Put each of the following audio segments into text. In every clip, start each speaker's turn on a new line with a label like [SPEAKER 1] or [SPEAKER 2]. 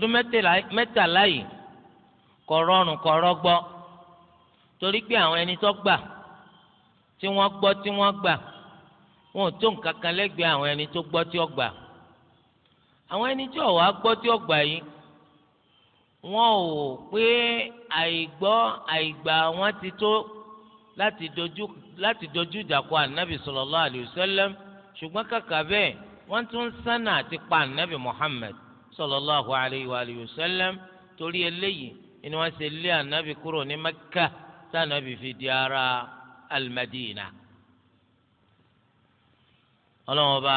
[SPEAKER 1] ọdún mẹ́tàlá yìí kò rọrùn kò rọgbọ torí pé àwọn ẹni tó gbà tí wọ́n gbọ́ tí wọ́n gbà wọn ò tó nǹkan kan lẹ́gbẹ̀ẹ́ àwọn ẹni tó gbọ́ tí ó gbà àwọn ẹni tí ó wá gbọ́ tí ó gbà yìí wọn ò pé àìgbọ́ àìgbà wọn ti tó láti dojú láti dojú ìjà ànábì sallallahu alayhi sallam ṣùgbọ́n kàkà bẹ́ẹ̀ wọ́n tún sánà àti pa ànábì Muhammad sallallahu alayhi wa alihi wa sallam torí eléyìí ni wọ́n ṣe lé kúrò ní mẹ́kà tànábì fi di almadina ọlọ́wọ́n ọba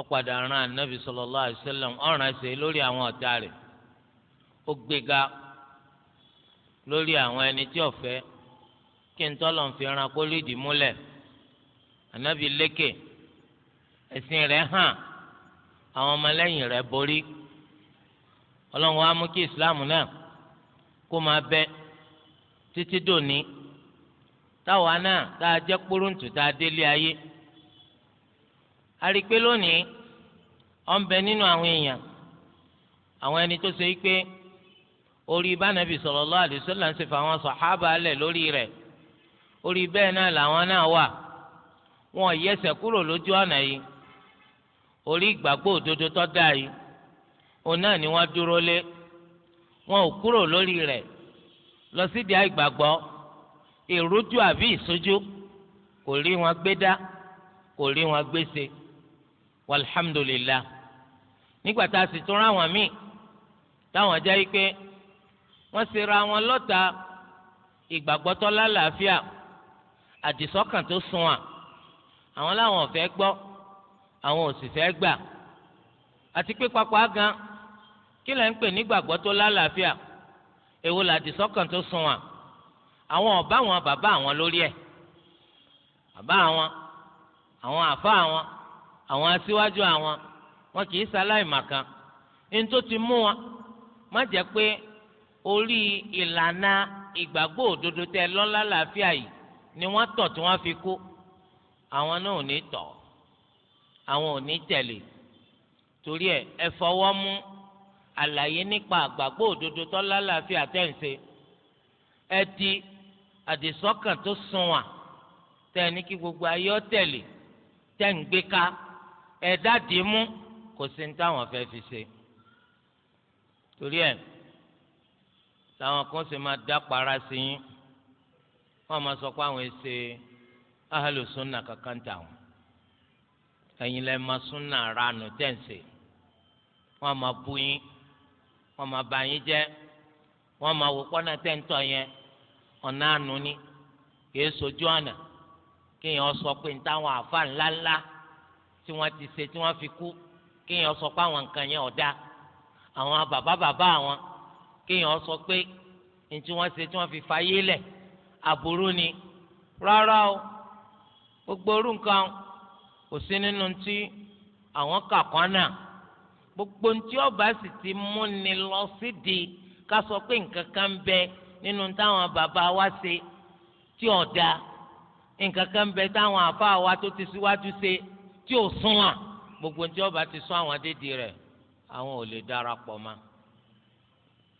[SPEAKER 1] ọ̀padà ran ànábì alayhi wa ọ̀ràn lórí àwọn ọ̀tá rẹ̀ ó lórí àwọn ẹni ọ̀fẹ́ kí n tọ́lọ̀ ń fi ran kó àwọn ọmọlẹ́yìn rẹ̀ borí ọlọ́run á mú kí islam náà kó máa bẹ títí dòní táwa náà tá a jẹ́ kpóròǹtù tá a délé ayé àrípé lónìí ó ń bẹ nínú àwọn èèyàn àwọn ẹni tó ṣe pé orí ìbánabi sallallahu alaihi wasallam ń ṣe fàwọn sàhábà lẹ̀ lórí rẹ̀ orí bẹ́ẹ̀ náà làwọn náà wà wọn ò yẹsẹ̀ kúrò lójú ọ̀nà yìí orí ìgbàgbọ́ òdodo tó yìí òun náà ni wọ́n dúró lé wọn ò kúrò lórí rẹ̀ lọ sídìí àìgbàgbọ́ ìrújú àbí ìsojú kò rí wọn gbé dá kò rí wọn gbé ṣe walhamdulillah nígbà tá a sì tún ráwọn míì táwọn jẹ́ pé wọ́n ṣe ra wọn lọ́ta ìgbàgbọ́ tó lálàáfíà àdìsọ́kàn tó sunwọ̀n àwọn láwọn ò fẹ́ gbọ́ àwọn òṣìṣẹ́ gbà àti pé papọ̀ gan kí lẹ́ ń pè nígbàgbọ́ tó lálàáfíà èwo làdìsọ́kàn tó sun wa àwọn ọ̀bá àwọn bàbá àwọn lórí ẹ̀ bàbá àwọn àwọn àfa àwọn àwọn aṣíwájú àwọn wọn kì í ṣaláì màkan ní tó ti mú wọn má jẹ́ pé orí ìlànà ìgbàgbọ́ òdodo tẹ lọ́lá làáfíà yìí ni wọ́n tọ̀ tí wọ́n fi kú àwọn náà ò ní tọ̀ ọ́ àwọn ò ní tẹ̀lé torí ẹ ẹ fọwọ́ mú àlàyé nípa àgbàgbọ́ òdodo tó lálàáfíà tẹ̀sẹ̀ ẹ di àdìsọ́kàn tó sunwà tẹ̀ ní kí gbogbo ayé ọ tẹ̀lé tẹ̀ ń gbé ká ẹ dáàdì mú kò sí ní táwọn fẹ́ fi ṣe torí ẹ táwọn kan sì máa dá para sí yín wọ́n máa sọ pé àwọn ẹ ṣe ahlu sunna kankan táwọn ẹ̀yin lẹ máa súnà ranù tẹǹsì wọ́n máa bú yín wọ́n máa bà yín jẹ́ wọ́n máa wò pọnà tẹǹtọ yẹn ọ̀nà àánú ni kìí sojú ọ̀nà kéèyàn sọ pé nítawọn àfa ńláńlá tí wọ́n ti ṣe tí wọ́n fi kú kéèyàn sọ pé àwọn nǹkan yẹn ọ̀dá àwọn bàbá bàbá àwọn kéèyàn sọ pé ntí wọ́n ṣe tí wọ́n fi fayé lẹ̀ aburú ni rárá o gbogbo orú nǹkan kò sí nínú tí àwọn kàkọ́ náà gbogbo ntí ọba sì ti múni lọ sídìí ká sọ pé nǹkan kan ń bẹ nínú táwọn bàbá wa ṣe tí ò dáa nǹkan kan ń bẹ táwọn àfáà wa tó ti síwájú ṣe tí ò sunwọ̀n gbogbo ntí ọba ti sún àwọn dédì rẹ̀ àwọn ò lè darapọ̀ mọ́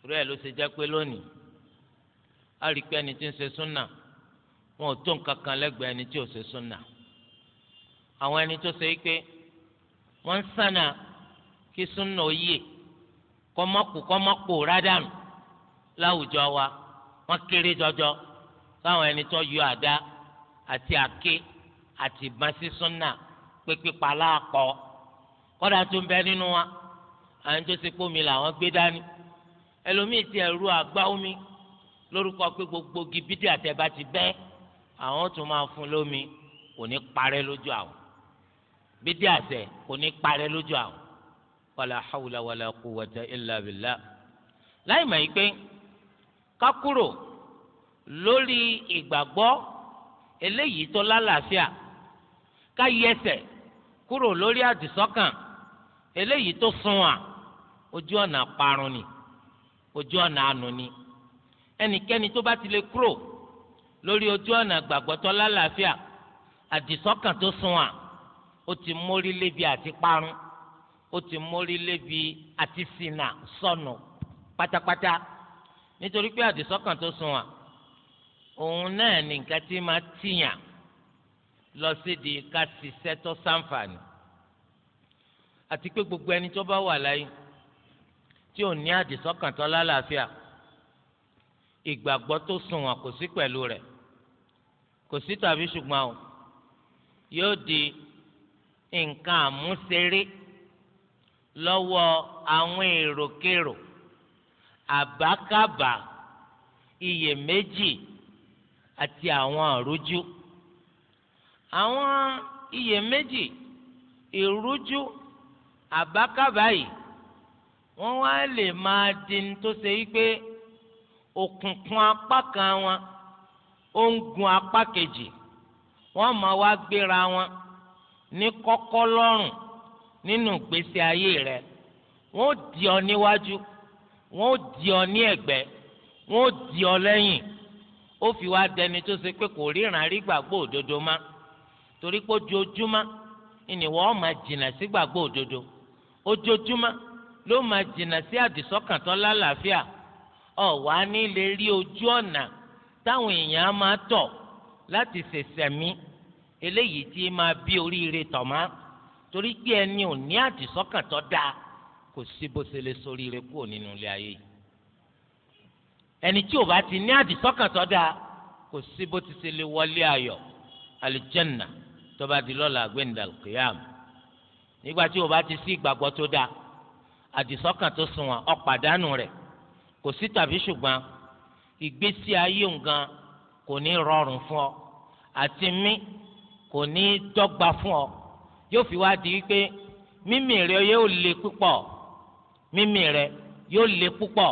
[SPEAKER 1] rẹ̀ ló ṣe jẹ́ pé lónìí a ẹni tí ń ṣe súnà wọn ò tó nǹkan kan lẹ́gbẹ̀ẹ́ ẹni tí ò ṣe súnà àwọn ẹni tó ṣe pé wọ́n ń sànà kí súnà yíyẹ kọ́mọ́kù kọ́mọ́kù rádàmù láwùjọ wa wọ́n kéré jọjọ fáwọn ẹni tó yọ àdá àti àké àti ìbọn sí súnà pépépa láàpọ̀ kọ́dà tó ń bẹ nínú wa àwọn tó ṣe pé omi làwọn gbé dání ẹlòmíì ti ẹ̀rú àgbá omi lórúkọ pé gbogbo gibidi àtẹ̀bá ti bẹ́ àwọn tó máa fún lómi kò ní parẹ́ lójú àwọn bídí àṣẹ kò ní parẹ́ lójú àwọn wàlà hawla wàlà quwwata illa billah láì mọ̀ pé ká kúrò lórí ìgbàgbọ́ eléyìí tó lálàáfíà ká yẹsẹ̀ kúrò lórí àdìsọ́kàn eléyìí tó sunwọ̀n ojú ọ̀nà parun ni ojú ọ̀nà àánú ni ẹnikẹ́ni tó bá ti lè kúrò lórí ojú ọ̀nà gbàgbọ́ tó lálàáfíà àdìsọ́kàn tó sunwọ̀n ó ti mórí lébi àti parun ó ti mórí lébi àti ṣìnà sọnù pátápátá nítorí pé àdìsọ́kàn tó sùn wà òun náà ní nǹkan tí máa tìyàn lọ sídìí ká ṣiṣẹ́ tó sáǹfààní àti pé gbogbo ẹni tó bá wà láyé tí ò ní àdìsọ́kàn tó lálàáfíà ìgbàgbọ́ tó sùn wọn kò sí pẹ̀lú rẹ̀ kò sí tàbí ṣùgbọ́n o yóò di nǹkan àmúṣeré lọ́wọ́ àwọn èròkérò àbákàbà iyèméjì àti àwọn àrújú àwọn iyèméjì ìrújú àbákàbà yìí wọ́n wá lè máa di ní tó ṣe yí pé òkùnkùn apá kan wọn ó ń gun apá kejì wọ́n máa wá gbéra wọn. Wa ní kọ́kọ́ lọ́rùn nínú ìgbésí ayé rẹ wọ́n ó di ọ níwájú wọ́n ó di ọ ní ẹ̀gbẹ́ wọ́n ó di ọ lẹ́yìn ó fi wá dẹni tó ṣe pé kò ríran rí gbàgbọ́ òdodo má torí pé ojoojúmọ́ ìnìwọ́ ọ̀ máa jìnnà sí gbàgbọ́ òdodo ojoojúmọ́ ló máa jìnnà sí àdìsọ́kàn tó lálàáfíà ọ̀ wá ní rí ojú ọ̀nà táwọn èèyàn máa tọ̀ láti ṣẹ̀ṣẹ̀ mí eléyìí tí máa bí oríire tọ̀mọ́ torí pé ẹni ò ní àdìsọ́kàn tó dáa kò sí bó ṣe lè soríire kúrò nínú ilé ayé yìí ẹni tí ò bá ti ní àdìsọ́kàn tó dáa kò sí bó ti ṣe lè wọlé ayọ̀ alìjẹ́nà tó bá di lọ́la gbẹ̀ndà kìyàm nígbà tí o bá ti sí ìgbàgbọ́ tó dáa àdìsọ́kàn tó sunwọ̀n ọ̀pàdánù rẹ̀ kò sí tàbí ṣùgbọ́n ìgbésí ayé òun kò ní rọrùn fún ọ àti mí kò ní dọ́gba fún ọ yóò fi wá di wípé mímì rẹ yóò le púpọ̀ mímì rẹ yóò le púpọ̀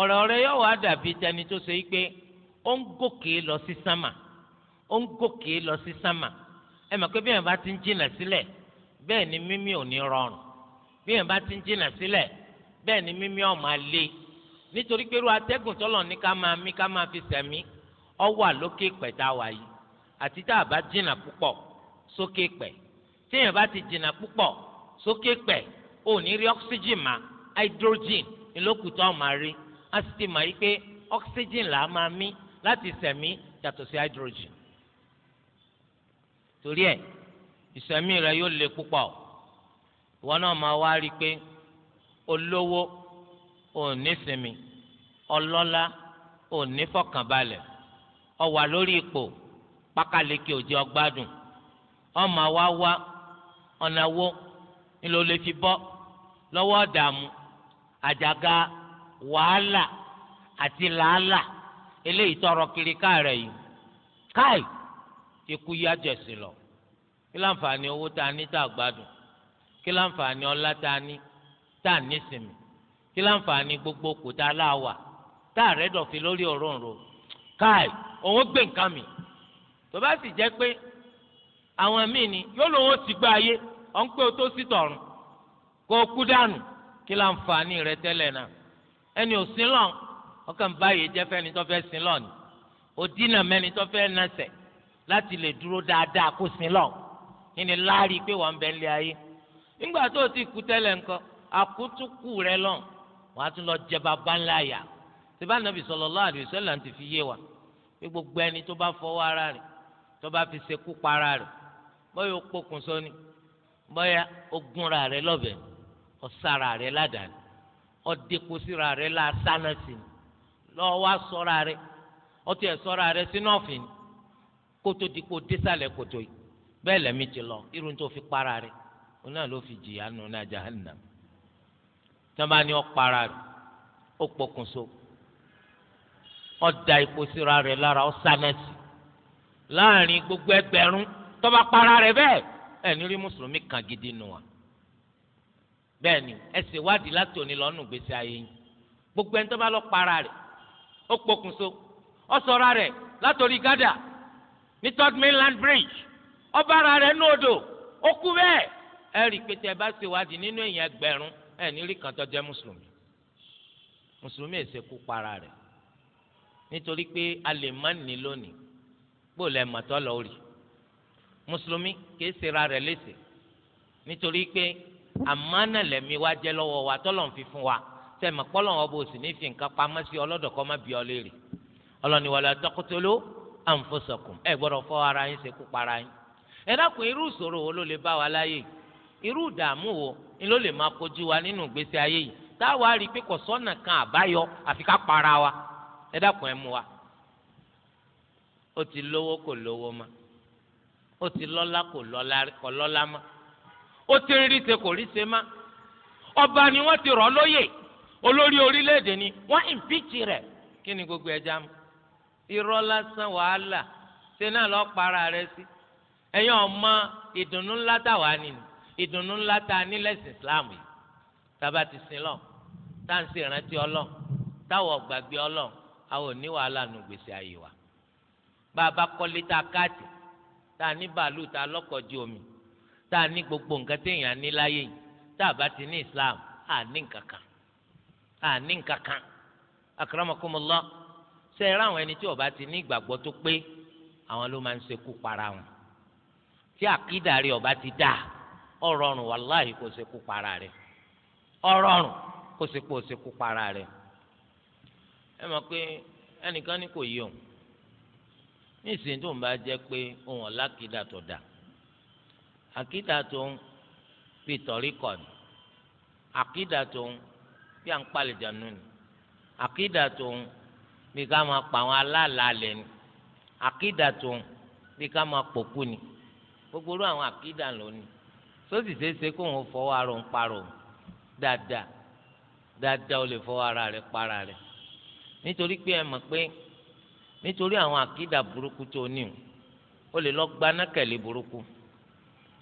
[SPEAKER 1] ọ̀rọ̀ rẹ yóò wá dàbí tẹni tó ṣe wípé ó ń gòkè lọ sí sámà ó ń gòkè lọ sí sámà ẹ mọ̀ pé bí ti ń jìnà sílẹ̀ ni mímì ò ní rọrùn bí bá ti ń jìnà sílẹ̀ ni mímì ọ̀ máa le nítorí pé irú atẹ́gùn tọ́lọ̀ ní ká máa mí ká máa fi sẹ̀mí ọ wà lókè àti tá a bá jìnnà púpọ̀ sókè pẹ̀ téèyàn bá ti jìnnà púpọ̀ sókè pẹ̀ ò ní rí oxygen mà hydrogen ìlókùtọ́ máa rí a sì ti mà yí pé oxygen là á máa mí láti sẹ̀mí yàtọ̀ sí hydrogen torí ẹ̀ ìsẹ̀mí rẹ yóò le púpọ̀ ìwọ náà máa wá rí i pé olówó ò ní sinmi ọlọ́lá ò ní fọkànbalẹ̀ ó lórí ipò pákàlẹ́kì òjì ọgbádùn ọmọ wa wá ọ̀nà wo ńlọ lè fi bọ́ lọ́wọ́ ọ̀dààmú àjàgà wàhálà àti làálà eléyìí tọrọ kiri káàrẹ yìí káì ikú yájọ sí lọ kí láǹfààní owó tá ní tá a kí láǹfààní ọlá tá ní tá nísìmì kí láǹfààní gbogbo kò tá láwà tá a lórí òróǹro káì òun gbé nǹkan mi tó bá sì jẹ́ pé àwọn míì ni yóò lówó ti gba ayé ọ̀n pé o tó sí tọ̀run kó o kú dànù kí la ń fa ní rẹ tẹ́lẹ̀ náà ẹni ò sin lọ́n ọkàn báyìí jẹ́ fẹ́ni tó fẹ́ sin lọ́n ni ò dínà mẹ́ni tó fẹ́ nàṣẹ̀ láti lè dúró dáadáa kó sin lọ́n ni láàrí pé wọ́n bẹ nílé ayé nígbà tó o ti kú tẹ́lẹ̀ nǹkan àkútúkù rẹ lọ́n wàá tún lọ jẹ bàbá ńlá yà tìbá nàbì sallallahu alaihi wasallam ti fi yé wa pé gbogbo ẹni tó bá fọwọ́ ara rẹ̀ tó bá fi ṣekú para rẹ̀ bóyá ó pokùn sóni bóyá ó gúnra rẹ̀ lọ́bẹ̀ ó sára rẹ̀ ládàá ni ó dẹ́kun síra rẹ̀ lásánà sí ni lọ́wọ́ wá sọ́ra rẹ̀ ó tiẹ̀ sọ́ra rẹ̀ sínú ọ̀fìn ni kótó di kó kótó yìí bẹ́ẹ̀ lẹ́mí ti lọ irun tó fi para rẹ̀ òun náà ló fi jìyà nù náà jahannam tọ́ba ni ó para rẹ̀ ó pokùnso ó da epo síra rẹ̀ lára ó láàrin gbogbo ẹgbẹ̀rún tó bá para rẹ̀ bẹ́ẹ̀ ẹ̀ ní rí mùsùlùmí kan gidi nù wá bẹ́ẹ̀ ni ẹ ṣe wádìí láti òní lọ́nù gbèsè ayé yín gbogbo ẹni tó lọ para rẹ̀ ó pokùnso ó sọra rẹ̀ látòrí gádà ní third mainland bridge ó bára rẹ̀ ní odò ó kú bẹ́ẹ̀ ẹ rí i pé tẹ bá ṣe wádìí nínú èèyàn ẹgbẹ̀rún ẹ̀ rí kan tó mùsùlùmí mùsùlùmí ẹ̀ kú para rẹ̀ nítorí pé a lè má ní lónìí gbọ́dọ̀ ẹ̀ mọ̀tọ́ lọ rí mùsùlùmí kìí ṣera rẹ̀ léṣe nítorí pé àmánà lẹ̀mí wa jẹ́ lọ́wọ́ wa tọ́lọ̀ ń fi fún wa tẹ̀mọ̀ pọ́lọ̀ wọn bò sí ní fi nǹkan pamọ́ sí ọlọ́dọ̀ kọ́ má bí ọ léèrè ọlọ́ni wala taqtulu anfusakum ẹ gbọ́dọ̀ fọ́ ara yín ṣe kú para yín ẹ dákun irú ìṣòro wo ló lè bá wa láyé irú ìdààmú wo ni ló lè máa kojú wa nínú ìgbésí ayé yìí táwa rí i pé kò kan àbáyọ àfi ká para wa ẹ dákun ẹ mú wa ó ti lówó kò lówó ma ó ti lọ́lá kò lọ́lá ma ó ti ríṣe kò ríṣe ma ọba ni wọ́n ti rọ̀ lóyè olórí orílẹ̀-èdè ni wọ́n ìmpíìtì rẹ̀ kí ni gbogbo ẹja mu irọ́ lásán wàhálà ṣe náà lọ́ọ́ para rẹ̀ sí ẹ̀yin ọmọ ìdùnnú ńlá tá wàá nìyí ìdùnnú ńlá tá a Islam yìí tába ti sin lọ tá à ń ṣèrántí gbàgbé Ọlọ́run àwọn ò wàhálà nù gbèsè ayé wa bá a bá kọ́lé tá a káàtì tá a ní bàálù tá a lọ́kọ̀ ju omi tá a ní gbogbo nǹkan téèyàn ní láyé yìí tá a bá ti ní Islam a ní nǹkan kan a ní nǹkan kan akramakumullah ṣe é ráwọn ẹni tí ó bá ti ní ìgbàgbọ́ tó pé àwọn ló máa ń ṣekú para wọn tí àkídà rẹ ti dáa ọrọrùn wàláhì kò ṣekú para rẹ ọrọrùn kò ṣekú para rẹ ẹ mọ̀ pé ẹnìkan ní kò yí òun nísìnyí tó ń bá jẹ́ pé òun ọ̀làkìdá tó dà àkìdá tó ń fi tọ̀rí kọ̀ ni àkìdá tó ń fi à ń palẹ̀jà nù ni àkìdá tó ń fi ká máa pa àwọn aláàlálẹ̀ ni àkìdá tó ń fi ká máa pòkú ni gbogbo irú àwọn àkìdá lónìí sósì ṣeéṣe kó òun fọwọ́ ara òun parọ́ dáadáa dáadáa ó lè fọwọ́ ara rẹ̀ para rẹ̀ nítorí pé ẹ mọ̀ pé nítorí àwọn àkídà burúkú tó ní o lè lọ gba nákẹ̀lé burúkú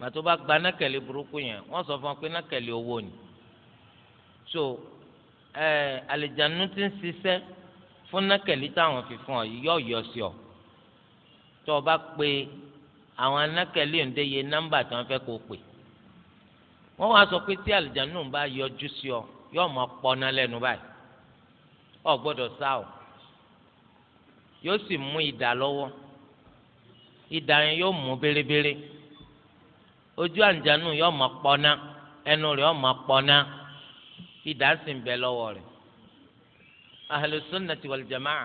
[SPEAKER 1] màtó bá gba nákẹ̀lé burúkú yẹn wọ́n sọ fún ọ pé nákẹ̀lé owó ni so ẹ àlìjánu ti ń ṣiṣẹ́ fún nákẹ̀lé táwọn fi fún ọ yọ yọ sí ọ tó o bá pe àwọn nákẹ̀lé òǹdè yẹ tí wọ́n fẹ́ kó o pè wọ́n wá sọ pé tí àlìjánu bá yọjú sí ọ yọ ọmọ pọnà lẹ́nu báyìí ọ gbọ́dọ̀ sá o yóò sì mú idà lọ́wọ́ idà yẹn yóò mú bérebére ojú àǹjánu yóò máa pọ́ná ẹnu rẹ̀ yóò máa pọ́ná idà sì ń bẹ lọ́wọ́ rẹ̀ ahlu sunnati wal jamaa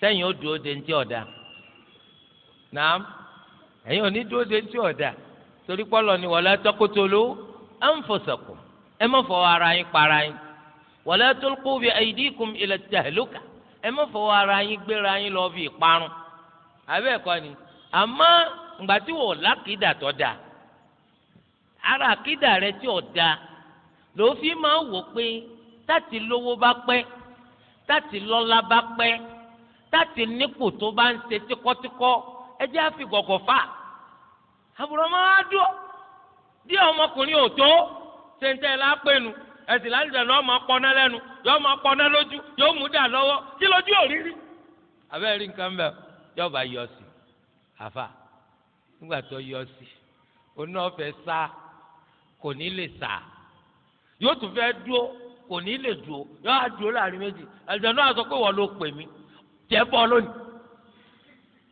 [SPEAKER 1] sẹ́yìn ó dúró de ntí ọ̀dà naam ẹ̀yin ò dúró de ntí ọ̀dà torí pọ́lọ̀ ni wala taqtulu anfusakum ẹ má fọ ara yín para yín wala tulqu bi aydikum ila tahluka ẹ má fọwọ́ ara yín gbéra yín lọ fi ìparun àbẹ́ ẹ̀kọ́ ni àmọ́ ìgbà tí wò da ara àkìdá rẹ tí ò da fi máa wò pé táti lówó bá pẹ́ táti lọ́lá bá pẹ́ táti nípò tó bá ń ṣe tíkọ́tíkọ́ fi gọgọ fà àbúrò máa ẹ̀sìn lálùjá ni wọ́n máa pọ́ná lẹ́nu yóò máa lójú yóò mú dà kí lójú abẹ́rẹ́ nǹkan bẹ́ẹ̀ yọba yọ sí àfà nígbà tó yọ sí oná kò ní lè sá yóò tún fẹ́ dúró kò ní lè dúró yóò á dúró láàrin méjì náà sọ pé wọ́n ló pè mí tiẹ̀ bọ́ lónìí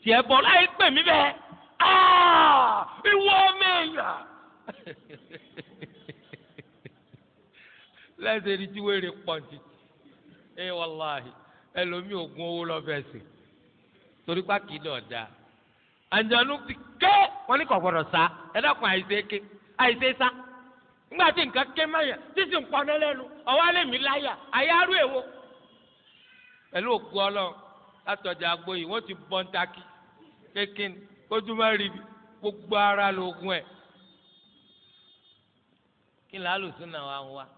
[SPEAKER 1] tiẹ̀ bọ́ láì pè mí bẹ́ẹ̀ lẹ́sẹ̀ ní tí wéèrè pọ̀ǹtì ẹ wàláhì ẹlòmíì ògùn owó lọ́fẹ̀ẹ́ torí pa kì í ti ké wọn ní kọ̀gbọ́dọ̀ sá ẹ àìsè ké àìsè sá nígbà tí nǹkan ké mẹ́yà títí nǹkan lẹ́nu ọ̀wá àyárú èwo pẹ̀lú òkú ọlọ́run wọ́n ti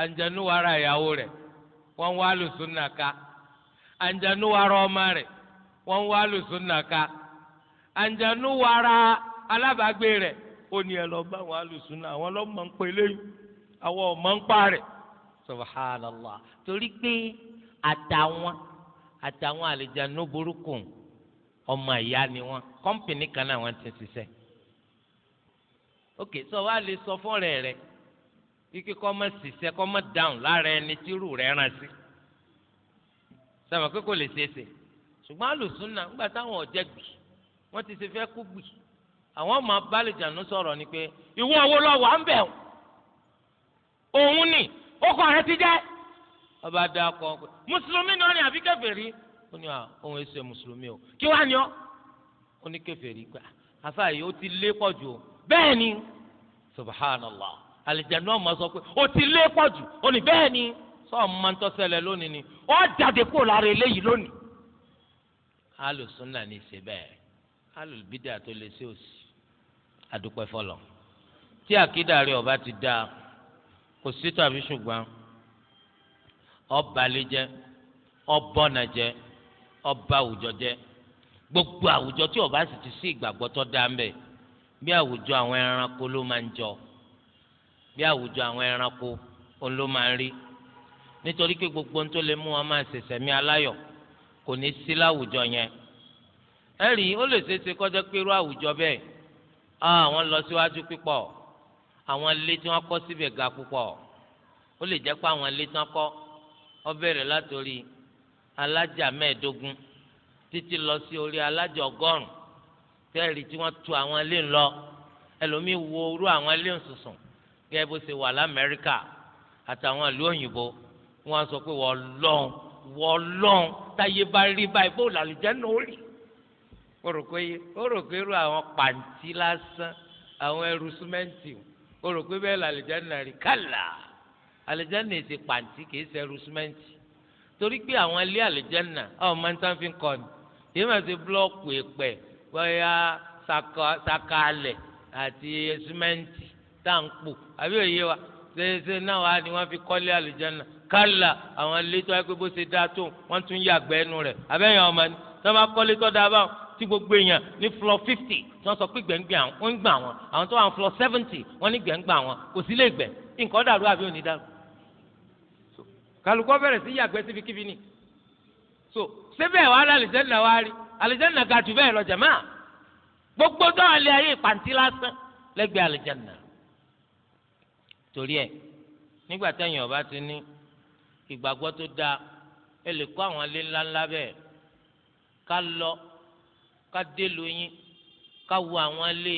[SPEAKER 1] àǹjẹ̀nú wa re ìyàwó rẹ̀ wọ́n wá lùsùn nàka àǹjẹ̀nú wa ọmọ rẹ̀ wọ́n wá lùsùn nàka àǹjẹ̀nú wa ẹ lọ bá ọmọ ń pa torí pé àtàwọn àtàwọn àlejànú burúkú ọmọ ni wọn kan náà wọ́n ti ṣiṣẹ́ ok sọ lè sọ kíkí kọ́ mọ́ ṣiṣẹ́ kọ́ mọ́ dáhùn lára ẹni tí irú rẹ̀ ràn sí sọmọ pé kò lè ṣeéṣe ṣùgbọ́n àlùsùnà ńgbà táwọn ọ̀jẹ̀ gbì wọ́n ti se fẹ́ kú gbì àwọn ọmọ abálẹ̀jànú sọ̀rọ̀ ni pé ìwọ owó lọ́wọ́ à ń bẹ̀ òun ni ó kọ́ rẹ ti jẹ́ ọba dá kọ. ọkọ mùsùlùmí ni wọn ni àbí ó ní ohun èso mùsùlùmí o kí wàá ní ọ ó ní àfààyè ó ti lé pọ̀ bẹ́ẹ̀ ni subhanallah àlìjáde náà máa sọ pé o ti lé pọ̀ jù ní bẹ́ẹ̀ ni sọ́ọ̀mù máa ń tọ́sẹ̀lẹ̀ lónìí ni ó jáde kó lára eléyìí lónìí. alùsùnà ní í ṣe bẹ́ẹ̀ alùbídà tó lè ṣe òsì adúpẹ́ fọlọ́ tí àkídàrí ọba ti dá kò sí tàbí ṣùgbọ́n ọbalẹ̀jẹ́ ọbọ̀nàjẹ́ ọba àwùjọ jẹ́ gbogbo àwùjọ tí ọba sì ti sí ìgbàgbọ́ tó dá ń bẹ̀ bí àwùjọ àwọn ẹranko ló máa ń jọ bí àwùjọ àwọn ẹranko òun ló máa ń rí nítorí pé gbogbo ohun tó lè mú wọn máa ṣẹ̀ṣẹ̀ mí aláyọ̀ kò ní sí láwùjọ yẹn ẹ rí i ó lè ṣeéṣe kọjá pé irú àwùjọ bẹ́ẹ̀ àwọn lọ síwájú pípọ̀ àwọn ilé tí wọ́n kọ́ síbẹ̀ ga púpọ̀ ó lè jẹ́ pé àwọn ilé tí wọ́n kọ́ ó bẹ̀rẹ̀ látòrí alájà mẹ́ẹ̀ẹ́dógún títí lọ sí orí alájà ọgọ́rùn-ún tí wọ́n tu àwọn ilé ńlọ ẹlòmíì wo irú àwọn ilé ńsùsùn gẹ́gẹ́ bó ṣe wà lamẹ́ríkà àtàwọn ìlú òyìnbó wọ́n sọ pé wọ́n lọ́n wọ́n lọ́n táyé bá rí báyìí bó làlùjẹ́ náà ó rí ó rò pé ó rò pé irú àwọn pàǹtí lásán àwọn ẹrù símẹ́ǹtì ó rò pé bẹ́ẹ̀ làlùjẹ́ náà rí kàlà àlùjẹ́nà èsì pàǹtí kìí ṣẹrú símẹ́ǹtì torí pé àwọn ilé àlùjẹ́nà ọ̀ máa ń tán fi kọ́ ni èyí máa ṣe búlọ́ọ̀kù èpẹ̀ bóyá sàkàlẹ̀ àti símẹ́ǹtì dáǹpù àbí òye wa ṣeéṣe náà wà ní wọ́n fi kọ́lé àlùjáná kálá àwọn iléetọ́ ẹgbẹ́ bó ṣe dáa tó wọ́n tún yàgbẹ́ ẹnu rẹ̀ abẹ́yẹn ọmọ ni tí wọ́n bá kọ́lé tó dáa báwọn tí gbogbo èèyàn ní flọ fifty tí wọ́n sọ pé gbẹ̀ngbẹ̀ àwọn ń gbà wọn àwọn tó wà ní flọ seventy wọ́n ní gbẹ̀ngbà wọn kò sí lè gbẹ̀ nǹkan dàrú àbí òní dàrú kálukọ́ bẹ̀rẹ̀ sí yàgbẹ́ síbi kíbi ni so síbẹ̀ wà á àlìjẹ́nà wá rí àlìjẹ́nà ga jù bẹ́ẹ̀ lọ jàmáà gbogbo dọ́ọ̀lì ayé ìpàntí lásán lẹ́gbẹ̀ẹ́ àlìjẹ́nà torí ẹ nígbà tẹ̀yìn ọba ti ní ìgbàgbọ́ tó dáa ẹ lè kó àwọn ilé ńláńlá bẹ́ẹ̀ ká lọ ká délu yín ká wo àwọn ilé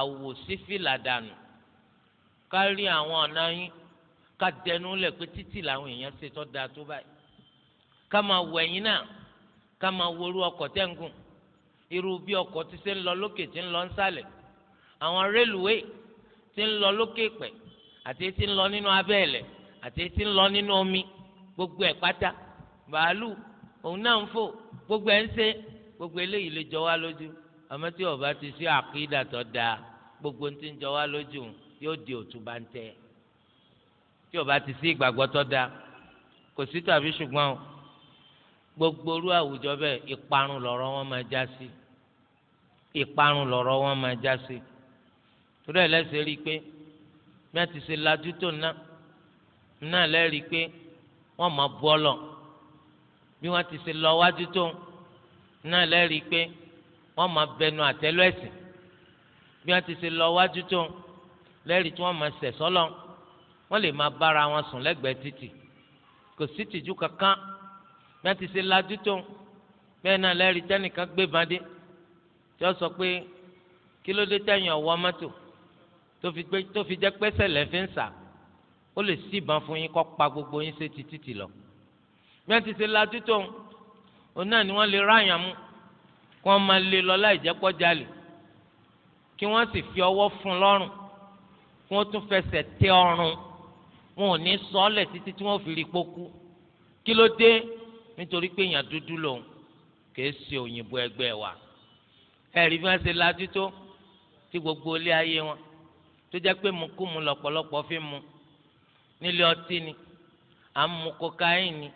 [SPEAKER 1] àwòsífìlà dànù ká rí àwọn ọ̀nà yín ká dẹnu lẹ̀ pé títì làwọn èèyàn ṣe tó dáa tó báyìí ká máa wọ ẹ̀yìn náà ká máa worú ọkọ̀ tẹ́ǹgùn irú bí ọkọ̀ ti ṣe ń lọ lókè tí ń lọ ń sálẹ̀ àwọn rélùwéè ti ń lọ lókè pẹ̀lú àti etí ń lọ nínú abẹ́ẹ̀lẹ̀ àti etí ń lọ nínú omi gbogbo ẹ̀ pátá bàálù òun náà ń fò gbogbo ẹ̀ ń ṣe gbogbo eléyìí lè jọ wá lójú àmọ́ tí ọba ti sí àkídà tó dáa gbogbo ń ti ń jọ wá lójú yóò di òtúbà ń tẹ tí ọba ti sí ìgbàgbọ́ tó dáa kò sí tàbí ṣùgbọ́n gbogbo orú àwùjọ bẹ́ẹ̀ ìparun lọ̀rọ̀ wọn máa já sí ìparun lọ̀rọ̀ wọn máa já sí torí ẹ̀ lẹ́sẹ̀ rí i pé bí wọ́n ti ṣe lajú tó ná náà lẹ́rìí pé wọ́n máa bu ọlọ bí wọ́n ti ṣe lọ wájú tó náà lẹ́rìí pé wọ́n máa bẹnu àtẹ́lù ẹ̀sìn bí wọ́n ti ṣe lọ wájú tó lẹ́rìí tí wọ́n máa ṣẹ̀ sọ́lọ́ wọ́n lè máa bára wọn sùn lẹ́gbẹ̀ẹ́ títì kò sí tìjú kankan bí wọ́n ti ṣe lajú tó bẹ́ẹ̀ náà lẹ́rìí tẹ́nìkan gbé bandé tí wọ́n sọ pé kí ló dé tẹ̀yìn ọ̀wọ́ mọ́tò tó fi gbé tó fi jẹ pẹsẹ lẹfi ń sà ó lè síbọn fún yín kó pa gbogbo yín ṣe ti títì lọ bí wọn ti ṣe la títò òun náà ni wọn lè ráyàn mú kí wọn máa lè lọ láì jẹ kọjálè kí wọn sì fi ọwọ́ fún lọ́rùn kí wọn tún fẹsẹ̀ tẹ ọrùn wọn ò ní sọọlẹ títí tí wọn fi rí poku kí ló dé nítorí pé èèyàn dúdú lòun kìí ṣe òyìnbó ẹgbẹ́ wa ẹ rí bí wọn ṣe la títò tí gbogbo ilé ayé wọn tó jẹ́ pé mu kú mu lọ́pọ̀lọpọ̀ fi mu nílé ọtí ni à ń mu kokain ni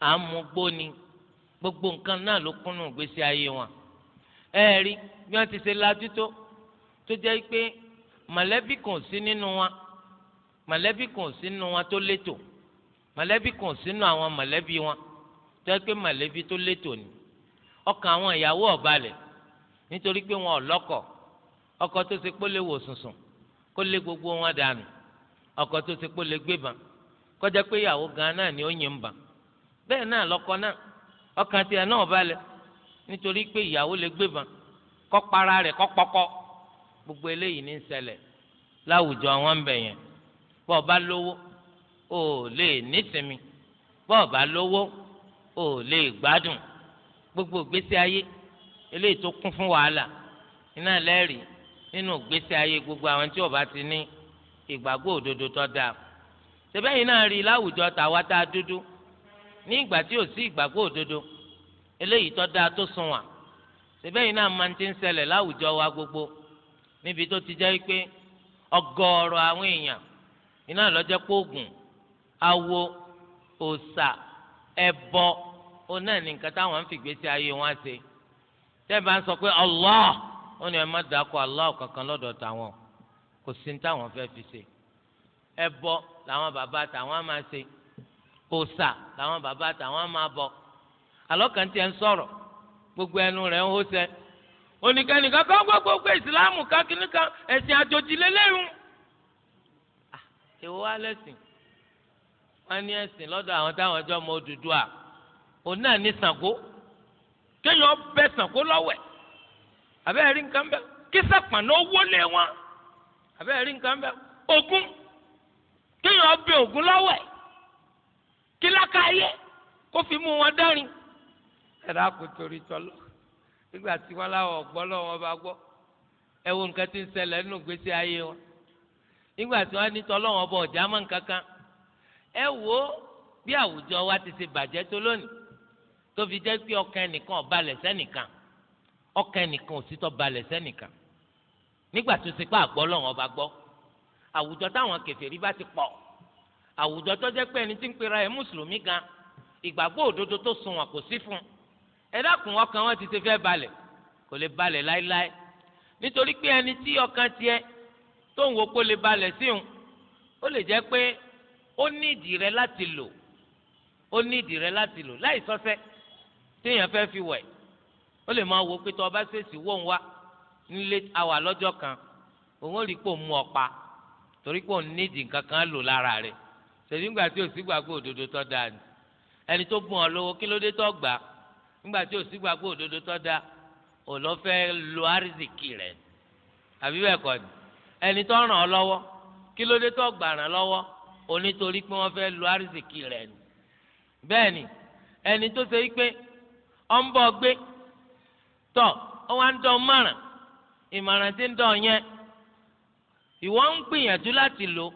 [SPEAKER 1] à ń mu gbó ni gbogbo nǹkan náà ló kúnnù ìgbésí ayé wọn ẹ rí bí wọ́n ti ṣe lajú tó tó jẹ́ pé mọ̀lẹ́bí kan sí nínú wọn mọ̀lẹ́bí kan sí nínú wọn tó létò mọ̀lẹ́bí kan sínú àwọn mọ̀lẹ́bí wọn tó jẹ́ pé mọ̀lẹ́bí tó létò ni ọkàn àwọn ìyàwó ò balẹ̀ nítorí pé wọn ò lọ́kọ ọkọ tó ṣe pé ó lè wò kó lé gbogbo wọn dànù ọkọ tó ti kó lè gbé bàn kọjá pé ìyàwó gan náà ni ó yin bàn bẹ́ẹ̀ náà lọ́kọ náà ọkàn tiẹ̀ náà nítorí pé ìyàwó lè gbé bàn kọ́ para gbogbo eléyìí ní ṣẹlẹ̀ láwùjọ àwọn ń yẹn bọ́ọ̀ bá lówó lè gbádùn gbogbo gbèsè ayé eléyìí tó kún nínú ìgbésí ayé gbogbo àwọn tí ó bá ti ní ìgbàgbọ́ òdodo tó dáa tẹ́bẹ́yìn náà rí láwùjọ tàwa tá a dúdú ní ìgbà tí ò sí ìgbàgbọ́ òdodo eléyìí tó dáa tó sunwọ̀n tẹ́bẹ́yìn náà máa ti ń ṣẹlẹ̀ láwùjọ wa gbogbo níbi tó ti jẹ́ pé ọgọ́ọ̀rọ̀ àwọn èèyàn iná lọ́jọ́ póògùn awo òòṣà ẹbọ òun ní nǹkan táwọn ń fìgbésí ayé wọn ṣe tẹ́ẹ̀ bá ń sọ pé Allah wọ́n ní ẹ má dàkọ Allah kankan lọ́dọ̀ tàwọn kò sí ní táwọn fẹ́ẹ́ fi ṣe ẹbọ làwọn bàbá tàwọn máa ṣe òòṣà làwọn bàbá tàwọn máa bọ alọkàn tiẹ̀ ń sọ̀rọ̀ gbogbo ẹnu rẹ̀ ń hóṣẹ oníkẹni kankan gbogbo ìsìlámù kankini kan ẹ̀sìn àjòjì lélẹyìn èwo wá lẹ́sìn wọ́n ní ẹ̀sìn lọ́dọ̀ àwọn táwọn ọjọ́ ọmọ Odùduwà òun náà ní Ṣàngó kéèyàn bẹ Ṣàngó lọ́wẹ̀ abẹ́ẹ̀ rí nǹkan bẹ́ẹ̀ kí sàpàná wọlé wọn abẹ́ẹ̀ rí nǹkan bẹ́ẹ̀ ogun kéèyàn bẹ ogun lọ́wọ́ ẹ̀ kí lákàáyé kó fi mú wọn dẹ́rìn ẹ̀rọ àkótórí tọ́lọ́ nígbà tí wọ́n láwọn ọ̀gbọ́ lọ́wọ́ bá gbọ́ ẹ wo nǹkan tí ń ṣẹlẹ̀ nínú gbèsè ayé wọn nígbà tí wọ́n ní tọ́lọ́wọ́ bọ̀ ọ̀já mọ́ nǹkan kan ẹ wo bí àwùjọ wa ti ṣe bàjẹ́ tó lónìí tó fi jẹ́ pé ọkàn ẹnìkan ò balẹ̀ sẹ́nìkan ọkàn ẹnìkan òsítọ́ balẹ̀ sẹ́nìkan nígbà tó ti pa àgbọ́ lọ́wọ́ ọba gbọ́ àwùjọ táwọn kèfèrí bá ti pọ̀ àwùjọ tó jẹ́ pé ẹni tí ń pera ẹ̀ mùsùlùmí gan ìgbàgbọ́ òdodo tó sun wọn kò sí fún ẹ dákun ọkàn wọn ti ti fẹ́ balẹ̀ kò lè balẹ̀ láéláé nítorí pé ẹni tí ọkàn tiẹ̀ tó ń wo kó lè balẹ̀ síhun ó lè jẹ́ pé ó ní ìdí rẹ láti lò ó ní ìdí rẹ láti lò láì téèyàn fẹ́ fi wẹ̀ ó lè máa wo pé tó o bá ṣèṣì wò ń wá nílé àwà lọ́jọ́ kan òun ò rí pò mú ọ̀pá torí pò ń nídìí nǹkan kan lò lára rẹ̀ ṣèlú ńgbà tí ò sí òdodo tó dáa ni ẹni tó bùn ọ lówó kí ló dé tó gbà ńgbà tí ò sí gbàgbọ́ òdodo tó dáa ò lọ fẹ́ lo àrísìkì rẹ̀ àbí bẹ́ẹ̀ kọ́ ni ẹni tó ràn ọ lọ́wọ́ kí ló dé tó gbà ràn lọ́wọ́ onítorí pé wọ́n fẹ́ lo àrísìkì rẹ̀ ni bẹ́ẹ̀ ni ẹni tó ṣe wípé ọ tọ ọ wá ń dán márùn ìmọ̀ràn tí ń dán yẹn ìwọ ń gbìyànjú láti lò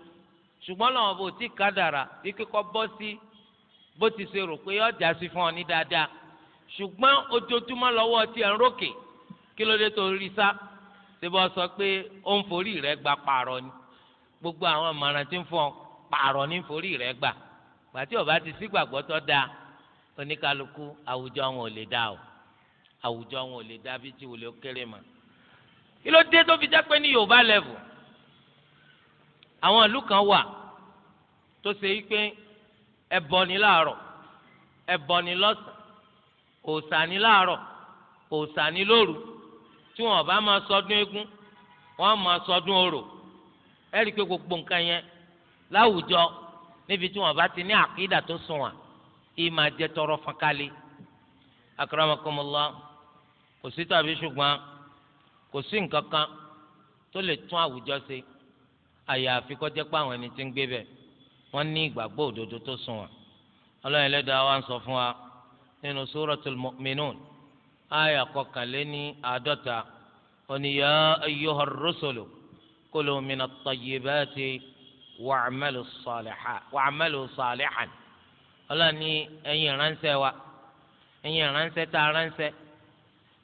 [SPEAKER 1] ṣùgbọ́n lọ́wọ́ bó ti kádàrà bí kíkọ́ bọ́ sí bó ti ṣe rò pé ọjà sí fún ọ ní dáadáa ṣùgbọ́n ojoojúmọ́ lọ́wọ́ tí ẹ̀ ń rókè kí ló dé tó rí sá ṣé bọ́ sọ pé ó ń forí rẹ̀ gba pààrọ̀ ni gbogbo àwọn ìmọ̀ràn tí ń fún ọ ní forí rẹ̀ gbà gbàtí ọba ti sígbàgbọ́ tó dáa oníkálukú àwùjọ wọn ò lè dá o àwùjọ wọn ò lè dá bí tí wọlé ó kéré mà kí ló dé tó fi jẹ́ ní yorùbá level àwọn ìlú kan wà tó ṣe yí pé ẹbọ ní láàárọ̀ ẹbọ ní lọ́sàn òòṣà ní láàárọ̀ òòṣà ní lóru tí wọn bá máa sọdún eégún wọn máa sọdún orò ẹ pé gbogbo nǹkan yẹn láwùjọ níbi tí wọn bá ti ní àkídà tó sunwọ̀n ìmọ̀ àjẹtọrọ fọ́nkálẹ̀ akramakumullah kò sí tàbí ṣùgbọ́n kò sí nǹkan kan tó lè tún àwùjọ ṣe àyàfi kó jẹ́ pé àwọn ẹni tí ń gbé bẹ̀ wọ́n ní ìgbàgbọ́ òdodo tó sùn wọn. ọlọ́run ẹlẹ́dàá wa ń sọ fún wa nínú suratul mu'minun àyà kọkànléní àádọ́ta ó ní ya ayyuhar rusulu kulu minat tayyibati wa'malu salihan ọlọ́run ní ẹ̀yin ránṣẹ́ wa ẹ̀yin ránṣẹ́ tá a ránṣẹ́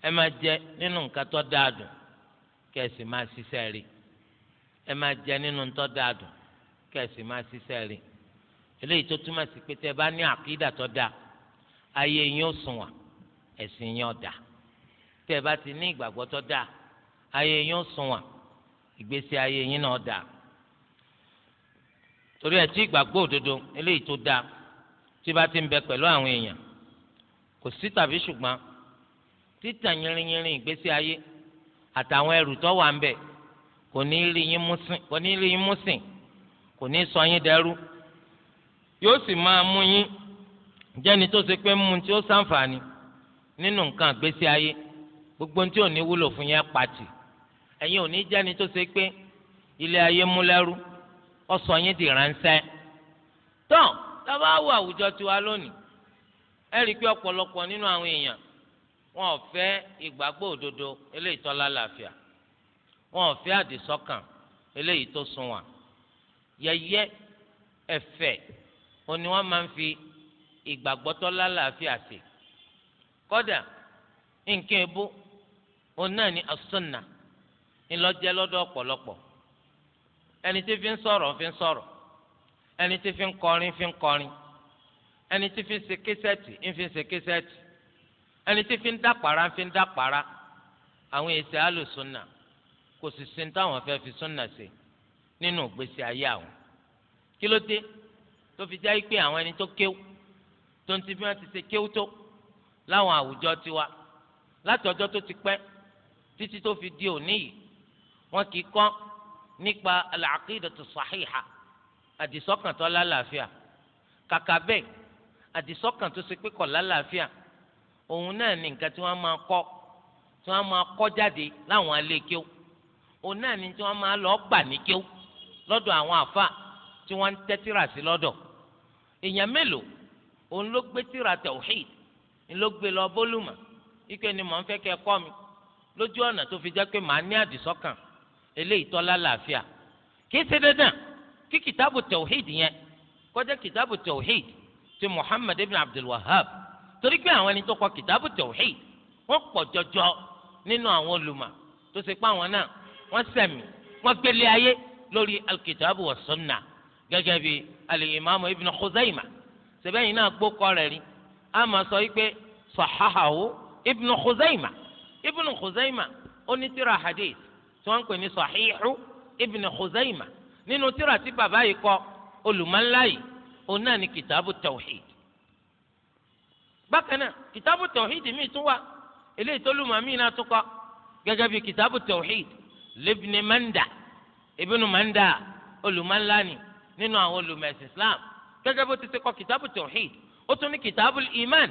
[SPEAKER 1] ẹ máa jẹ nínú nǹkan tó dáa dùn kẹsì máa ṣiṣẹ́ rí ẹ máa jẹ nínú nǹkan tó dáa dùn kẹsì máa ṣiṣẹ́ rí eléyìí tó túmọ̀ sí pé tẹ bá ní àkídà tó dáa ayé yín ó sunwọ̀n ẹ̀sìn yín ó dáa tẹ bá ti ní ìgbàgbọ́ tó dáa ayé yín ó sunwọ̀n ìgbésí ayé yín náà dáa torí ẹ tí ìgbàgbọ́ òdodo eléyìí tó dáa tí bá ti ń bẹ pẹ̀lú àwọn èèyàn kò sí tàbí ṣùgbọ́n títàn yìnrìnyìnrìn ìgbésí ayé àtàwọn ẹrù tó wà ń bẹ kò ní rí yín músìn kò ní rí yín músìn kò ní sọ yín dẹrú yóò sì máa mú yín jẹ́ni tó ṣe pé mú tí ó ṣàǹfààní nínú nǹkan ìgbésí ayé gbogbo tí ò ní wúlò fún yẹn pàtì ẹ̀yin ò ní jẹ́ni tó ṣe pé ilé ayé mú lẹ́rú ó sọ yín di ránṣẹ́ tán tá a bá wo àwùjọ tiwa lónìí ẹ rí i pé ọ̀pọ̀lọpọ̀ nínú àwọn èèyàn wọn ò fẹ́ ìgbàgbọ́ òdodo eléyìí tó lálàáfíà wọn ò fẹ́ àdìsọ́kàn eléyìí tó sunwọ̀n yẹ̀yẹ́ ẹ̀fẹ̀ òní wọ́n máa ń fi ìgbàgbọ́ tó lálàáfíà sí kódà nǹkan ebó òun náà ni asúnà ńlọjẹ́ lọ́dọ̀ ọ̀pọ̀lọpọ̀ ẹni tí fi ń sọ̀rọ̀ fi ń sọ̀rọ̀ ẹni tí fi ń kọrin fi ń kọrin ẹni tí fi ń ṣe késẹ́tì ń fi ń ṣe késẹ́tì ẹni tí fi ń dàpàrà fi ń dàpàrà àwọn èsì àlùsùnà kò sì sin táwọn fẹ́ fi súnà sí nínú ìgbésí ayé àwọn kí ló dé tó fi já pé àwọn ẹni tó kéwú tó ń ti bí wọ́n ti ṣe kéwú tó láwọn àwùjọ tiwa láti ọjọ́ tó ti pẹ́ títí tó fi di òní yìí wọ́n kì í kọ́ nípa al-aqidatu àdìsọ́kàn tó lálàáfíà kàkà bẹ́ẹ̀ àdìsọ́kàn tó ṣe pé kò lálàáfíà òun náà ní nǹkan tí wọ́n máa kọ́ tí wọ́n máa kọ́ jáde láwọn alẹ́ kíó òun náà ní tí wọ́n máa lọ gbà ní kíó lọ́dọ̀ àwọn àfa tí wọ́n ń tẹ́ tírà sí lọ́dọ̀ èèyàn mélòó òun ló gbé tírà tawhid ló gbé lọ bólúmà ike ni mò ń fẹ́ kẹ́ kọ́ mi lójú ọ̀nà tó fi jẹ́ pé màá ní àdìsọ́kàn eléyìí tọ́lá làáfíà kì í ṣe dandan kí kìtàbù tawhid yẹn kọjá kìtàbù tawhid ti Muhammad ibn Abdul Wahhab torí pé àwọn ẹni tó kọ kìtàbù tauhid wọ́n pọ̀ jọjọ nínú àwọn olùmọ̀ tó ṣe pé àwọn náà wọ́n sẹ̀mí wọ́n gbélé ayé lórí alkitabu wa sunna gẹ́gẹ́ bí alimami ibn khuzaima sẹ́bẹ̀yìn náà gbó kọ́ rẹ̀ rí a máa sọ wípé sahahahu ibn khuzaima ibn khuzaima ó ní tíra hadith tí wọ́n ń pè ní sahihu ibn khuzaima nínú tíra tí bàbá yìí kọ olùmọ̀ńlá òun náà ní kìtàbù tawhid bákan náà kìtàbù tọ̀hídì míì tún wà eléyìí tó lùmọ̀ míì náà tún kọ́ gẹ́gẹ́ bí kìtàbù tọ̀hídì libni manda ibnu manda olùmọ̀nlani nínú àwọn olùmẹ̀sìn islam gẹ́gẹ́ bó ti ṣe kọ́ kìtàbù tọ̀hídì ó tún ní kìtàbù iman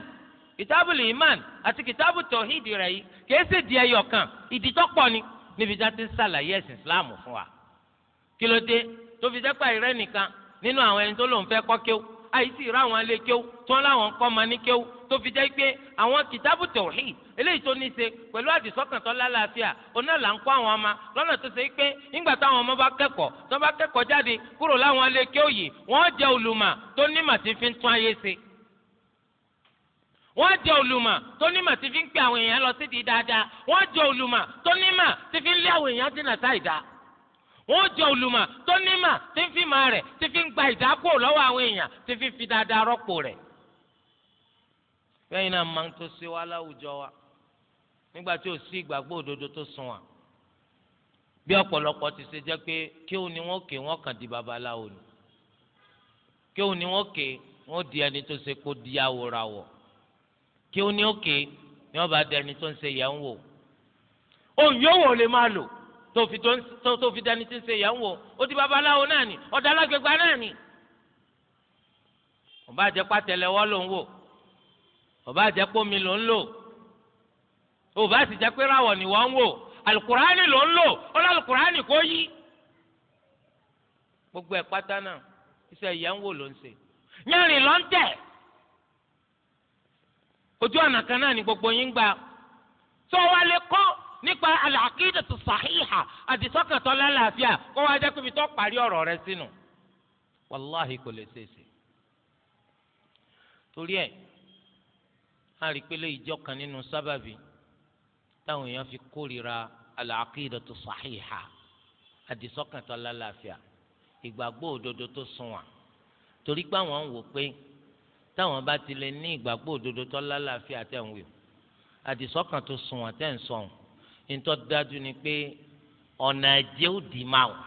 [SPEAKER 1] kìtàbù iman àti kìtàbù tọ̀hídì rẹ̀ yìí kìí di ẹyọ kan ìdí tó pọ̀ ni níbi tá a ti ń ẹ̀sìn islam fún tó fi jẹ́ pé àwọn kìtàbù tauhid eléyìí tó ní í ṣe pẹ̀lú àdìsọ́kàn tó lálàáfíà oná là ń kó àwọn ọmọ lọ́nà tó ṣe pé nígbà táwọn ọmọ bá kẹ́kọ̀ọ́ tó bá kẹ́kọ̀ọ́ jáde kúrò láwọn ilé kéòyì wọ́n jẹ́ olùmọ̀ tó ní màtí fi ń tún ayé ṣe wọ́n jẹ́ olùmọ̀ tó ní mà ti fi ń pè àwọn èèyàn lọ sí di dáadáa wọ́n jẹ́ olùmọ̀ tó ní mà ti fi ń lé àwọn èèyàn dínà sáìdá wọ́n jẹ́ olùmọ̀ tó ní mà ti fi mà rẹ̀ ti fi ń gba ìdákò lọ́wọ́ àwọn èèyàn ti fi fi dáadáa rọ́pò rẹ̀ kẹ́yìn náà máa ń tó sí wa láwùjọ wa nígbà tí ò sí ìgbàgbọ́ òdodo tó sùn wa bí ọ̀pọ̀lọpọ̀ ti ṣe jẹ́ pé kí òun ni wọ́n kè wọ́n kàn di babaláwo ni kí òun ni wọ́n kè wọ́n di ẹni tó ṣe kó di awòràwọ̀ kí òun ni ó kè ni wọ́n bá di ẹni tó ń ṣe yẹn ń wò òun yóò lè máa lò tó fi dání tí ń ṣe yẹn ń wò ó di babaláwo náà ni ọ̀dà alágbègbè náà ni ọ̀bá jẹ́ ló ń wò ọba àjẹpọ̀ mi ló ń lò ọba sì ni wọn ń wò alukurani ló ń lò ọlọ́ kò yí gbogbo ịpata pátá náà iṣẹ́ ìyá ń wò ló ń ṣe yẹ́nrìn ló ń ojú ọ̀nà náà ni gbogbo yín gbà tó wá lè kọ́ nípa àlàkídà tó sàhíhà àdìsọ́kàtọ́ lálàáfíà kó wá jẹ́ parí ọ̀rọ̀ rẹ a rí pé léyìí jọ́kan nínú sábàbí táwọn èèyàn fi kórìíra al-aqidatu sahiha àdìsọ́kàn tó lálàáfíà ìgbàgbọ́ òdodo tó sunwọ̀n torí pé àwọn ń wò pé táwọn bá ti lè ní ìgbàgbọ́ òdodo tó lálàáfíà tẹ̀ ń wò àdìsọ́kàn tó sunwọ̀n tẹ̀ ń sọ̀hún nítọ́ dájú ni pé ọ̀nà àjẹ́ ò dì máa wò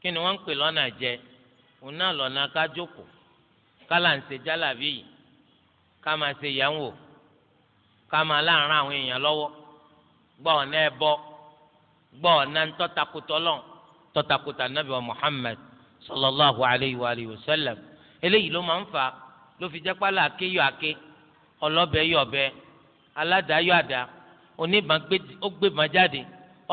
[SPEAKER 1] kí ni wọ́n ń pè lọ́nà àjẹ́ òun náà lọ́nà kájókòó Kala ń ṣe jálàbí kama se máa kama yẹ̀wò ká máa láàrin àwọn èèyàn lọ́wọ́ gbọ́ ọ̀nà ẹbọ gbọ́ ọ̀nà tọ́takùtọ̀ lọ́n tọ́takùtà wa Muhammad sallallahu alayhi wa alihi wa sallam eléyìí ló máa ń fa ló fi jẹ́ pálá ake yọ ake ọlọ́bẹ yọ ọbẹ aládàá yọ àdá oníbàn ó gbébọn jáde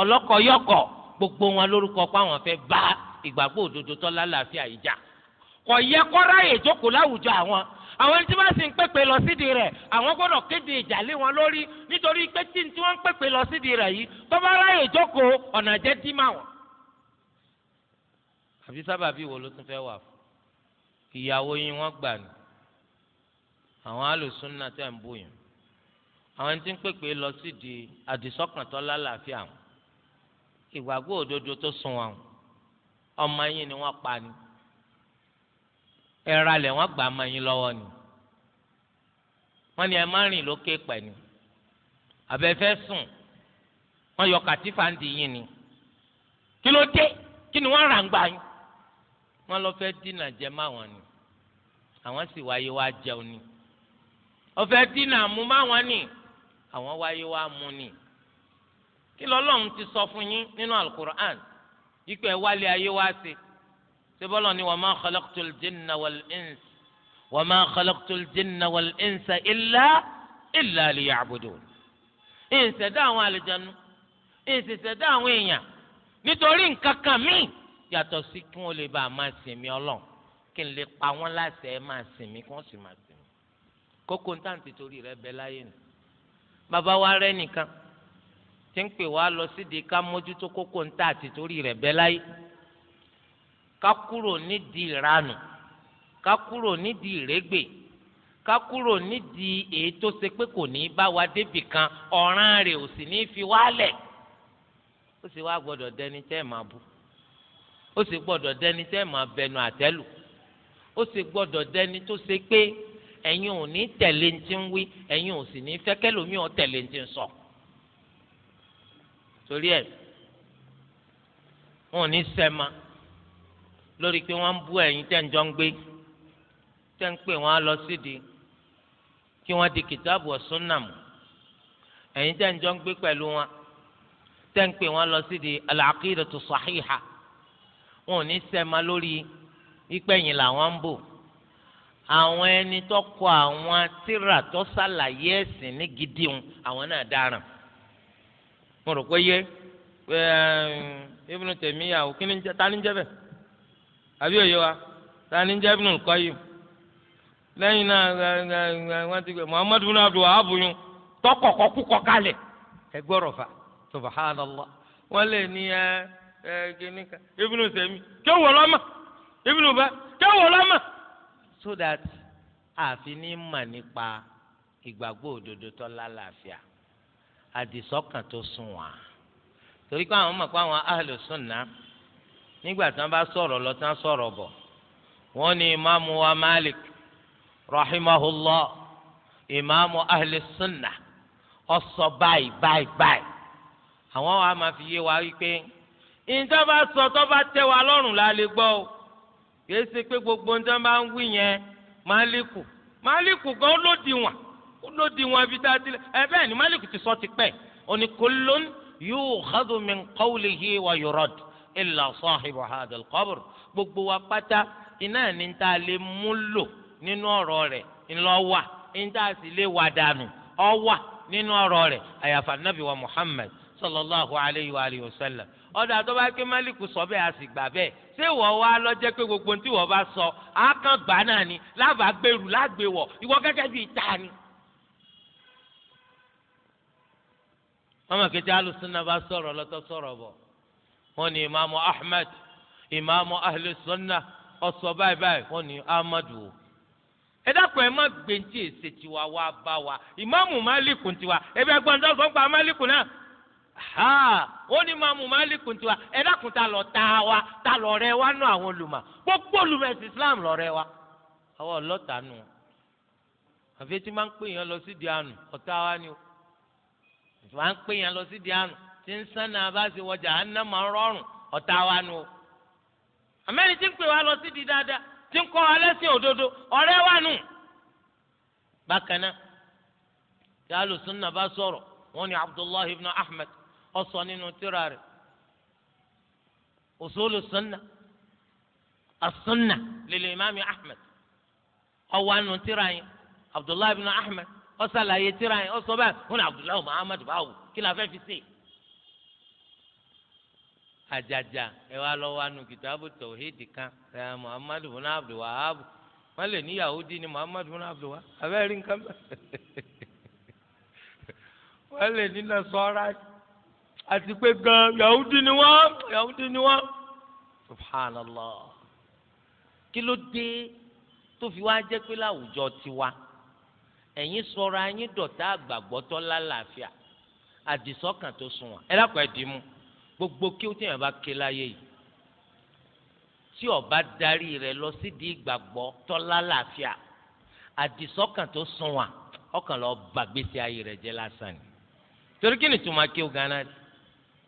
[SPEAKER 1] ọlọ́kọ̀ yọkọ̀ gbogbo wọn lórúkọ pé àwọn fẹ́ bá ìgbàgbọ́ òdodo tọ́lá làáfíà yìí jà kò yẹ kọ́ra èjókòó láwùjọ àwọn àwọn ẹni tí wọ́n sì ń pèpè lọ sídìí rẹ̀ àwọn gbọ́dọ̀ kéde ìjàlé wọn lórí nítorí pé tí tí wọ́n ń pèpè lọ sídìí rẹ̀ yìí tó bá ráyè jókòó ọ̀nà jẹ́ dímà wọn. àbí sábàbí wo ló tún fẹ́ wà fún ìyàwó yín wọ́n gbà ní àwọn alùsùnà tẹ̀ ń bóyá àwọn tí ń pèpè lọ sídìí àdìsọ́kàntọ́ lálàáfíà wọn ìgbàgbọ́ òdodo tó sun wọn ọmọ yín ni wọ́n pa ni ẹ̀ra lẹ̀ wọ́n gbà máa yín lọ́wọ́ ni wọ́n ní ẹ má rìn lókè pẹ̀ ni àbẹ̀fẹ́ sùn wọ́n yọ kàtífà ń di yín ni kí ló dé kí ni wọ́n rà ń gbà yín wọ́n lọ fẹ́ dínà jẹ máwọn ni àwọn sì wáyé wá jẹun ni ọ̀fẹ́ dínà mú máwọn ni àwọn wáyé wá mú ni kí lọ́lọ́run ti sọ fún yín nínú alukur'an yìí pé wálé ayé wá sí i sebọlọ ni wa ma khalaqtul jinna wal insa wa ma khalaqtul jinna wal insa illa illa liya'budun. ìṣẹ̀dá àwọn àlejànú ìṣẹ̀dá àwọn èèyàn nítorí nǹkan kan míì yàtọ̀ sí kí wọ́n lè bá a máa sìn mí ọlọ́run kí n lè pa wọ́n láṣẹ ẹ máa sìn kí wọ́n sì máa sìn kókó ń tàǹtì torí rẹ bẹ láyé nù. bàbá wa rẹ nìkan tí ń pè wá lọ sídìí ká mójútó kókó ń tàǹtì torí rẹ bẹ láyé ká kúrò nídìí ìranù ká kúrò nídìí ìrégbè ká kúrò nídìí èyí tó ṣe pé kò ní bá wa débì kan ọ̀ràn rẹ̀ ò sì ní fi wálẹ̀ ó sì wá gbọ́dọ̀ dẹni tẹ́ ẹ̀ máa bú ó sì gbọ́dọ̀ dẹni tẹ́ ẹ̀ máa bẹnu àtẹ́lù ó sì gbọ́dọ̀ dẹni tó ṣe pé ẹ̀yin ò ní tẹ̀lé ń ti ń wí ẹ̀yin ò sì ní fẹ́ kẹ́lòmíì ò tẹ̀lé ń ti ń sọ. torí ẹ̀ wọn ò ní sẹ́ẹ̀ máa lórí pé wọ́n ń bú ẹ̀yin tẹ́ ń jọ ń gbé tẹ́ ń pè wọ́n á lọ sídìí kí wọ́n di kìtàbù ọ̀sùnnà mú ẹ̀yin tẹ́ ń jọ ń gbé pẹ̀lú wọn tẹ́ ń pè wọ́n lọ sídìí al-aqidatu sahiha wọn ò ní sẹ́ma lórí ìpẹ́yìn làwọn ń bò àwọn ẹni tó kọ àwọn tíra tó ṣàlàyé ẹ̀sìn ní gidi ń àwọn náà dáràn mo rò pé yé ẹ Ibn Taymiyyah kí ni ta ni jẹ́ bẹ́ẹ̀. àbí òye wa tani jẹ́ Ibn al lẹ́yìn náà wọ́n ti gbé Muhammadu bin Abdul Wahab yun kalẹ̀ wọ́n lè ní ẹ ẹ Sẹ́mi lọ́mọ bá lọ́mọ. so that ní mà nípa ìgbàgbọ́ òdodo lálàáfíà àdìsọ́kàn tó torí pé àwọn àwọn nígbà tí wọ́n bá sọ̀rọ̀ lọ tí wọ́n sọ̀rọ̀ bọ̀ wọ́n ní ìmáàmù wa Malik rahimahullah ìmáàmù ahli sunna ọsọ báyìí báyìí báyìí àwọn wa máa fi yé wa wípé ìjọba bá sọ tó bá tẹ́ wa lọ́rùn la lè gbọ́ o kìí ṣe pé gbogbo nǹkan bá ń wí yẹn Málíkù Málíkù gan lòdì wọn lòdì wọn ibi tá a ti lẹ ẹ bẹ́ẹ̀ ni Málíkù ti sọ ti pẹ́ ó ní kullun yukhadhu min qawlihi wa yurad illa sahibu hadal qabr gbogbo wa pátá iná ní ta lè mú lò nínú ọ̀rọ̀ rẹ̀ ńlọ wà níta sì lè wà dànù ọ wà nínú ọ̀rọ̀ rẹ̀ àyàfà nàbì wa Muhammad sallallahu alayhi wa alihi wa sallam ọdọ àti ọba pé málìkù sọ bẹ́ẹ̀ a sì gbà bẹ́ẹ̀ ṣé ìwọ wa lọjẹ pé gbogbo tí ìwọ bá sọ á gbà náà ni lábàá gbèrú ìwọ gẹ́gẹ́ bíi ta ni. ọmọ kejì alùsùn náà bá sọ̀rọ̀ lọ́tọ̀ sọ̀rọ̀ bọ̀ wọ́n ni imaamu ahmed imaamu ahli sunna ọsọ báyìí báyìí wọ́n ní amadu ẹ dákun ẹ má gbé ní tí èsè tiwa wá bá wa ìmáàmù máàlìkù tiwa ẹbí ẹgbọn tó sọ gba máàlìkù náà ha ó ní ìmáàmù máàlìkù tiwa ẹ dákun ta lọ ta wa ta lọ rẹ wa nù àwọn olùmọ̀ gbogbo olùmọ̀ ẹsìn islam lọ rẹ wa àwọn ọlọta nù àfi etí máa ń pè yẹn lọ sí di àná ọ̀tá wa ni o máa ń pè yẹn lọ sí di àná tí ń sánà bá ṣe wọ jahannama rọrùn ọ̀tá wa nu. àmẹ́rin tí ń pè wá lọ sí di dáadáa tí ń kọ́ alẹ́ sí òdodo ọ̀rẹ́ wa nù. bákan náà tí alùsùnà bá sọ̀rọ̀ wọ́n ní abdullahi ibn ahmed ọ̀sọ̀ nínú tírà rẹ̀ usulu sunna as-sunna lil imam ahmed ọwọ́ nínú tírà yẹn abdullahi ibn ahmed ọ̀sàlàyé tírà yẹn ọ̀sọ̀ báyìí wọ́n ní abdullahi muhammad báwo kí la fẹ́ fi ṣe àjàjà ẹ wá lọ wá nu kìtàbù tọ̀hídì kan ẹ muhammadu bin abdul wahab wọn lè ní yahudi ni muhammadu bin abdul wahab abẹ́rẹ́ rí nǹkan bẹ́ẹ̀ wọn lè ní nasọ́ra àti pé gan yahudi ni wọn yahudi ni wọn subhanallah kí ló dé tó fi wá jẹ́ pé láwùjọ tiwa ẹ̀yin sọra ẹ̀yin dọ̀tá àgbàgbọ́tọ́ lálàáfíà àdìsọ́kàn tó sunwọ̀n ẹ dákun ẹ̀ dì í gbogbo kí ó tẹ̀yàn bá ké láyé yìí tí ọba darí rẹ̀ lọ sídìí ìgbàgbọ́ tọ́lá làáfíà àdìsọ́kàn tó sùn wà ọkàn lọ bàgbèsè ayé rẹ̀ jẹ́ lásán ni torí kí ni tuma kí o gánà rí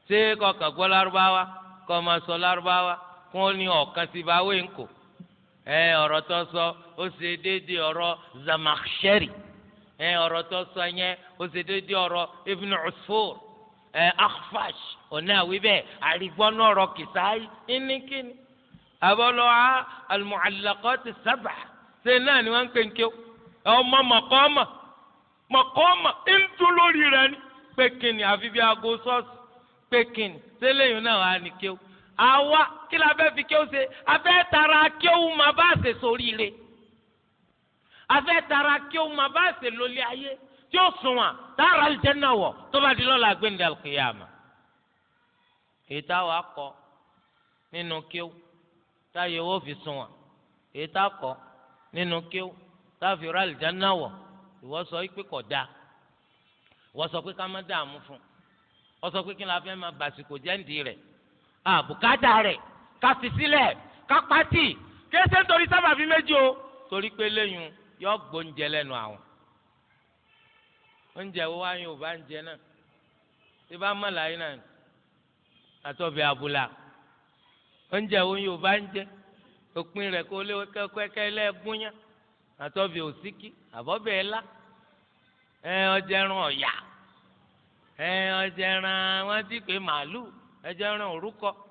[SPEAKER 1] ṣé kọkàn gbọ́ lárúbáwá kọ́ máa sọ lárúbáwá kó o ní ọ̀kan sí bá wé ńkò ẹ ọ̀rọ̀ tó sọ ó ṣe déédéé ọ̀rọ̀ Zamakhshari ẹ ọ̀rọ̀ tó sọ yẹn ó ṣe déédéé ọ̀rọ̀ Ibn Usfur ẹ akfash ọ̀nà àwí bẹ́ẹ̀ àrígbọ́nà ọ̀rọ̀ kìsáì ẹnìkíni àbọ̀lọ́wọ́ al-mu'allaqat as-sab'a ṣe náà ni wọ́n ń pè ń kéw ọmọ mọ̀kọ́mà mọ̀kọ́mà ń tún lórí rẹ ni pé kíni àfi bí aago sọ́ọ̀sì pé kíni sẹ́lẹ̀yìn náà wà ní kéw àwa kí fi kéw ṣe afẹ́ tara kéw máa bá ṣe sórí rẹ afẹ́ tara kéw máa bá ṣe lólé ayé tí ó sùn wọn táàrà àlùjẹ́nà wọ̀ tó bá di lọ́la gbẹ̀ndẹ̀ àlùkìyàmà. ètò àwọn akọ nínú kíw táyé owó fi sùn wọn ètò akọ nínú kíw táàfin rà àlùjẹ́nà wọ̀ ìwọ sọ pé kò dáa ìwọ sọ pé ká má dààmú fún ọ sọ pé kí n la fẹ́ máa bàṣìkò jẹ́ǹdì rẹ̀ àbùkádà rẹ̀ ká fi sílẹ̀ ká pàtì kéésẹ́ nítorí sábàbí méjì o torí pé lẹ́yìn yọ gbóúnjẹ lẹ́nu àwọn oúnjẹ wo wá yín ò bá ń jẹ náà tí bá mọ̀ láyé náà àtọ̀bẹ̀ àbùlà oúnjẹ wo yín ò bá ń jẹ òpin rẹ̀ kó lé kẹ́kẹ́ lẹ́ẹ̀gúnyán àtọ̀bẹ̀ òsíkí ẹ ọ̀yà ẹ wọn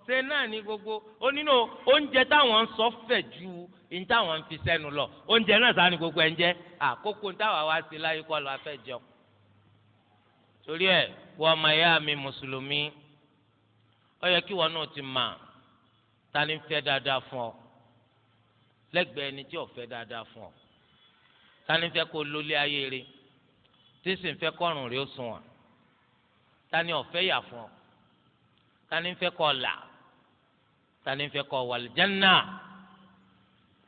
[SPEAKER 1] ti náà gbogbo ó nínú oúnjẹ táwọn ń sọ fẹ̀ ju lọ oúnjẹ náà sáà gbogbo ẹ̀ ń torí ẹ wọ ọmọ ẹyà mi mùsùlùmí ó yẹ kí wọn náà ti mà ta ni fẹ́ dáadáa fún ọ lẹ́gbẹ̀ẹ́ ẹni tí ò fẹ́ dáadáa fún ọ ta ni fẹ́ kó lólé ayé rẹ tí sì ń fẹ́ kọrùn rẹ ó sùn wọn ta ni ọfẹ yà fún ọ ta ni fẹ́ kó là ta ni fẹ́ kó wàlìjánná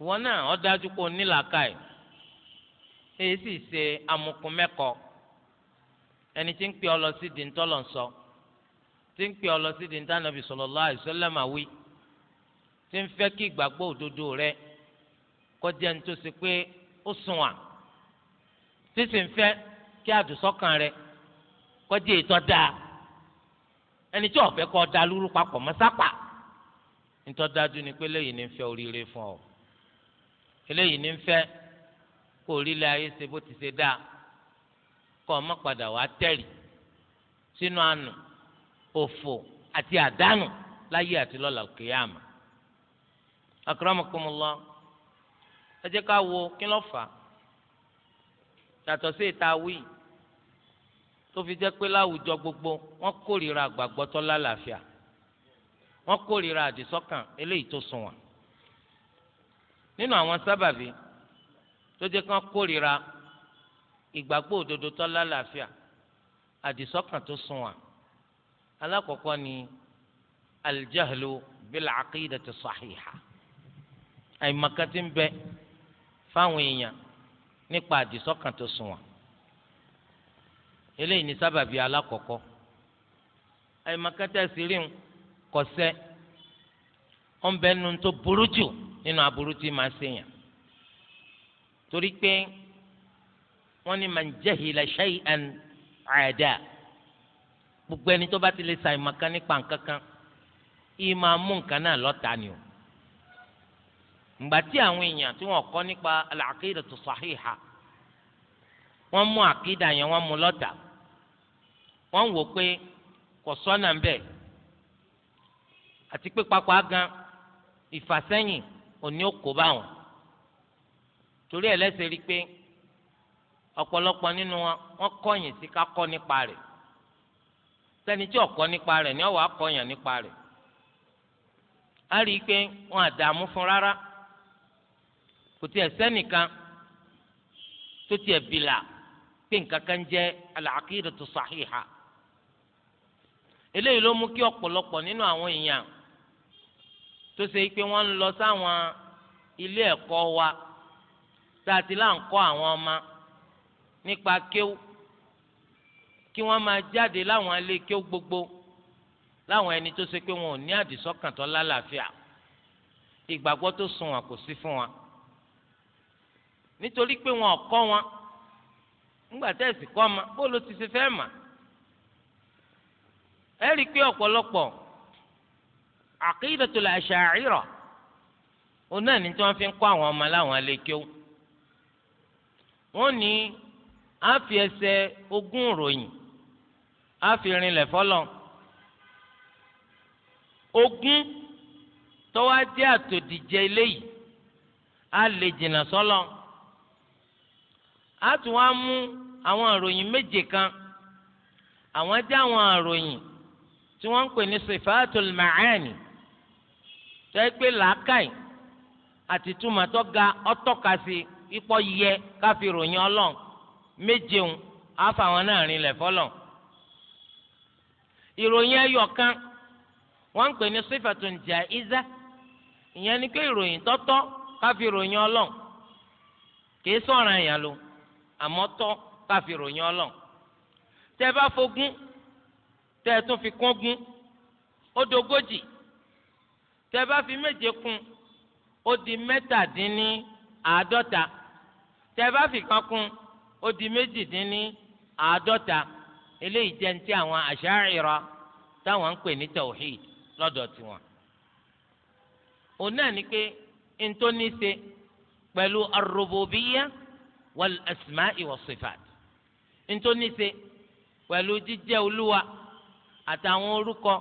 [SPEAKER 1] wọn náà ó dájú kó nílàákàyè èyí sì ṣe amukùn mẹkọọ ẹni tí ń pè ọ lọ sí di ntọ́lọ̀ sọ tí ń pè ọ lọ sí di ntánàbì sallallahu alaihi wasallam wí tí ń fẹ́ kí ìgbàgbọ́ òdodo rẹ kọjá ní tó ṣe pé ó sùn à tí sì ń fẹ́ kí àdùsọ́kàn rẹ kọjá ètò dáa ẹni tí ọ̀fẹ́ kọ́ da lúrú papọ̀ mọ́sápà ntọ́dájú ni pé lẹ́yìn ní ń fẹ́ oríire fún ọ eléyìí ní ń fẹ́ kó orílẹ̀ ayé ṣe bó ti ṣe dáa kọ́ ọ má padà wá tẹ̀rì sínú àánú òfò àti àdánù láyé àti lọ́la kíyámà. akramakumullah ẹ jẹ́ ká wo kí ló fà á yàtọ̀ sí ìta wíì tó fi jẹ́ pé láwùjọ gbogbo wọ́n kórìíra àgbàgbọ́ lálàáfíà wọ́n kórìíra àdìsọ́kàn eléyìí tó sunwọ̀n nínú àwọn sábàbí tó jẹ́ kí wọ́n kórìíra ìgbàgbọ́ òdodo tó lálàáfíà àdìsọ́kàn tó sunwọ̀n alákọ̀ọ́kọ́ ni aljahlu bil aqidati sahiha àìmọ̀kan tí ń bẹ fáwọn èèyàn nípa àdìsọ́kàn tó sunwọ̀n eléyìí ni sábàbí alákọ̀ọ́kọ́ àìmọ̀kan tẹ̀ sí rí kọ̀sẹ́ ọ̀nbẹ́nu tó burú jù nínú aburú tí máa ṣèyàn torí pé. wọ́n ní man jahila shay'an àdá gbogbo ẹni tó bá ti lè sa ìmọ̀kan nípa nǹkan kan ìmọ̀ amú nǹkan náà lọ́ta ni o ǹgbà tí àwọn èèyàn tí wọ́n kọ́ nípa al-aqidatu sahiha wọ́n mú àkídà yẹn wọ́n mú lọ́ta wọ́n ń wò pé kò sọ́nà ń bẹ̀ àti pé pápá gan ìfàsẹ́yìn òní ò kó bá torí ẹ̀ lẹ́sẹ̀ rí i pé ọ̀pọ̀lọpọ̀ nínú wọn wọ́n kọ̀yìn sí ká kọ́ nípa rẹ̀ sẹ́ni tí ó kọ́ nípa rẹ̀ ni ó wá kọ̀yàn nípa rẹ̀ a rí i pé wọn àdààmú fún rárá kò tiẹ̀ sẹ́nìkan tó tiẹ̀ bìlà pé nǹkan kan jẹ́ al-aqidatu sahiha eléyìí ló mú kí ọ̀pọ̀lọpọ̀ nínú àwọn èèyàn tó ṣe pé wọ́n ń lọ sáwọn ilé ẹ̀kọ́ wa tá a ti là àwọn ọmọ nípa kéw kí wọ́n máa jáde láwọn alẹ́ kéw gbogbo láwọn ẹni tó ṣe pé wọn ò ní àdìsọ́kàn tó lálàáfíà ìgbàgbọ́ tó sùn wọn kò sí fún wọn nítorí pé wọn ò kọ́ wọn ńgbà tẹ́sí kọ́ ma bó ló ti ṣe fẹ́ mà ẹ rí i pé ọ̀pọ̀lọpọ̀ àkídàtul àṣàírà òun náà ní tí wọ́n fi ń kọ́ àwọn ọmọ láwọn alẹ́ kéw wọ́n ní á fi ẹsẹ̀ ogún ròyìn á fi rinlẹ̀ fọlọ́ ogún tọ́wá jẹ́ àtòdìjẹ eléyìí á lè jìnnà sọ́lọ́ á tún wá mú àwọn àròyìn méje kan àwọn jẹ́ àwọn àròyìn tí wọ́n ń pè ní sifatul ma'ani tẹ́ pé làákàyè àti túmọ̀ ga ọ́tọ́ka ipò yẹ káfí ròyìn ọlọ́run méjeun àfa àwọn náà rin lẹ̀ fọlọ̀ ìròyìn ẹyọ kan wọ́n ń pè ní sífàtún jaiza ìyẹn ni pé ìròyìn tọ́tọ́ káfi ìròyìn ọlọ́n kìí sọ̀rọ̀ ẹ̀yàn ló àmọ́ tọ́ káfi ìròyìn ọlọ́n tẹ́ bá fogún tẹ́ ẹ tún fi kún ogún ó dogójì tẹ́ bá fi méje kún ó di mẹ́tàdínní àádọ́ta tẹ́ bá fi kan kún ó di méjìdínní àádọ́ta eléyìí jẹ́ ní ti àwọn àṣàìrọ̀ táwọn ń pè ní tawhid lọ́dọ̀ tiwọn. òun náà ni pé ntọ́ni ṣe pẹ̀lú arububiyya wal asma'i was sifat ntọ́ni ṣe pẹ̀lú jíjẹ́ olúwa àtàwọn orúkọ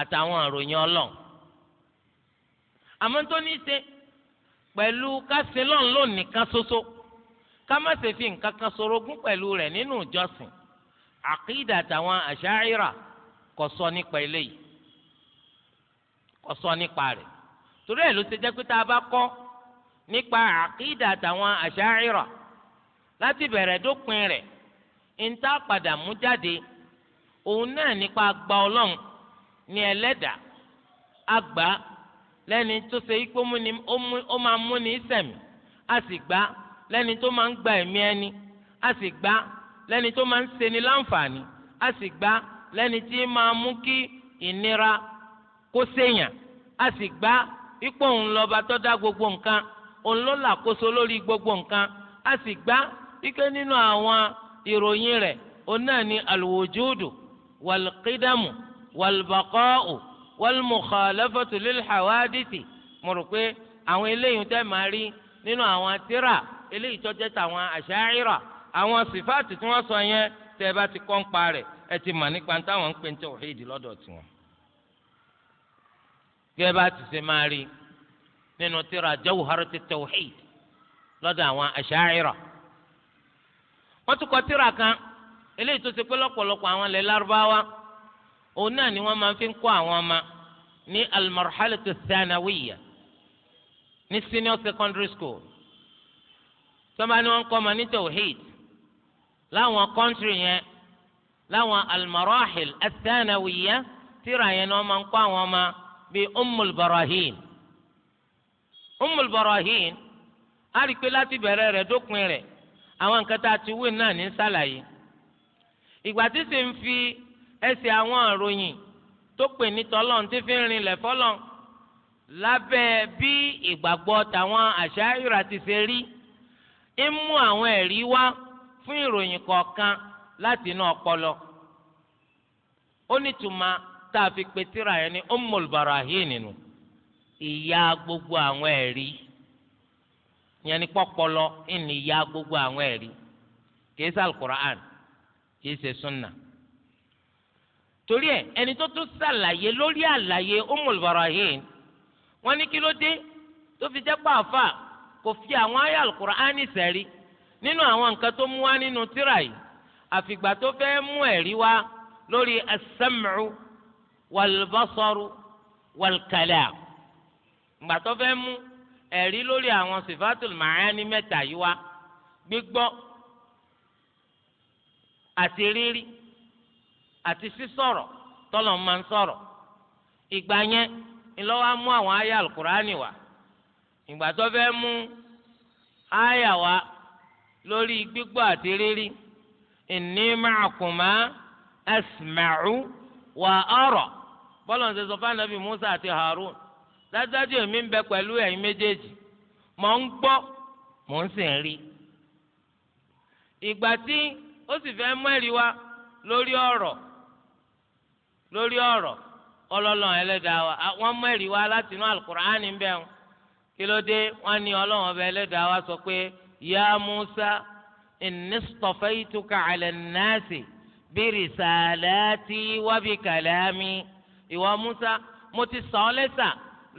[SPEAKER 1] àtàwọn àròyìn ọlọ́run àmọ́ ntọ́ni ṣe pẹ̀lú kásìlọ́ọ̀n lónìí kan ṣoṣo. Kama má ṣe fi nǹkan kan sorogún pẹ̀lú rẹ̀ nínú ìjọsìn àkídà tàwọn àṣàyíra kò sọ nípa eléyìí kò sọ nípa rẹ̀ torí ẹ̀ ló ṣe jẹ́ pé tá a bá kọ́ nípa àkídà tàwọn àṣàyíra láti bẹ̀rẹ̀ dópin rẹ̀ níta padà mú jáde òun náà nípa gba ọlọ́run ní ẹlẹ́dà àgbà lẹ́ni tó ṣe ikú ó máa múni sẹ̀mí a sì gbà á lẹ́ni tó máa ń gba ẹ̀mí ẹni a sì gbà lẹ́ni tó máa ń ṣeni láǹfààní a sì gbà lẹ́ni tí máa mú kí ìnira kó ṣèyàn a sì gbà ipò òun lọ́ba tó dá gbogbo nǹkan òun ló làkóso lórí gbogbo nǹkan a sì gbà ike nínú àwọn ìròyìn rẹ̀ òun náà ni alwujudu walqidamu walbaqa'u walmukhalafatu lilhawadisi mo rò pé àwọn eléyìí tẹ́ máa rí nínú àwọn tírà eléyìí tó jẹ́ tàwọn àṣàyíra àwọn sífáàtì tí wọ́n sọ yẹn tẹ́ ẹ bá ti kọ́ ń pa rẹ̀ ẹ ti mà nípa táwọn ń pè ní tẹ̀wọ̀hídì lọ́dọ̀ tiwọn. gẹ́gẹ́ bá ti ṣe máa rí nínú tíra jawharatu tawhid lọ́dọ̀ àwọn àṣàyíra. wọ́n tún kọ tíra kan eléyìí tó ṣe pé lọ́pọ̀lọpọ̀ àwọn ilẹ̀ lárúbáwá òun náà ni wọ́n máa fi kọ́ àwọn ọmọ ní almarhalatu thanawiya ní senior secondary school tọ́ba ni wọ́n kọ́ ma ní tawhid láwọn kọ́ńtìrì yẹn láwọn almarahil athanawiya tíra yẹn ni wọ́n máa ń kọ́ àwọn ọmọ bíi ummul barahin ummul barahin á láti bẹ̀rẹ̀ rẹ̀ dópin rẹ̀ àwọn nǹkan ti wí náà ní sàlàyé ìgbà tí sì ń fi ẹsẹ̀ àwọn àròyìn tó pè ní tọ́lọ́n tí fi ń rinlẹ̀ fọ́lọ́n lábẹ́ bí ìgbàgbọ́ tàwọn àṣà ìrà ti ṣe rí ń mú àwọn ẹ̀rí wá fún ìròyìn kọ̀ọ̀kan láti inú ọpọlọ ó ní tuma tá a fi pe tírà yẹn ní Ummul Barahin nínú ìyá gbogbo àwọn ẹ̀rí yẹn ní pọ́pọlọ ìní ìyá gbogbo àwọn ẹ̀rí kìí kìí ṣe sunna torí ẹ ẹni tó tún lórí àlàyé ní kí ló kò fi àwọn àyà alukur'ani sẹ́rí nínú àwọn nǹkan tó mú wá nínú tírà yìí àfìgbà tó fẹ́ mú ẹ̀rí wá lórí as-sam'u wal-basaru wal-kalam ìgbà tó fẹ́ mú ẹ̀rí lórí àwọn sifatul ma'ani mẹ́ta yìí wá gbígbọ́ àti rírí àti sísọ̀rọ̀ tọ́lọ̀ máa ń sọ̀rọ̀ ìgbà yẹn ńlọ́wọ́ á mú àwọn àyà alukur'ani wá ìgbà tó fẹ́ mú àyà wá lórí gbígbọ́ àti rírí inni ma'akuma asma'u wa ara bọ́lá ń sọ fún anabi musa àti harun dájúdájú èmi ń bẹ pẹ̀lú ẹ̀yin méjèèjì mò ń gbọ́ mò ń sì ń rí ìgbà tí ó sì fẹ́ mẹ́rin wa lórí ọ̀rọ̀ lórí ọ̀rọ̀ ọlọ́lọ́ ẹlẹ́dàá wa wọ́n mẹ́rin wa látinú alukur'ani ń bẹ̀ wọn kí ló dé wọ́n ní ọlọ́run ọba ẹlẹ́dàá wa sọ pé ya musa inistọfẹ́yìtúkà alẹ́ nàásì bírì sàlẹ́tì wábì kàlámi ìwọ musa mo ti sọ ọ́ lẹ́sà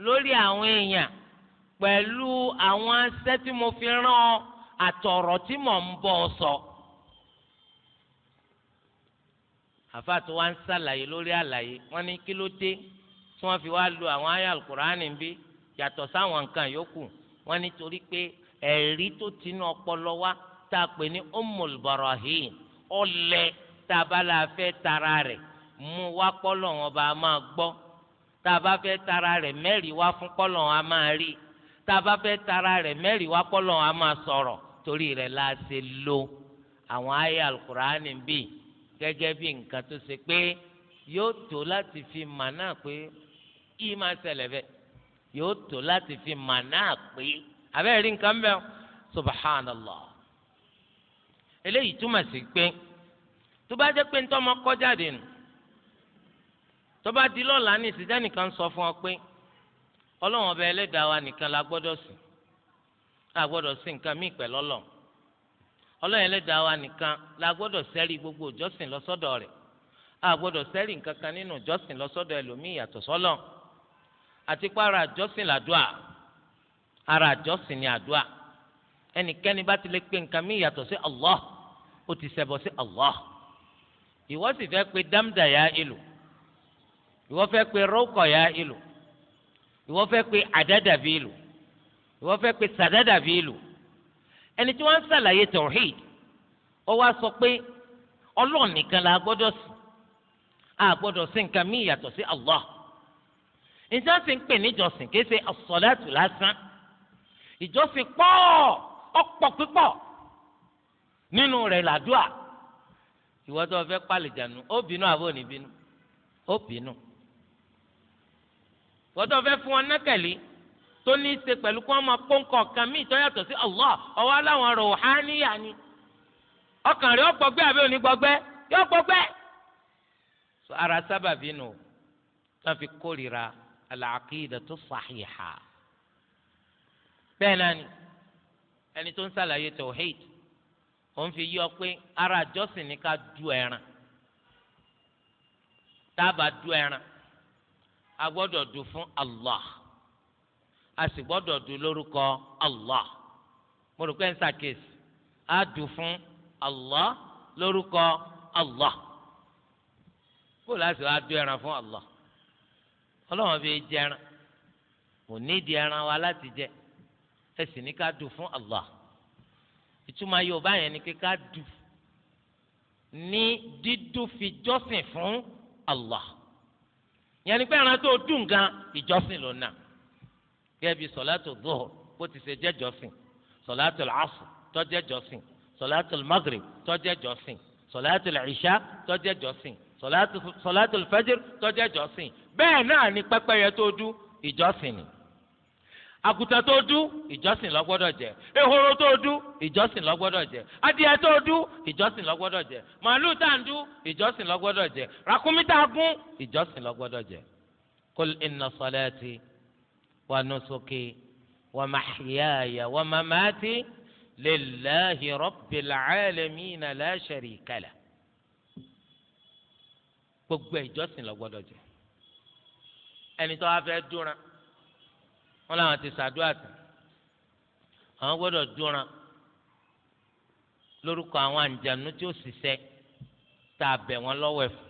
[SPEAKER 1] lórí àwọn èèyàn pẹ̀lú àwọn aṣẹ́ tí mo fi rán ọ àtọ̀rọ̀ tí mò ń bọ̀ sọ. àfàtú wa ń ṣàlàyé lórí àlàyé wọ́n ní kí tí wọ́n fi wá lu àwọn àyà alukur'ani bíi yàtọ̀ sáwọn nǹkan yòókù wọn nítorí pé ẹ̀rí tó tinú ọpọlọ wa tá a pè ní Ummul Barahin ọlẹ tá a bá la fẹ́ tara rẹ̀ mú wá pọ́lọ̀ wọn bá a máa gbọ́ tá a bá fẹ́ tara rẹ̀ mẹ́rìí wá fún pọ́lọ̀ wọn a máa rí tá a bá fẹ́ tara rẹ̀ mẹ́rìí wá pọ́lọ̀ wọn a máa sọ̀rọ̀ torí rẹ̀ la ṣe lo àwọn ayé alukur'ani bíi gẹ́gẹ́ bí nǹkan tó ṣe pé yóò tó láti fi mà náà pé yìí máa bẹ́ẹ̀ yóò tó láti fi màná pé abẹ́rẹ́ rí nǹkan mẹ́wọ́ subhanallah eléyìí túmọ̀ sí pé tó bá jẹ́ pé ntọ́ ọmọ kọ́ jáde nù tó bá di lọ́la fún ọ pé ọba ẹlẹ́dàá wa nìkan la gbọ́dọ̀ sìn la gbọ́dọ̀ nǹkan ọlọ́run ẹlẹ́dàá wa la gbọ́dọ̀ sẹ́rí gbogbo ìjọsìn lọ́sọ́dọ̀ rẹ̀ a gbọ́dọ̀ sẹ́rí nǹkan nínú ìjọsìn lọ́sọ́dọ̀ sọ́lọ́run àti pé ara àjọsìn làdúà ara àjọsìn ni àdúà ẹnikẹ́ni bá ti lè pe nǹkan mí yàtọ̀ sí Allah ó ti ṣẹbọ sí Allah ìwọ sì fẹ́ pe dámdà ya ìlú ìwọ fẹ́ pe rọ́kọ̀ ya ìlú ìwọ fẹ́ pe àdádàbí ìlú ìwọ fẹ́ pe sàdádàbí ìlú ẹni tí wọ́n ń sàlàyé tawhid ó wá sọ pé ọlọ́ọ̀ nìkan la gbọ́dọ̀ sìn a gbọ́dọ̀ sìn nǹkan mí yàtọ̀ sí Allah níta sì ń pè níjọsìn kì í ṣe ọ̀sọ̀lẹ́tù lásán ìjọsìn pọ̀ ọ̀pọ̀ pípọ̀ nínú rẹ̀ làdúà ìwọ tó fẹ́ pàlìjànù ó bínú àbò ní bínú ó bínú ìwọ tó fẹ́ fún ọ nákàlí tó ní í ṣe pẹ̀lú kí wọ́n máa kó nǹkan kan míì tó yàtọ̀ sí Allah ọwọ́ aláwọn rọ̀háníyà ni ọkàn rẹ̀ ó gbọgbẹ́ àbí òní gbọgbẹ́ yóò gbọgbẹ́ ara sábàbí nù tó fi kórìíra al-aqidatu as-sahiha bẹ́ẹ̀ náà ni ẹni tó ń sàlàyé tawhid òun fi yí ọ pé ara àjọsìn ni ká du ẹran dábàá du ẹran a gbọ́dọ̀ du fún Allah a sì gbọ́dọ̀ du lórúkọ Allah mo ń sàkíyèsí a du fún Allah lórúkọ Allah kó láti wá du ẹran fún Allah ọlọ́run fi jẹran kò nídìí ẹran wa láti jẹ ẹ sì ní ká dùn fún Allah ìtumọ̀ yorùbá yẹn ni ká dùn ní dídùn fi jọ́sìn fún Allah yẹn ni pé ẹran tó dùn gan ìjọ́sìn ló nà gẹ́gẹ́ bí sọ̀látò dùhùr bó ti ṣe jẹ́ jọ́sìn sọ̀látò àṣù tó jẹ́ jọ́sìn sọ̀látò magrib tó jẹ́ jọ́sìn sọ̀látò ìṣá tó jẹ́ jọ́sìn sọ̀látò fajr tó jẹ́ jọ́sìn bẹ́ẹ̀ náà ni pẹ́pẹ́yẹ tó dú ìjọsìn ni àgùtà tó dú ìjọsìn ló gbọ́dọ̀ jẹ ehoro tó dú ìjọsìn ló gbọ́dọ̀ jẹ adìẹ tó dú ìjọsìn ló jẹ màálù tá ń dú ìjọsìn ló jẹ ràkúnmí tá a gún ìjọsìn ló jẹ. kul inna salati wa nusuki wa mahyaya wa mamati lillahi rabbil alamina la sharika lah. gbogbo ìjọsìn ló jẹ ẹni tó wá fẹ́ dúnra wọn làwọn ti ṣàdúrà tán àwọn gbọ́dọ̀ dúnra lórúkọ àwọn àǹjànú tí ó ṣiṣẹ́ tá a bẹ̀ wọ́n lọ́wọ́ ẹ̀fọ́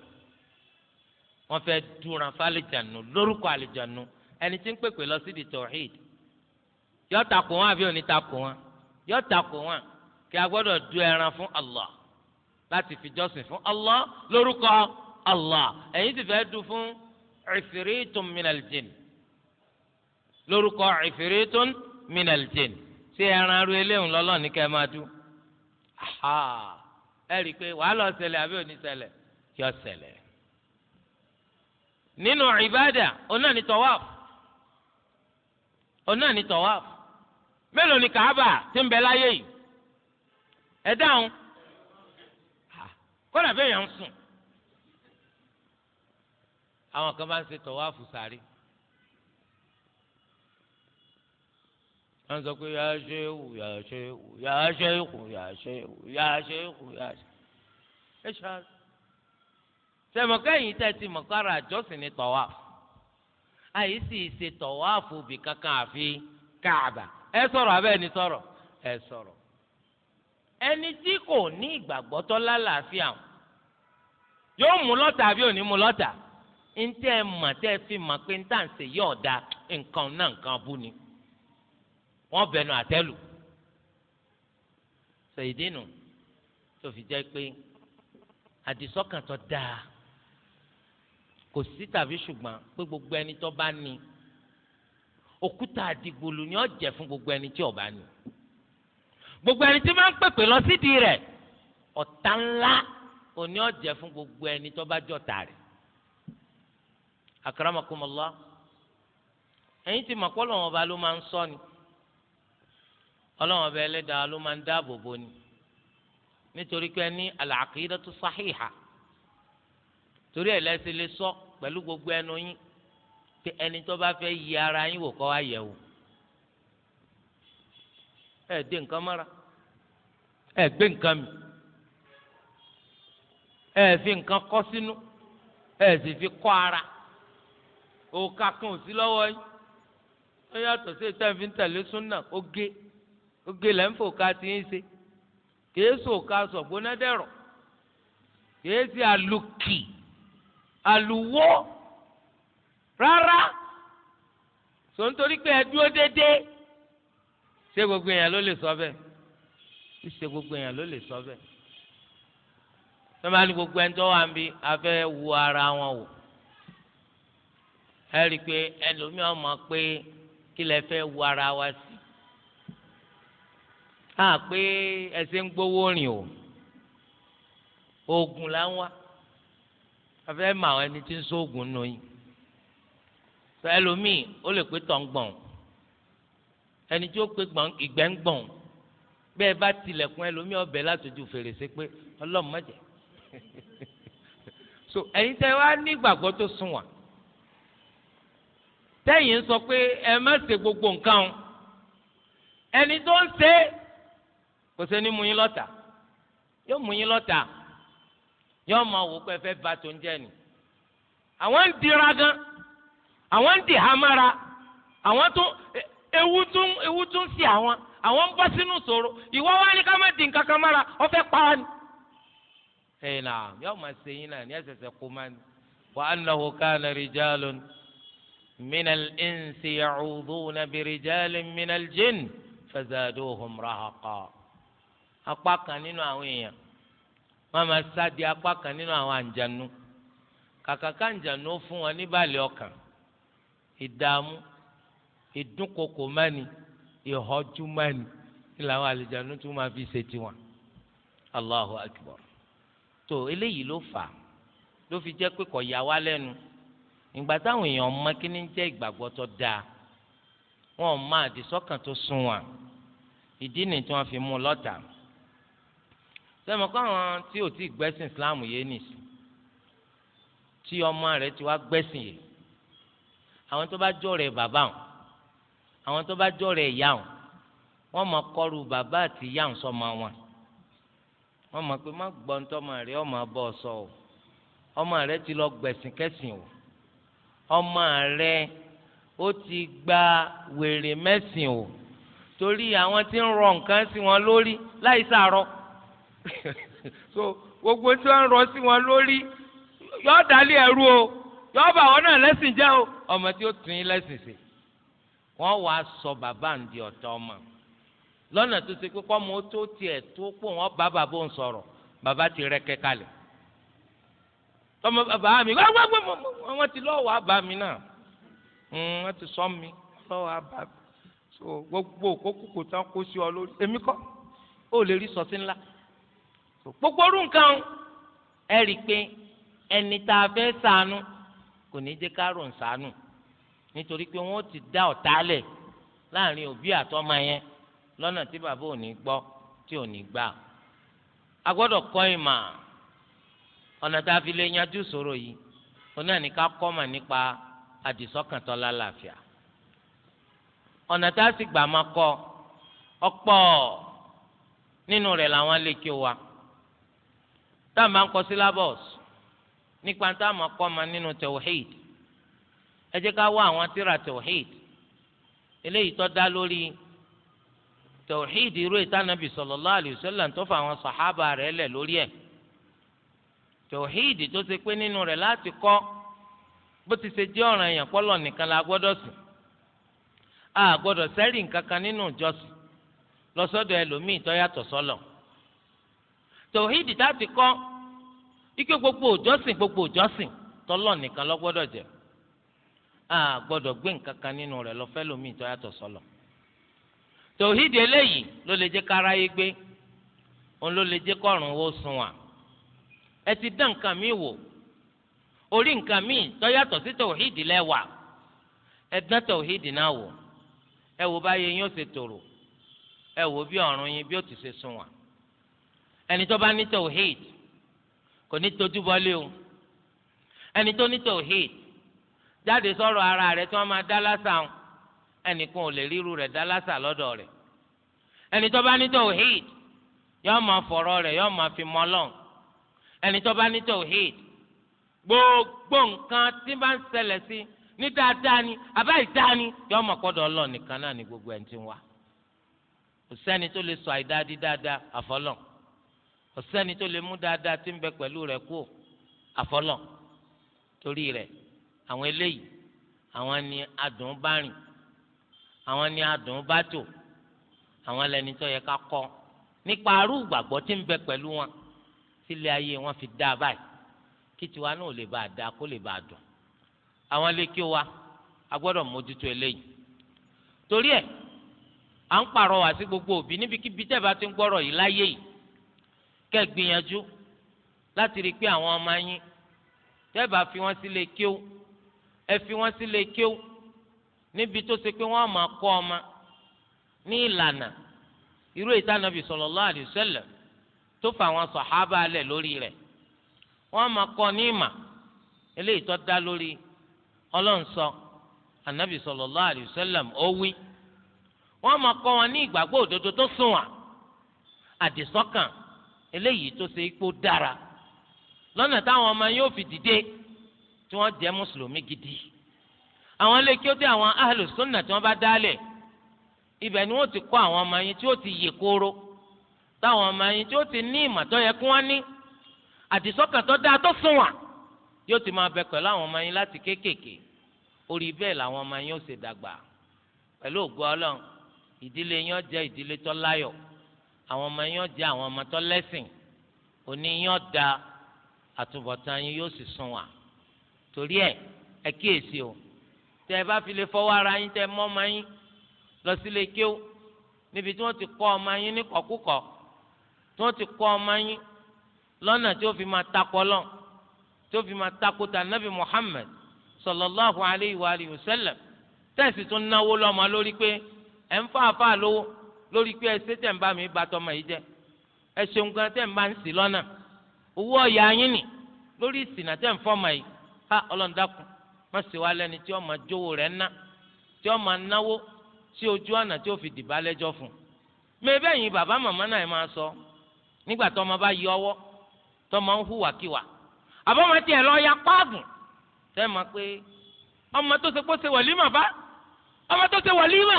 [SPEAKER 1] wọ́n fẹ́ dúnra fálìjànú lórúkọ àlìjànú ẹni tí ń pèpè lọ sí di tawhid yọ takò wọn àbí òní takò wọn yọ takò wọn kí a gbọ́dọ̀ du ẹran fún Allah láti fi jọ́sìn fún Allah lórúkọ Allah ẹ̀yin sì fẹ́ du fún. ìfìrìtùn minal jinn lórúkọ ìfìrìtùn minal jinn ṣé ẹran aru eléhùn lọ́lọ́ọ̀ ní kẹ́ẹ́ máa dú ẹ eri i pé wàá lọ ṣẹlẹ̀ ni tawaf ọ̀nà ni ni àwọn kan bá ń ṣe tọ̀wáfù sáré. wọ́n sọ pé yàá ṣe é wù yàá ṣe é wù yàá ṣe é wù yàá ṣe é wù yàá ṣe é wù yàá ṣe é ṣáà. sẹ̀mọ̀kẹ́yìn tẹ́ ti mọ̀kára àjọsìn ní tọ̀wáfù. àyè sì ṣe tọ̀wáfù bì kankan àfi káàbà. ẹ sọ̀rọ̀ abẹ́ ni sọ̀rọ̀ ẹ sọ̀rọ̀. ẹni tí kò ní ìgbàgbọ́ lálàáfíà yóò mú lọ́tà àbí ò ní mú lọ́tà ntẹ́ ẹ mà tẹ́ ẹ fi mà pé ntá ń ṣe yí ọ̀dà nǹkan náà nǹkan bú ni wọ́n bẹnu àtẹ́lù sọ ìdí nu tó fi jẹ́ pé àdìsọ́kàn tó dáa kò sí tàbí ṣùgbọ́n pé gbogbo ẹni tó bá ní òkúta àdìgbòlù ni ó jẹ́ fún gbogbo ẹni tí ó bá ní gbogbo ẹni tí máa ń pèpè lọ sídìí rẹ̀ ọ̀tá ńlá òní ó jẹ́ fún gbogbo ẹni tó bá jọ̀tá rẹ̀ akramakumullah ẹ̀yin ti mọ̀ pọ́lọ́ wọn ọba ló máa ń sọ ni ọlọ́wọ́n ọba ẹlẹ́dàá ló máa ń dáàbò bo ni nítorí pé ní al-aqidatu sahiha torí ẹ̀ gbogbo ẹnu yín pé ẹni tó bá fẹ́ yí ara yín wò kọ́ wá yẹ̀ wò ẹ̀ dé nǹkan mọ́ra gbé nǹkan fi nǹkan òòkà kan ò sí lọ́wọ́ yín ó yàtọ̀ sí ìtẹ́ fi ń tẹ̀lé súnà oge oge lẹ́ ń fòkà tí ń ṣe kìí sòkà sọ̀gbóná dẹ̀rọ̀ kìí ṣe àlùkì àlùwọ́ rárá sọ nítorí pé ẹ dúró déédéé ṣé gbogbo èèyàn ló lè sọ bẹ́ẹ̀ ṣé gbogbo èèyàn ló lè sọ bẹ́ẹ̀ sọ́mọ́ ní gbogbo ẹni tó wà ń bí afẹ́ wo ara wọn wò ẹ rí i pé ẹlòmíràn mọ̀ pé kí lẹ fẹ́ wo ara wa sí a pé ẹsẹ̀ ń gbowó rìn o oògùn là ń wá a fẹ́ mọ àwọn ẹni tí ń sóògùn nù yín sọ ẹlòmíì ó lè pé tọ̀ ẹni tí ó pé ìgbẹ́ ń bá tilẹ̀kùn ẹlòmíì ọbẹ̀ látòjú fèrèsé pé ọlọ́run so ẹ̀yin tẹ́ wá ní ìgbàgbọ́ tó sunwọ̀n tẹ́yìn sọ pé ẹ má ṣe gbogbo nǹkan o ẹni tó ń ṣe kò ṣe ní mú lọta lọ́tà yóò mú lọ́tà yóò máa wò pé tó ń jẹ́ ni àwọn ń dira gan àwọn ń dì hamara àwọn tó ewu tún ewu tún sí àwọn àwọn ń bọ́ sínú wá ní ká má di nǹkan kan mára ọ fẹ́ pa ni. náà yóò máa ṣe yín náà من الإنس يعوذون برجال من الجن فزادوهم رهقا apá kan nínú àwọn èèyàn wọn máa sáde apá kan nínú àwọn àǹjànú kàkàkà àǹjànú fún wọn níbàlẹ̀ ọkàn ìdààmú ìdúnkokò mání ìhọjú mání ni làwọn àlìjànú tún máa fi ṣe tiwọn Allahu Akbar tó eléyìí ló fà ló fi jẹ́ pé kò yà wá lẹ́nu ìgbà táwọn èèyàn mọ kíní jẹ́ ìgbàgbọ́ tó dáa wọn ò má àdìsọ́kàn tó sunwọ̀n ìdí nìyí tí wọ́n fi mú lọ́tà sẹ́mi káwọn tí ò tí ì gbẹ́sìn Islam yé nìsí tí ọmọ rẹ̀ ti wá gbẹ́sìn yìí àwọn tó bá jọ rẹ̀ bàbá wọn àwọn tó bá jọ rẹ̀ ìyá wọn wọ́n mọ kọ́ru bàbá àti ìyá wọn sọ́mọ wọn wọ́n mọ̀ pé má gbọ́n tọ́mọ rẹ̀ ọmọ bọ́ sọ o ọmọ rẹ̀ ti lọ gbẹ̀sìn kẹ́sìn o ọmọ rẹ ó ti gba wèrè mẹ́sìn o torí àwọn tí ń rọ nǹkan sí wọn lórí láì sàárọ̀ so gbogbo tí wọ́n ń rọ sí wọn lórí yóò dálé ẹrú o yóò bá àwọn náà lẹ́sìn jẹ́ o ọmọ tí ó tún yín lẹ́sìn sí wọ́n wàá sọ bàbá ń di ọmọ lọ́nà tó ṣe pé kọ́mọ tó tiẹ̀ tó pò wọ́n bá bàbá òun sọ̀rọ̀ bàbá ti rẹ́ kẹ́kalẹ̀ tọmọ bàbá mi wọ́n ti lọ́wọ́ àbá mi náà hmm, wọ́n ti sọ mi lọ́wọ́ àbá mi so gbogbo kókòkò tán kó sí ọ lórí èmi kọ́ ó lè rí sọtí ńlá gbogbo orú nǹkan ẹ rí i pé ẹni tá a fẹ́ ṣàánú kò ní jẹ́ ká rò ń ṣàánú nítorí pé wọ́n ti dá ọ̀tá lẹ̀ láàrin òbí àtọ́mọ yẹn lọ́nà tí bàbá ò ní gbọ́ tí ò ní gbà a gbọ́dọ̀ kọ́ ìmọ̀ ọ̀nà tá a fi lè yanjú ìṣòro yìí oní àníká kọ́mà nípa àdìsọ́kàn tó lálàáfíà ọ̀nà tá a sì gbà máa kọ́ ọ̀pọ̀ nínú rẹ̀ làwọn lè kí wa tá a máa ń kọ́ syllabus nípa tá a máa kọ́ ma nínú tawhid ẹ jẹ́ ká wá àwọn tíra tawhid eléyìí tó dá lórí tawhid irú ìtànàbì sallallahu alaihi wasallam tó fà àwọn sàhábà rẹ̀ lẹ̀ lórí ẹ̀. tòhídì tó ṣe pé nínú rẹ̀ láti kọ́ bó ti ṣe jẹ́ ọràn èèyàn pọ́lọ̀ nìkan la gbọ́dọ̀ sìn a gbọ́dọ̀ sẹ́rì nǹkan kan nínú ìjọsìn lọ́sọ́dọ̀ ẹlòmíì tó yàtọ̀ sọ́lọ̀ tòhídì láti kọ́ ike gbogbo ìjọsìn gbogbo ìjọsìn tọ́lọ̀ nìkan ló gbọ́dọ̀ jẹ́ a gbọ́dọ̀ gbé nǹkan kan nínú rẹ̀ lọ́fẹ́ lòmíì tó yàtọ̀ sọ́lọ̀
[SPEAKER 2] tòhídì eléyìí
[SPEAKER 1] ló lè jẹ́ káráyé gbé òun ló lè jẹ́ kọ́rùn-ún ó ẹ ti dán nǹkan mi wò orí nǹkan mi tó yàtọ̀ sí tòhídì lẹ́wà ẹ dán tòhídì náà wò ẹ wò báyé yín ó ṣe tòrò ẹ wò bí ọ̀run yín bí ó ti ṣe sunwọ̀n ẹni tó bá ní tòhídì kò ní tójú bọ́lé o ẹni tó ní tòhídì jáde sọ̀rọ̀ ara rẹ tí wọ́n máa dá lásán ẹnìkan ò lè ríru rẹ̀ dá lásán lọ́dọ̀ rẹ̀ ẹni tó bá ní tòhídì yọ́ọ́ máa fọ̀rọ̀ rẹ̀ yọ́ọ́ máa fi mọ́ lọ́hùn ẹni tó bá ní tawhid gbogbo nǹkan tí bá ń ṣẹlẹ̀ sí ní dáadáa ni àbá ìdáa ni yọ ọmọ kọ́dọ̀ ọlọ́ọ̀ nìkan náà ni gbogbo ẹni tí ń wá kò tó lè sọ àìdáa di dáadáa àfọlọ́n kò sẹ́ni tó lè mú dáadáa tí ń bẹ pẹ̀lú rẹ̀ kú àfọlọ́n torí rẹ̀ àwọn eléyìí àwọn ni adùn bá rìn àwọn ni adùn bá tò àwọn lẹni tó yẹ ká kọ́ nípa arú ìgbàgbọ́ tí ń bẹ pẹ̀lú wọn tílé ayé wọn fi dá a báyìí kí tiwa náà lè bá a dá kó lè bá a dùn àwọn ilé kí wa a gbọ́dọ̀ mójútó eléyìí torí ẹ̀ à ń pàrọwà sí gbogbo òbí níbikíbi tẹ́ bá ti ń gbọ́rọ̀ yìí láyé yìí kẹ́ gbìyànjú láti rí i pé àwọn ọmọ yín tẹ́ bá fi wọ́n sílé kíó ẹ fi wọ́n sílé kíó níbi tó ṣe pé wọ́n máa kọ́ ọmọ ní ìlànà irú ìtànàbì sallallahu alaihi wasallam tó fa àwọn sọ̀hábà lẹ̀ lórí rẹ̀ wọ́n máa kọ́ ní ìmà eléyìí tó dá lórí ọlọ́run anabi sallallahu alayhi sallam ó wí wọ́n máa kọ́ wọn ní ìgbàgbọ́ òdodo tó sunwọ̀n àdìsọ́kàn eléyìí tó ṣe ipò dára lọ́nà táwọn ọmọ yóò fi dìde tí wọ́n jẹ́ mùsùlùmí gidi àwọn ilé kí ó dé àwọn ahlùsùnà tí wọ́n bá dálẹ̀ ibẹ̀ ni wọ́n ti kọ́ àwọn ọmọ yẹn tí ó ti yè kóró táwọn ọmọ yín tí ó ti ní ìmọ̀ tó yẹ kí wọ́n ní àdìsọ́kàn tó dáa tó sùn wà yóò ti máa bẹ pẹ̀lú àwọn ọmọ yín láti kéékèèké orí bẹ́ẹ̀ làwọn ọmọ yín ó ṣe dàgbà pẹ̀lú ògo ọlọ́run ìdílé yín ó jẹ́ ìdílé tó láyọ̀ àwọn ọmọ yín ó jẹ́ àwọn ọmọ tó lẹ́sìn òní yín ó da àtúbọ̀tán yín yóò sì sùn wà torí ẹ̀ ẹ kíyèsí o tẹ ẹ bá fi lè fọwọ́ ara yín tẹ mọ́ ọmọ yín lọ sílé kéw níbi tí wọ́n ti kọ́ ọmọ yín ní tí wọ́n ti kọ́ ọmọ yín lọ́nà tí ó fi máa takọ lọ tí ó fi máa takọ ta nabi Muhammad sallallahu alayhi wa alihi wa sallam tẹ̀sí tún náwó lọ́mọ lórí pé ẹ̀ ń fàáfàá lówó lórí pé ẹ ṣe tẹ̀ ń bá mi bá tọmọ yìí jẹ́ ẹ ṣeun gan tẹ̀ ń bá ń sì lọ́nà owó ọ̀yà yín nì lórí ìsìnà tẹ̀ ń fọ́mọ yìí ha ọlọ́ndàkùn má ṣe wá lẹ́ni tí ó máa jówó rẹ̀ ná tí ó máa náwó sí ojú ọ̀nà tí ó fi dìbà lẹ́jọ́ fún un mẹ́ẹ̀bẹ́yìn bàbá màmá náà ẹ̀ máa sọ nígbà tó ọmọ bá yọ ọwọ́ tó ọmọ ń hùwàkiwà àbọ̀mọ tiẹ̀ lọ ya páàgùn tẹ́ ma pé ọmọ tó ṣe pé ó ṣe wàlímà bá ọmọ tó ṣe wàlímà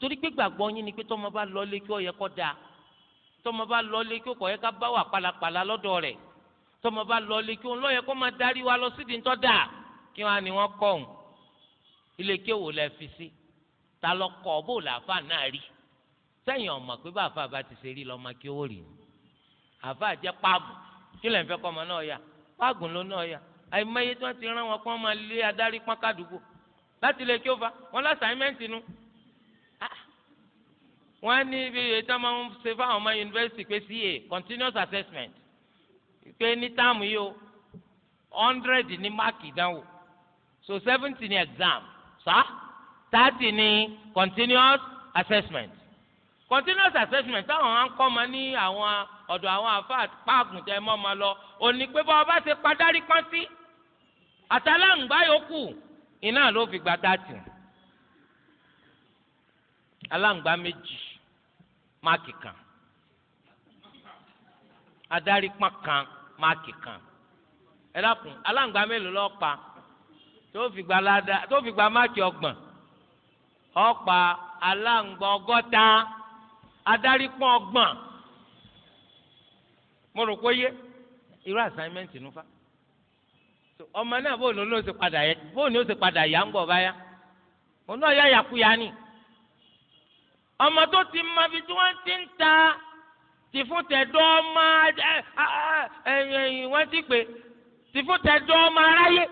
[SPEAKER 1] torí pé gbàgbọ́ yín ni pé tọ́mọ bá lọ lé kí ó yẹ kó dáa tọ́mọ bá lọ lé kí ó kọ̀ yẹ ká bá wà pàlàpàlà lọ́dọ̀ rẹ̀ tọ́mọ bá lọ lé kí ó lọ́ yẹ kó máa darí wa lọ sídìí tó dáa kí wọ́n á ní wọ́n kọ́ òun ilé kí òwò lẹ fi sí ta lọ kọ́ bó làáfà náà rí sẹ́yìn ọ̀mọ̀ pé bá àfa bá ti ṣe rí lọ́mọ kí ó rì ní àfa àjẹ páàgù kí lẹ́yìn fẹ́ kọ́ ọmọ náà yà páàgù ló náà yà àìmọye tí wọ́n ti rán wọn kó wọ́n máa lé adarí pọ́n kádùúgbò láti lè kí ó fa wọn lásàámẹ́ǹtì nu wọ́n ah. ní ibi ètò ọmọ ń ṣe fáwọn ọmọ yunifásitì pé CA continuous assessment pé ní táàmù yìí o hundred ní máàkì ìdánwò so seventy ní exam sá thirty ní continuous assessment continuous assessment táwọn máa ń kọ́ ma ní àwọn ọ̀dọ̀ àwọn àfa páàkùn tẹ mọ́ ma lọ òní pé bá ọba ṣe padarí pọ́ńtì àtàláǹgbá yòókù iná ló fi gba dátì aláǹgbá méjì máàkì kan adarí pọ́n kan máàkì kan ẹ dákun aláǹgbá mélòó lọ́ọ́ pa tó fi gba ládàá tó fi gba máàkì ọgbọ̀n ọ̀pá aláǹgbá ọgọ́ta adarí pọ́n ọgbọ̀n mo rò pé yé irú assignment nu fa ọmọ náà bóun ló ṣe padà yẹ bóun ni ó ṣe padà yà ń bọ̀ báyà òun náà yà yàkuyà ni ọmọ tó ti mọ ibi tí wọ́n ti ń ta tìfúntẹ̀dọ́ ọmọ ẹ̀yìn wọ́n ti pè tìfúntẹ̀dọ́ ọmọ aráyé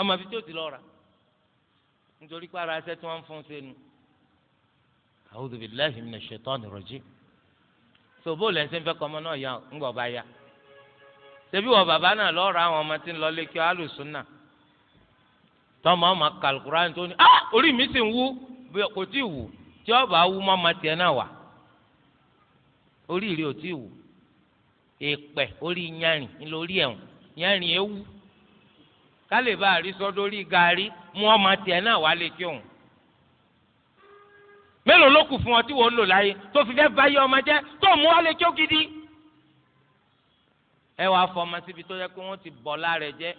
[SPEAKER 1] ọmọ ibi tí ó ti lọ rà nítorí pé ara ẹsẹ̀ tí wọ́n ń fún sẹ́nu a'udhu billahi minash shaitani rajim sòbó lẹ́ ṣe ń fẹ́ kọ́mọ náà yá ńgbọ̀ bá yá ṣebí wọ bàbá náà lọ́ọ́ ra àwọn ọmọ tí ń lọ lé kí alùsùn náà tọmọ ọmọ kàlùkùrán tó ní ah orí mi sì ń wú kò tí ì wù tí ọba wú mọ́ ọmọ tiẹ̀ náà wà orí rí ò tí ì wù èèpẹ̀ orí yanrìn ńlórí ẹ̀hún yanrìn ewu kálíbà àrísọdórí gaari mú ọmọ tiẹ̀ náà wà lè kí òun mélòó ló kù fún ọ tí wọ́n ń lò láyé tó fi fẹ́ báyé ọmọ jẹ́ tó mú wálé kí ó gidi. ẹ wàá fọmọ síbi tó yẹ pé wọ́n ti bọ̀lá rẹ̀ jẹ́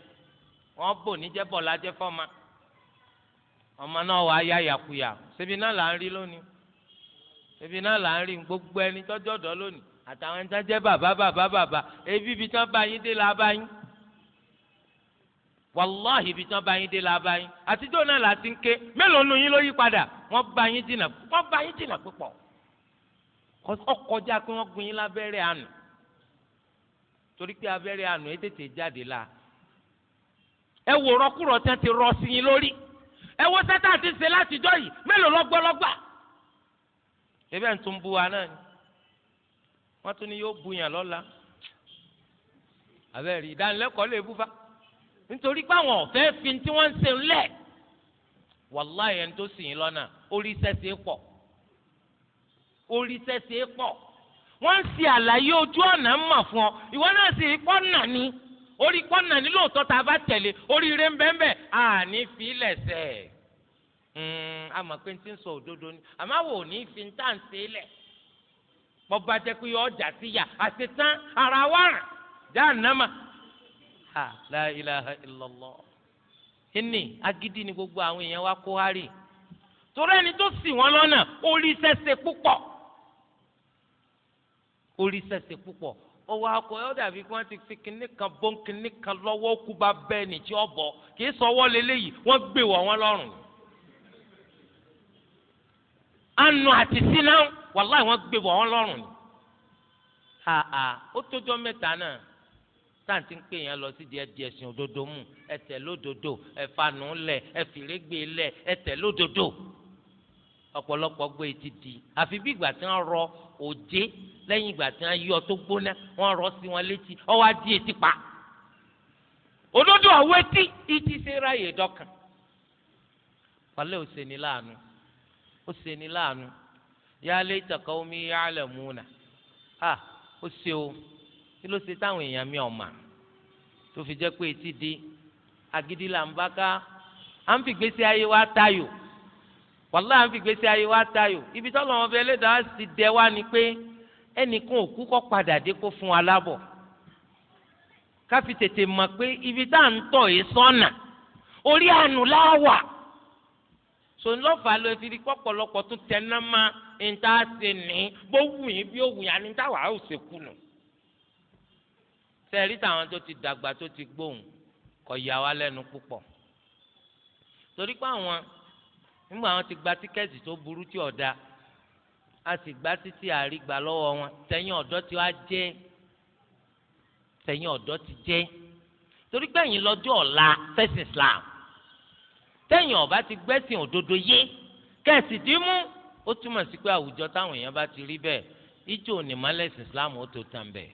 [SPEAKER 1] wọ́n bò ní jẹ́ bọ̀lá jẹ́ fọ́mọ. ọmọ náà wàá yá yàkuyà ṣebí náà là ń rí lónìí ṣebí náà là ń rí gbogbo ẹni tọ́jọ́ ọ̀dọ́ lónìí àtàwọn ẹni tó jẹ́ bàbá bàbá bàbá ebi ibi tán bá yín dé la bá yín wàláhì ibi tán bá yín dé la bá yín àtijọ́ náà là ti ń ké mélòó wọ́n bá yín jìnnà wọ́n bá yín jìnnà púpọ̀ ọkọjá pé wọ́n gun yín lábẹ́rẹ́ àná torí pé abẹ́rẹ́ àná ẹ tètè jáde la ẹ wò rọkùrọ̀ tẹ́ ti rọ sí yín lórí ẹ wo sẹ́tà ti ṣe látijọ́ yìí mélòó lọ́gbọ́lọ́gbà ebẹ́ ń tún bu wa náà ni wọ́n tún ní yóò bu yàn lọ́la abẹ́rẹ́ ìdánilẹ́kọ̀ọ́ lè bú fa nítorí pé àwọn ọ̀fẹ́ fi tí wọ́n ń ṣe ńlẹ̀ wàláyé ẹni tó sì yín lọ́nà orí sẹ́sẹ́ pọ̀ orí sẹ́sẹ́ pọ̀ wọ́n ń ṣe àlàyé ojú ọ̀nà ń mọ̀ fún ọ ìwọ náà sì pọ̀ nà ní orí pọ̀ nà ní lóòótọ́ tá a bá tẹ̀lé oríire ń bẹ́ẹ̀ bẹ́ẹ̀ àní fi lẹ̀sẹ̀ àmọ́ hmm, ti ń sọ òdodo ni àmọ́ wò ní fi ń tà ń ṣe lẹ̀ bọ́ba jẹ́ pé ọjà sí yà àti tán ara wà jáà nàmà. la ilaha illallah ìní agídí ni gbogbo àwọn èèyàn wa kó hárì torí ẹni tó ṣì wọ́n lọ́nà orí sẹ́sẹ̀ púpọ̀ orí sẹ́sẹ̀ púpọ̀ ọwọ́ akọ ẹ̀ ó dàbí kí wọ́n ti fi kinní kan bọ́n kinní kan lọ́wọ́ kú bá bẹ́ẹ̀ ní tí ó bọ̀ kì í sọwọ́ lélẹ́yìí wọ́n gbé wọ̀ wọ́n lọ́rùn anu àti sinau wàláì wọ́n gbé wọ̀ wọ́n lọ́rùn ni ha ha ó tójọ́ mẹ́ta náà táǹtí ń pè yẹn lọ sí díẹ̀ díẹ̀ sìn òdodo mù ẹ tẹ̀ lódodo ẹ fanù lẹ̀ ẹ fìrégbè lẹ̀ ẹ tẹ̀ lódodo ọ̀pọ̀lọpọ̀ gbé etí di àfi bí ìgbà tí wọ́n rọ òjé lẹ́yìn ìgbà tí wọ́n yọ tó gbóná wọ́n rọ sí wọn létí ọwọ́ á di etí pa òdodo ọ̀wọ́ etí ìtì ṣe ráàyè dọ́kàn wàlẹ́ ò láàánú ó láàánú yálé ìtàkọ́ omi yálẹ̀ múna ah ó ṣe o kí ló ṣe táwọn èèyàn mi ọ̀mà tó fi jẹ́ pé etí di agídí là ń bá ká à ń fi gbèsè ayé wa tayò wàlá à ń fi gbèsè ayé wa tayò ibi tọ́lọ̀ wọn fi ẹlẹ́dàá sì dẹ wá ni pé ẹnìkan òkú kọ́ padà dé kó fún wa lábọ̀ ká fi tètè mọ̀ pé ibi tá à ń tọ̀ yìí sọ́nà orí àánú láwà sọlọ́fà ló fi di pọ̀pọ̀lọpọ̀ tó tẹná ma ń tá a ṣe ní bó wù yín bí ó wù yín àní táwa ó ṣe kùnà sẹ́ẹ̀rí táwọn tó ti dàgbà tó ti gbóhùn kò yà wá lẹ́nu púpọ̀ torí pé àwọn nígbà wọn ti gba tíkẹ́ẹ̀tì tó burú tí ọ̀dà a sì gba títí àrígbà lọ́wọ́ wọn tẹ̀yìn ọ̀dọ́ ti wá jẹ́ tẹ̀yìn ọ̀dọ́ ti jẹ́ torí pé ẹ̀yin lọ́jọ́ ọ̀la fẹ́sìn Islam tẹ̀yìn ọ̀bá ti gbẹ́sìn òdodo yé kẹ̀sì dín mú ó túmọ̀ sí pé àwùjọ táwọn èèyàn bá ti rí bẹ́ẹ̀ ìjọ onímọ̀lẹ́sìn Islam ó tó tàn bẹ́ẹ̀.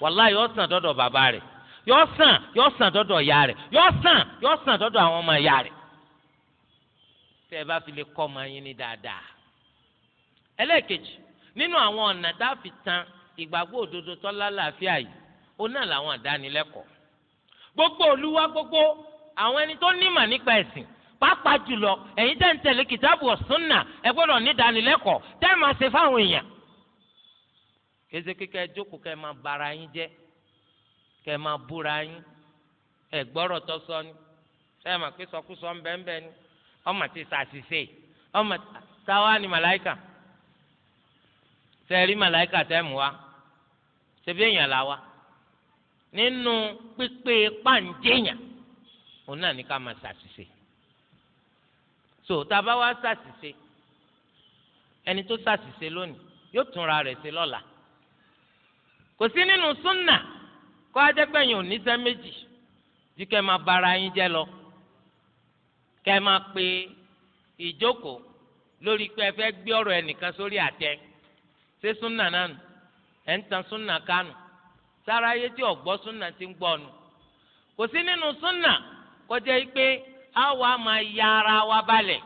[SPEAKER 1] wàláhì yóò sàn dọ́dọ̀ bàbá rẹ̀ yóò sàn yóò sàn dọ́dọ̀ ìyá rẹ̀ yóò sàn yóò sàn dọ́dọ̀ àwọn ọmọ ìyá rẹ̀ tẹ́ ẹ bá fi lè kọ́ ọmọ yín ní dáadáa. ẹlẹ́ẹ̀kejì nínú àwọn ọ̀nà tá a fi tan ìgbàgbọ́ òdodo tọ́lá làáfíà yìí ó náà làwọn àdánilẹ́kọ̀ọ́ gbogbo olúwa gbogbo àwọn ẹni tó nímọ̀ nípa ẹ̀sìn pàápàá jùlọ ẹ̀yin tẹ́ ń tẹ̀lé kìtàbù ọ̀sùn náà ẹ gbọ́dọ̀ nídánilẹ́kọ̀ọ́ tẹ́ máa ṣe fáwọn èèyàn kése kíkẹ́ jókòó kẹ́ máa bara yín jẹ́ kẹ́ máa búra yín ẹ̀ gbọ́rọ̀ tó sọ ni sẹ́yìn mà pé sọkúsọ ń bẹ́ẹ̀ bẹ́ẹ̀ ni ọmọ ti sàṣìṣe ọmọ táwa ni màláìkà sẹ́ẹ̀rí màláìkà tẹ́ wa ṣebí èèyàn là wa nínú pípé pàǹjẹ́yàn òun náà ní ká máa sàṣìṣe so tá sàṣìṣe ẹni tó sàṣìṣe lónìí yóò túnra rẹ̀ ṣe lọ́la. kò sí nínú súnà kó a jẹ́ pé yín ò níṣẹ́ méjì ju kẹ́ máa bara yín jẹ́ lọ kẹ́ máa pe ìjókòó lórí pé ẹ fẹ́ gbé ọ̀rọ̀ ẹnìkan sórí àtẹ ṣé súnà náà nù ẹ̀ ń tan súnà kánù sára ayé tí ọ̀gbọ́ súnà ti ń gbọ́ nù kò sí nínú súnà kọjá yìí pé a wà máa ya ara wa balẹ̀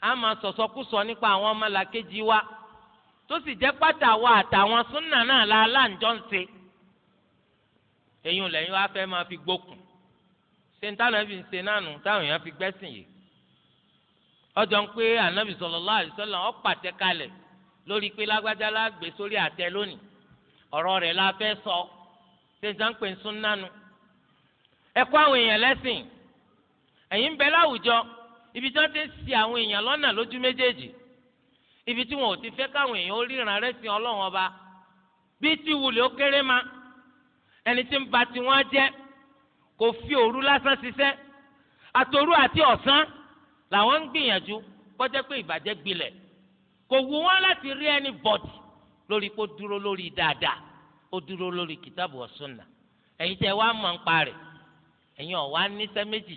[SPEAKER 1] a máa sọ̀sọ́kùsọ nípa àwọn ọmọlàkejì wa. tó sì jẹ́ pàtàwọ̀ àtàwọn súnà náà la aláǹjọ́ ń ṣe eyín lẹ́yìn wá fẹ́ máa fi gbókùn ṣé táwọn ẹbí ń ṣe náà nù táwọn èèyàn fi gbẹ́sìn yìí ọjọ́ ń pé pàtẹ kalẹ̀ lórí pé sọ ṣé pè àwọn èèyàn lẹ́sìn ibi tí wọ́n ti ń àwọn èèyàn ibi tí wọn ò ti fẹ́ káwọn èèyàn ó ríran rẹ̀ sìn ọlọ́run ọba bí ti wulẹ̀ ó kéré ma ẹni tí ń ba tiwọn jẹ́ kò fi òru lásán ṣiṣẹ́ àtòru àti ọ̀sán làwọn ń gbìyànjú kọjá pé ìbàjẹ́ gbilẹ̀ kò wù wọ́n láti rí ẹni bọ̀dì lórí kó dúró lórí dáadáa ó dúró lórí kìtàbù ọ̀sùnà ẹ̀yin tẹ́ wàá mọ̀ ń parẹ̀ ẹ̀yin ọ̀ wá níṣẹ́ méjì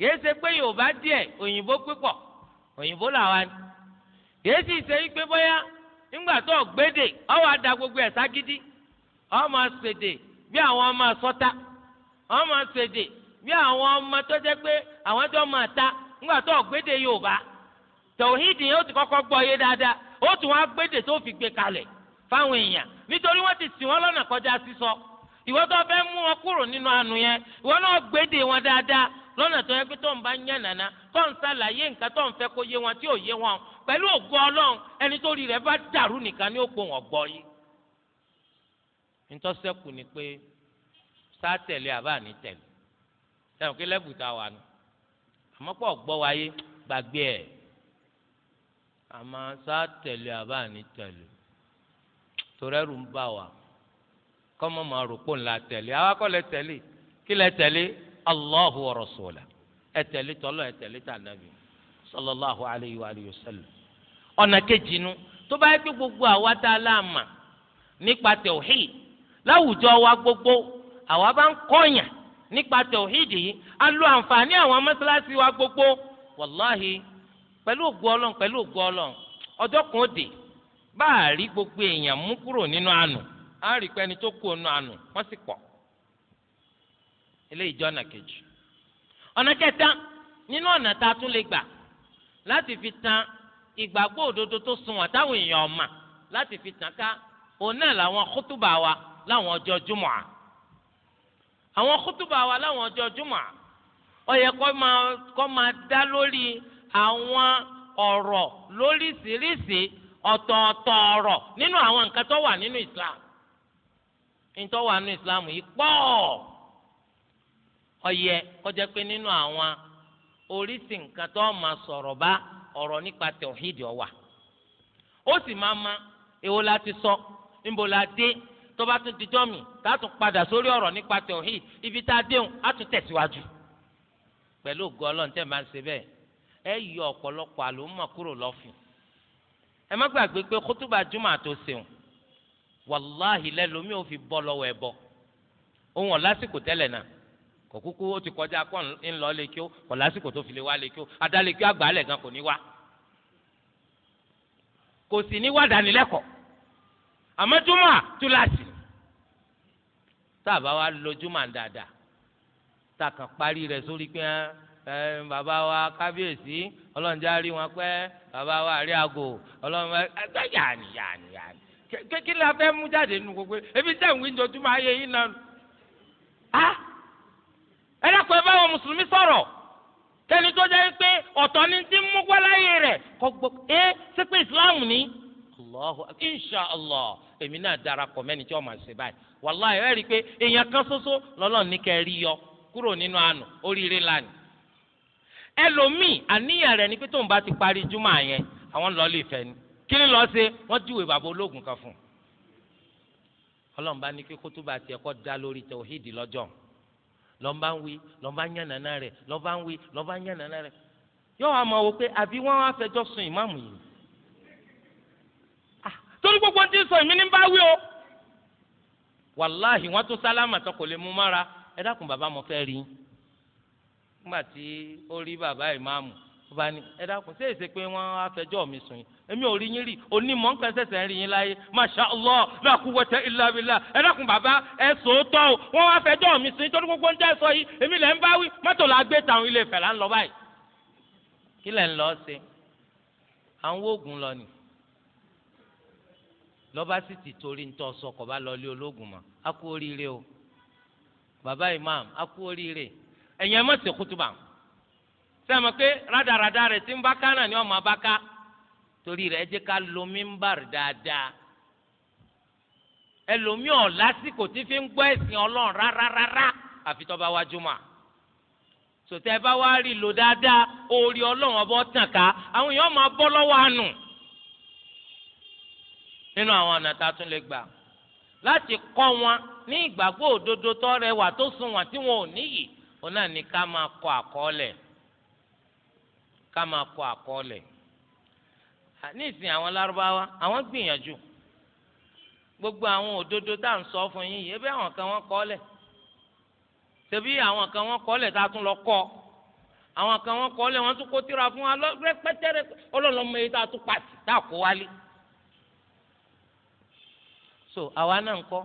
[SPEAKER 1] kìí ṣe pé yorùbá díẹ̀ òyìnbó pípọ̀ òyìnbó làwa ni kìí sì ṣe pé bóyá nígbà tó gbédè ọwọ́ ada gbogbo ẹ̀ ságídí ọmọ ṣèdè bí àwọn ọmọ sọ́tà ọmọ ṣèdè bí àwọn ọmọ tó jẹ́ pé àwọn tó ma ta nígbà tó gbédè yorùbá tòhídì yẹn ó ti kọkọ gbọ yé dáadáa ó tún wá gbédè tó fi gbé kalẹ̀ fáwọn èèyàn nítorí ti sìn kọjá sísọ tó mú wọn wọn dáadáa lọ́nà tó yẹ pé tó ń bá yàn nàna tó ń ṣàlàyé nǹkan tó ń fẹ́ kó yé wọn tí ò yé wọn pẹ̀lú ògo ọlọ́run ẹni tó rí rẹ̀ bá dàrú nìkan ní òpó wọn gbọ́ yìí. nítọ́sẹ́kù ni pé sá tẹ̀lé àbá ní tẹ̀lé sẹ́wọ̀n kí lẹ́bù tá wà nù àmọ́ pọ̀ gbọ́ wáyé gbàgbé ẹ̀ àmọ́ sá tẹ̀lé àbá ní tẹ̀lé torẹ́rù ń bà wá kọ́mọ́ máa rò pò ńlá tẹ̀lé àwa kọ́ tẹ̀lé kí lẹ tẹ̀lé Allahu wa rasulahu ẹ tẹ̀lé tọ́lọ́ tà nàbì sallallahu alayhi wa tó bá yẹ gbogbo àwa tá a láàmà nípa tẹ̀wíìd láwùjọ wa gbogbo àwa bá ń kọ́yàn nípa àwọn mọ́sálásí wa gbogbo wàláhì pẹ̀lú ọlọ́run pẹ̀lú ọlọ́run ọjọ́ kan gbogbo èèyàn eléyìí jẹ́ ọ̀nà kejì ọ̀nà kẹta nínú ọ̀nà tá a tún lè gbà láti fi tan ìgbàgbọ́ òdodo tó sunwọ̀n táwọn èèyàn ọ̀mà láti fi tàn ká òun náà làwọn kútùbà wa láwọn ọjọ́ júmọ̀ à àwọn kútùbà wa láwọn ọjọ́ júmọ̀ à ó yẹ máa dá lórí àwọn ọ̀rọ̀ lóríṣiríṣi ọ̀tọ̀ọ̀tọ̀ ọ̀rọ̀ nínú àwọn nǹkan tó wà nínú Islam nǹkan tó wà nínú Islam yìí pọ̀ ọyẹ kọjá pé nínú àwọn oríṣi nǹkan tó ma sọ̀rọ̀ bá ọ̀rọ̀ nípa tẹ̀wọ̀hídì ọ̀wà ó sì máa ma èwo la ti sọ níbo la dé tó bá tún mi tá a padà sórí ọ̀rọ̀ nípa tẹ̀wọ̀hídì ibi tá a dé òun á pẹ̀lú ògo ọlọ́run bẹ́ẹ̀ ẹ yọ ọ̀pọ̀lọpọ̀ kúrò kọ̀kúkú ó ti kọjá kọ́ ńlọ lẹ́kíó kọ̀ lásìkò tó fi lè wá lẹ́kíó adálẹ́kíó àgbàálẹ̀ gan kò ní wá kò sì ní wá dánilẹ́kọ̀ọ́ àmọ́ júmọ̀ túláàsì tá a bá wa lo júmọ̀ dáadáa tá a kàn parí rẹ̀ sórí pé ẹ bàbá wa kábíyèsí ọlọ́run já rí wọn pẹ́ bàbá wa rí aago ọlọ́run ẹ gbẹ́ yàní yàní yàní kí la fẹ́ mú jáde nínú gbogbo e? ebi sẹ́yìn wíńdò júmọ̀ ayé yìí náà. ẹ dákun ẹ bá wọn mùsùlùmí sọ̀rọ̀ kẹ́ni tó jẹ́ pé ọ̀tọ̀ ni ti ń mú rẹ̀ kọ́ gbọ́ ẹ ṣé pé ìsìláàmù ni allahu insha allah èmi náà darapọ̀ mẹ́ni tí wọ́n máa ṣe báyìí wàláhì ẹ rí i pé èèyàn kan ṣoṣo lọ́lọ́ọ̀ ní kẹ́ rí yọ kúrò nínú àánú oríire lánìí ẹlòmíì àníyàn ni pé tóun bá ti parí yẹn àwọn lọ́ọ́ lè fẹ́ ni kí ni lọ́ọ́ ṣe wọ́n júwèé bàbá ológun kan fún un ọlọ́run bá ní kí kótó lọ́nba ń wí lọ́nba ń yànnàná rẹ̀ lọ́nba ń wí lọ́nba ń yànnàná rẹ̀ yóò wá mọ̀ wò pé àbí wọ́n wá fẹjọ́ sùn ìmáàmù yìí ah, torí gbogbo ti sọ èmi ní bá wí o wàláhì wọn tó sálámà tó kò lè mú mára ẹ dákun bàbá mo fẹ́ rí nígbà tí ó rí bàbá ìmáàmù ó bá ní ẹ dákun ṣé èsè pé wọ́n á fẹjọ́ mi sùn yìí èmi ò rí yín rí onímọ̀ ń pẹ́sẹ̀ rí yín láyé masha allah la quwwata illa billah ẹ dákun bàbá ẹ sòótọ́ o wọ́n wá fẹjọ́ mi sí torí gbogbo ń tẹ́ sọ yìí èmi lẹ́ ń bá wí mọ́tò la gbé tàwọn ilé ìfẹ́ là ń lọ báyìí. kí lẹ̀ ń lọ ṣe àwọn oògùn lọ nì lọ́ba sì ti torí ń tọ́ sọ kọ́ bá lọ lé ológun mọ́ a kú oríire o bàbá imam a kú oríire ẹ̀yin ẹ má ṣe kútùbà sẹ́mi pé rádaràda rẹ̀ ti ń bá ká náà ni ọmọ torí rẹ̀ jẹ́ ká ń mímbàr dáadáa ẹlòmíì ọ̀ lásìkò tí fi ń gbọ́ ẹ̀sìn ọlọ́run rárárárá àfi tó bá wá jùmọ̀ sòtẹ́ bá wá rí lò dáadáa orí ọlọ́run ọbọ̀ tàn ká àwọn èèyàn máa bọ́ lọ́wọ́ àánú nínú àwọn ọ̀nà tá a tún lè gbà láti kọ́ wọn ní ìgbàgbọ́ òdodo tó rẹwà tó sunwọ̀n tí wọn ò níyì òun náà ni ká máa kọ àkọọ́lẹ̀ ká máa kọ àkọọ́lẹ̀ ní ìsìn àwọn lárúbáwá àwọn gbìyànjú gbogbo àwọn òdodo tá à ń sọ fún yín yìí ebi àwọn kan wọ́n kọ́ lẹ̀ tẹbi àwọn kan wọ́n kọ́ lẹ̀ tá a tún lọ kọ́ àwọn kan wọ́n kọ́ lẹ̀ wọ́n tún kó tíra fún wa rẹpẹtẹrẹ ọlọlọmọ yìí tá a tún pàtì tá a kó wálé so àwa náà ń kọ́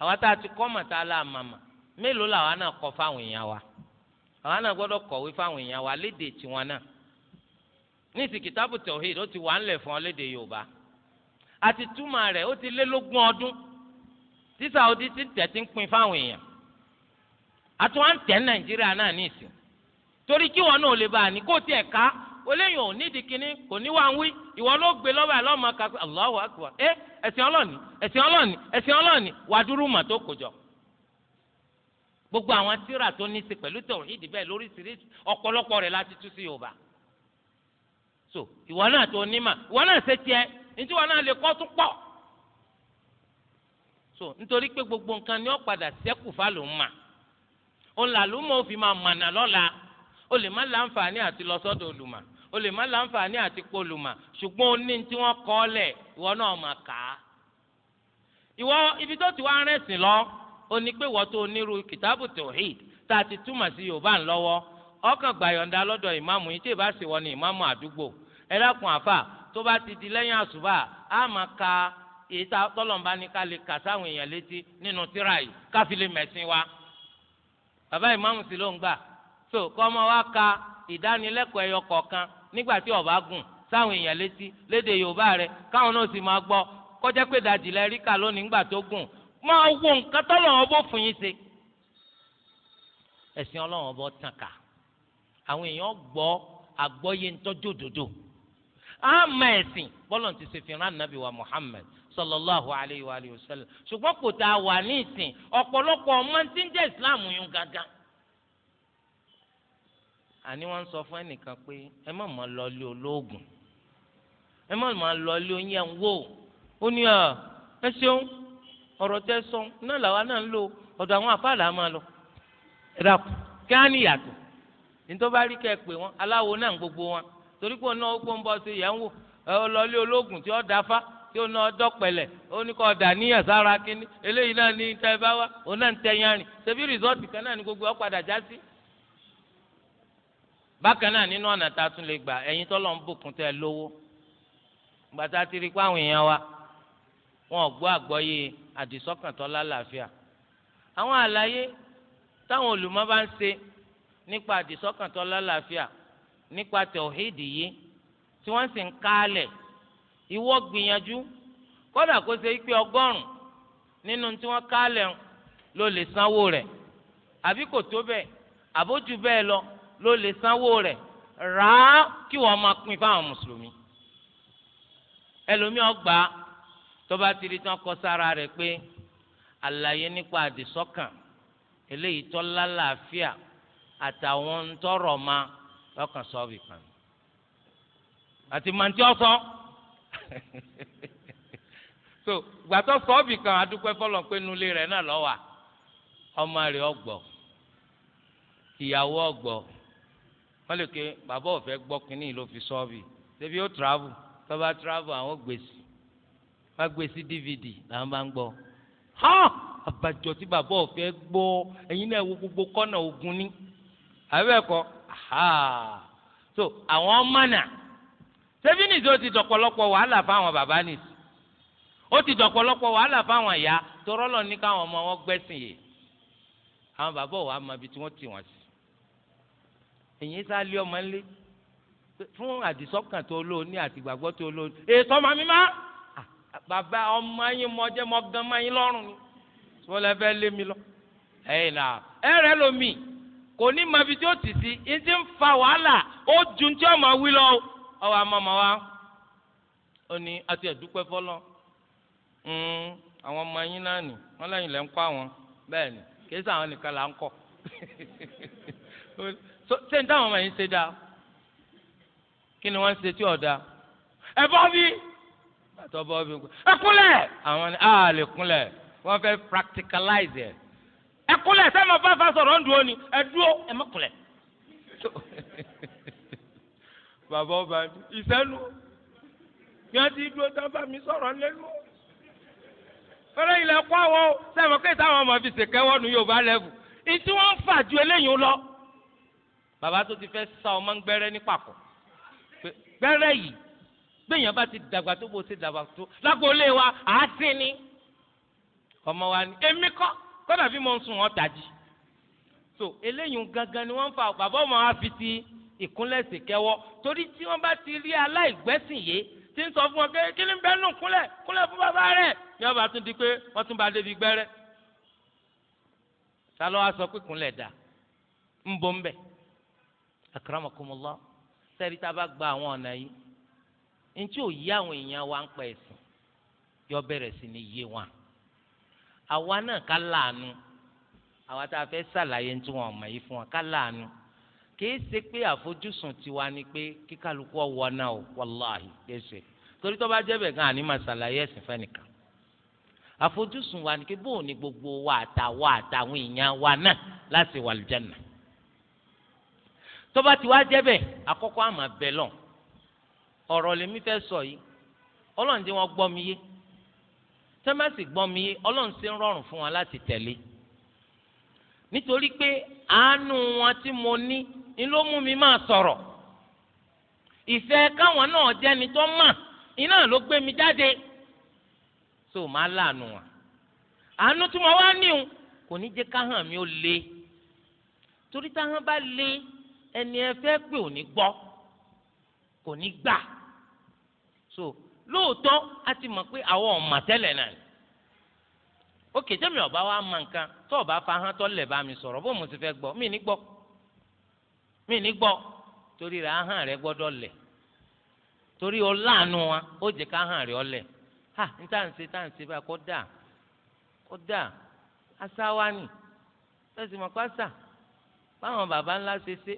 [SPEAKER 1] àwa tá a ti kọ́ mọ̀ tá a la màmá mélòó làwa náà kọ́ fáwọn èèyàn wa àwa náà gbọ́dọ̀ kọ̀wé fáwọn èèyàn wa léde tiwọn náà ní ti kìtàbù tawhid ó ti wà ń lẹ̀ fún ọ léde yorùbá àti túmọ̀ rẹ̀ ó ti lé lógún ọdún tí Saudi ti tẹ̀ ti ń pín fáwọn èèyàn àti wọn tẹ̀ nàìjíríà náà ní ìsìn torí kí wọn náà lè bá a ní kó tiẹ̀ ká oléyìn ò nídìí kínní kò ní wá ń wí ìwọ ló gbé lọ́wọ́ ẹ̀ lọ́mọ kakú Allahu akbar ẹ eh, ẹ̀sìn ọlọ́ọ̀ni ẹ̀sìn ọlọ́ọ̀ni ẹ̀sìn ọlọ́ọ̀ni wà dúró mà tó kò jọ. gbogbo àwọn tíra tó ní í ṣe pẹ̀lú tẹ̀wọ̀n yìí dìbẹ́ lóríṣiríṣi ọ̀pọ̀lọpọ̀ rẹ̀ láti tú sí Yorùbá so ìwọ náà tó onímà ìwọ náà ṣe tiẹ̀ nítorí ìwọ náà lè kọ́ tún pọ̀ so nítorí pé gbogbo nǹkan ni ó padà ṣẹ́kù fálùmà òun làlùmọ̀ ó fi máa mànà lọ́la ó lè má láǹfààní àti lọ sọ́dọ̀ olùmọ̀ ó lè má láǹfààní àti polùmọ̀ ṣùgbọ́n ó ní tí wọ́n kọ́ ọ lẹ̀ ìwọ náà mà kà á ìwọ ibi tó ti wá rẹ̀sìn lọ ó ní pé ìwọ tó onírú kìtàbù tòhíd tá a ti túmọ̀ sí yorùbá ńlọ́wọ́ ọkàn gbàyọ̀ǹda lọ́dọ̀ ìmáàmù yìí tí ìbá sì wọ́n ní ìmáàmù àdúgbò ẹ dákun àfà tó bá ti di lẹ́yìn àṣùbà á máa ka èyí tá tọ́lọ̀mbá ní ká lè kà sáwọn èèyàn létí nínú tíra yìí káfí lè mẹ̀sìn wa. bàbá ìmáàmù sì ló ń gbà so kọ́ ọmọ wa ka ìdánilẹ́kọ̀ọ́ ẹyọ kọ̀ọ̀kan nígbà tí ó bá gùn sáwọn èèyàn létí léde Yorùbá rẹ káwọn náà sì máa gbọ́ kọjá pé dajì lẹ rí kà lónìí nígbà tó gùn máa wo nǹkan tọ́lọ̀ ọbọ̀ fún yín ṣe ẹ̀sìn ọlọ́run ọbọ̀ tàn ká àwọn èèyàn gbọ́ àgbọ́yé ńtọ́jú òdodo àmà ẹ̀sìn bọ́lọ̀ ti ṣe fi nàbì wa Muhammad sallallahu alayhi wa alayhi wa sallam ṣùgbọ́n kò tá a wà ní ìsìn ọ̀pọ̀lọpọ̀ ọmọ tí ń jẹ́ Islam yún gángan. àní wọ́n ń sọ fún ẹnìkan pé ẹ má máa lọ ilé olóògùn ẹ má máa lọ ilé oúnjẹ ń ó ní ẹ ṣeun ọ̀rọ̀ tẹ sọ náà làwa náà ń lò ọ̀dọ̀ àwọn àfáàlà máa lọ ẹ dàpọ̀ kí á ní ìyàtọ̀ nítorí rí kẹ́ ẹ pè wọn aláwo náà gbogbo wọn torí pé ọ̀nà ó pọ́nbọ́ sí yẹn ń wò ológun tí ó dáfá tí ó ná ó ní kọ́ ọ̀dà sára kínní eléyìí náà ní tẹ́ ẹ bá wá òun náà ń tẹ yẹn rìn ṣebí rìsọ́ọ̀tì kan náà ní gbogbo ọ padà já sí. bákan náà nínú ọ̀nà nípa àdìsọ́kàn tó lálàáfíà nípa tẹ̀wọ́hídì yìí tí wọ́n sì ń kálẹ̀ ìwọ gbìyànjú kódà kó ṣe pé ọgọ́rùn nínú tí wọ́n kálẹ̀ ló lè sanwó rẹ̀ àbí kò tó bẹ́ẹ̀ àbójú bẹ́ẹ̀ lọ ló lè sanwó rẹ̀ rà á kí wọ́n máa pín fáwọn mùsùlùmí ẹlòmíì ọgbà tó bá tán kọ sára rẹ̀ pé àlàyé nípa àdìsọ́kàn eléyìí tó lálàáfíà. La àtàwọn ntọrọ ma lọkàn sọọbì kan àti màntí ọsán so gbàtọ sọọbì kan adúpẹ́ fọlọ pé nulẹ rẹ náà lọwà ọmọ rẹ ọgbọ ìyàwó ọgbọ wọn lè ké bàbá òfẹ gbọ kínní ló fi sọọbì débi ó travel tọba travel àwọn gbèsè wọn gbèsè dvd làwọn bá ń gbọ hàn abajọ tí bàbá òfẹ gbọ ẹyin náà wo gbogbo kọnà ogun ní àbẹ́ẹ̀kọ́ so àwọn mọ̀nà sẹ́fínì tó ti dọ̀pọ̀lọpọ̀ wàhálà fáwọn bàbá nì ó ti dọ̀pọ̀lọpọ̀ wàhálà fáwọn ìyá torọ́ lọ ní káwọn ọmọ wọn gbẹ́sìn yìí àwọn bàbá ò wá mọ ibi tí wọ́n ti wọ́n sí èyí sá lé ọmọ ńlé fún àdìsọ́kàn tó lò ní àtìgbàgbọ́ tó lò ètò ọmọ mi má bàbá ọmọ yín mọjẹ mọ gan mọ yín lọ́rùn ni wọ́n lè fẹ́ lé mi lọ ẹ̀yìn náà ẹ̀rẹ́ lomi kò ní mọ ibi tí ó tì sí ní ti fa wàhálà ó ju tí ó máa wí lọ ọwọ àmọmọ wa ó ní àti ẹdúpẹ́ fọlọ hmm, àwọn ọmọ yín náà nì wọn lẹ́yìn lẹ ń kọ́ àwọn bẹ́ẹ̀ ni kìí sọ àwọn nìkan là ń kọ́ ṣé n táwọn ọmọ yín ṣe dáa kí ni wọ́n ṣe tí ọ̀dà ẹ bọ́ bí ẹ kúnlẹ̀ àwọn ni a lè kúnlẹ̀ wọ́n fẹ́ practicalize ẹ̀ ẹ kúnlẹ̀ sẹ́mi ọba fa sọ̀rọ̀ ń dúró ni ẹ dúró ẹ má kúnlẹ̀. bàbá ọba ìsẹ́nu ni wọ́n ti dúró tán bá mi sọ̀rọ̀ lẹ́nu. fẹ́rẹ́ ilẹ̀ kọ́ àwọn sẹ́mi ọkẹ́ táwọn ọmọ fi ṣèkẹ́wọ́ nu Yorùbá lẹ́bù ìtí wọ́n ń fà ju eléyìí lọ. bàbá tó ti fẹ́ sa ọmọ ń gbẹ́rẹ́ ní pàkó gbẹ́rẹ́ yìí gbẹ̀yìn bá ti dàgbà tó bó ti dàgbà tó lágbo lé wa àá sí ni ọmọ wa ni èmi kọ́ kọ́nà bí mo ń sùn wọ́n tají so eléyìí gangan ni wọ́n ń fa bàbá ọmọ wa fi ti ìkúnlẹ̀ sí kẹwọ́ torí tí wọ́n bá ti rí aláìgbẹ́sìn yé tí ń sọ fún wọn pé kí ni bẹ́ẹ̀ nù kúnlẹ̀ kúnlẹ̀ fún bàbá rẹ̀ ni wọ́n bá tún di pé wọ́n tún bá débi gbẹ́rẹ́ ta ló wá sọ pé kúnlẹ̀ dà ń bọ́ ń bẹ̀ akramakumullah tá a bá gba àwọn ọ̀nà yìí ntí ò yí àwọn èèyàn wa ń pa ẹ̀sìn yọ bẹ̀rẹ̀ sí ni yé wọn àwa náà ká láàánú àwa tá a fẹ́ ṣàlàyé tí wọn mọ̀ yìí fún wa ká láàánú kìí ṣe pé àfojúsùn tiwa ni pé kíkálukú ọwọ́ náà o wàláhì kìí ṣe torí tó bá jẹ́ bẹ́ẹ̀ gan àní máa ṣàlàyé ẹ̀sìn fẹ́nìkan àfojúsùn wa ni pé bóun ni gbogbo wa àtàwa àtàwọn èèyàn wa náà láti wà lùjẹ́nà tó bá ti wá jẹ́ àkọ́kọ́ àmọ́ bẹ́ẹ̀ lọ ọ̀rọ̀ lèmi fẹ́ sọ yìí ọlọ́run tí wọ́n gbọ́ mi yé sẹ́mẹ́sì gbọ́n mi ọlọ́run sì ń rọrùn fún wa láti tẹ̀lé nítorí pé àánú wọn tí mo ní ni ló mú mi máa sọ̀rọ̀ ìfẹ́ káwọn náà jẹ́ni tó mà iná ló gbé mi jáde so màá láàánú wọn àánú tí mo wá níhun kò ní jẹ́ káhàn mi ó le torí táwọn bá le ẹni ẹ fẹ́ pé ò ní gbọ́ kò ní gbà so lóòótọ́ a ti mọ̀ pé àwọn ọ̀mà tẹ́lẹ̀ náà ni ó kè ọba ọ̀bá wa mọ nǹkan tó ọ̀bá fa hàn tó lẹ̀ bá mi sọ̀rọ̀ bó mo ti fẹ́ gbọ́ mi ní gbọ́ torí rẹ̀ aha rẹ̀ gbọ́dọ̀ lẹ̀ torí o láàánú wa ó jẹ́ ká ahọ́n rẹ̀ ọ ha n n se ta n ṣe báyìí kó dà baba ńlá ṣe ṣe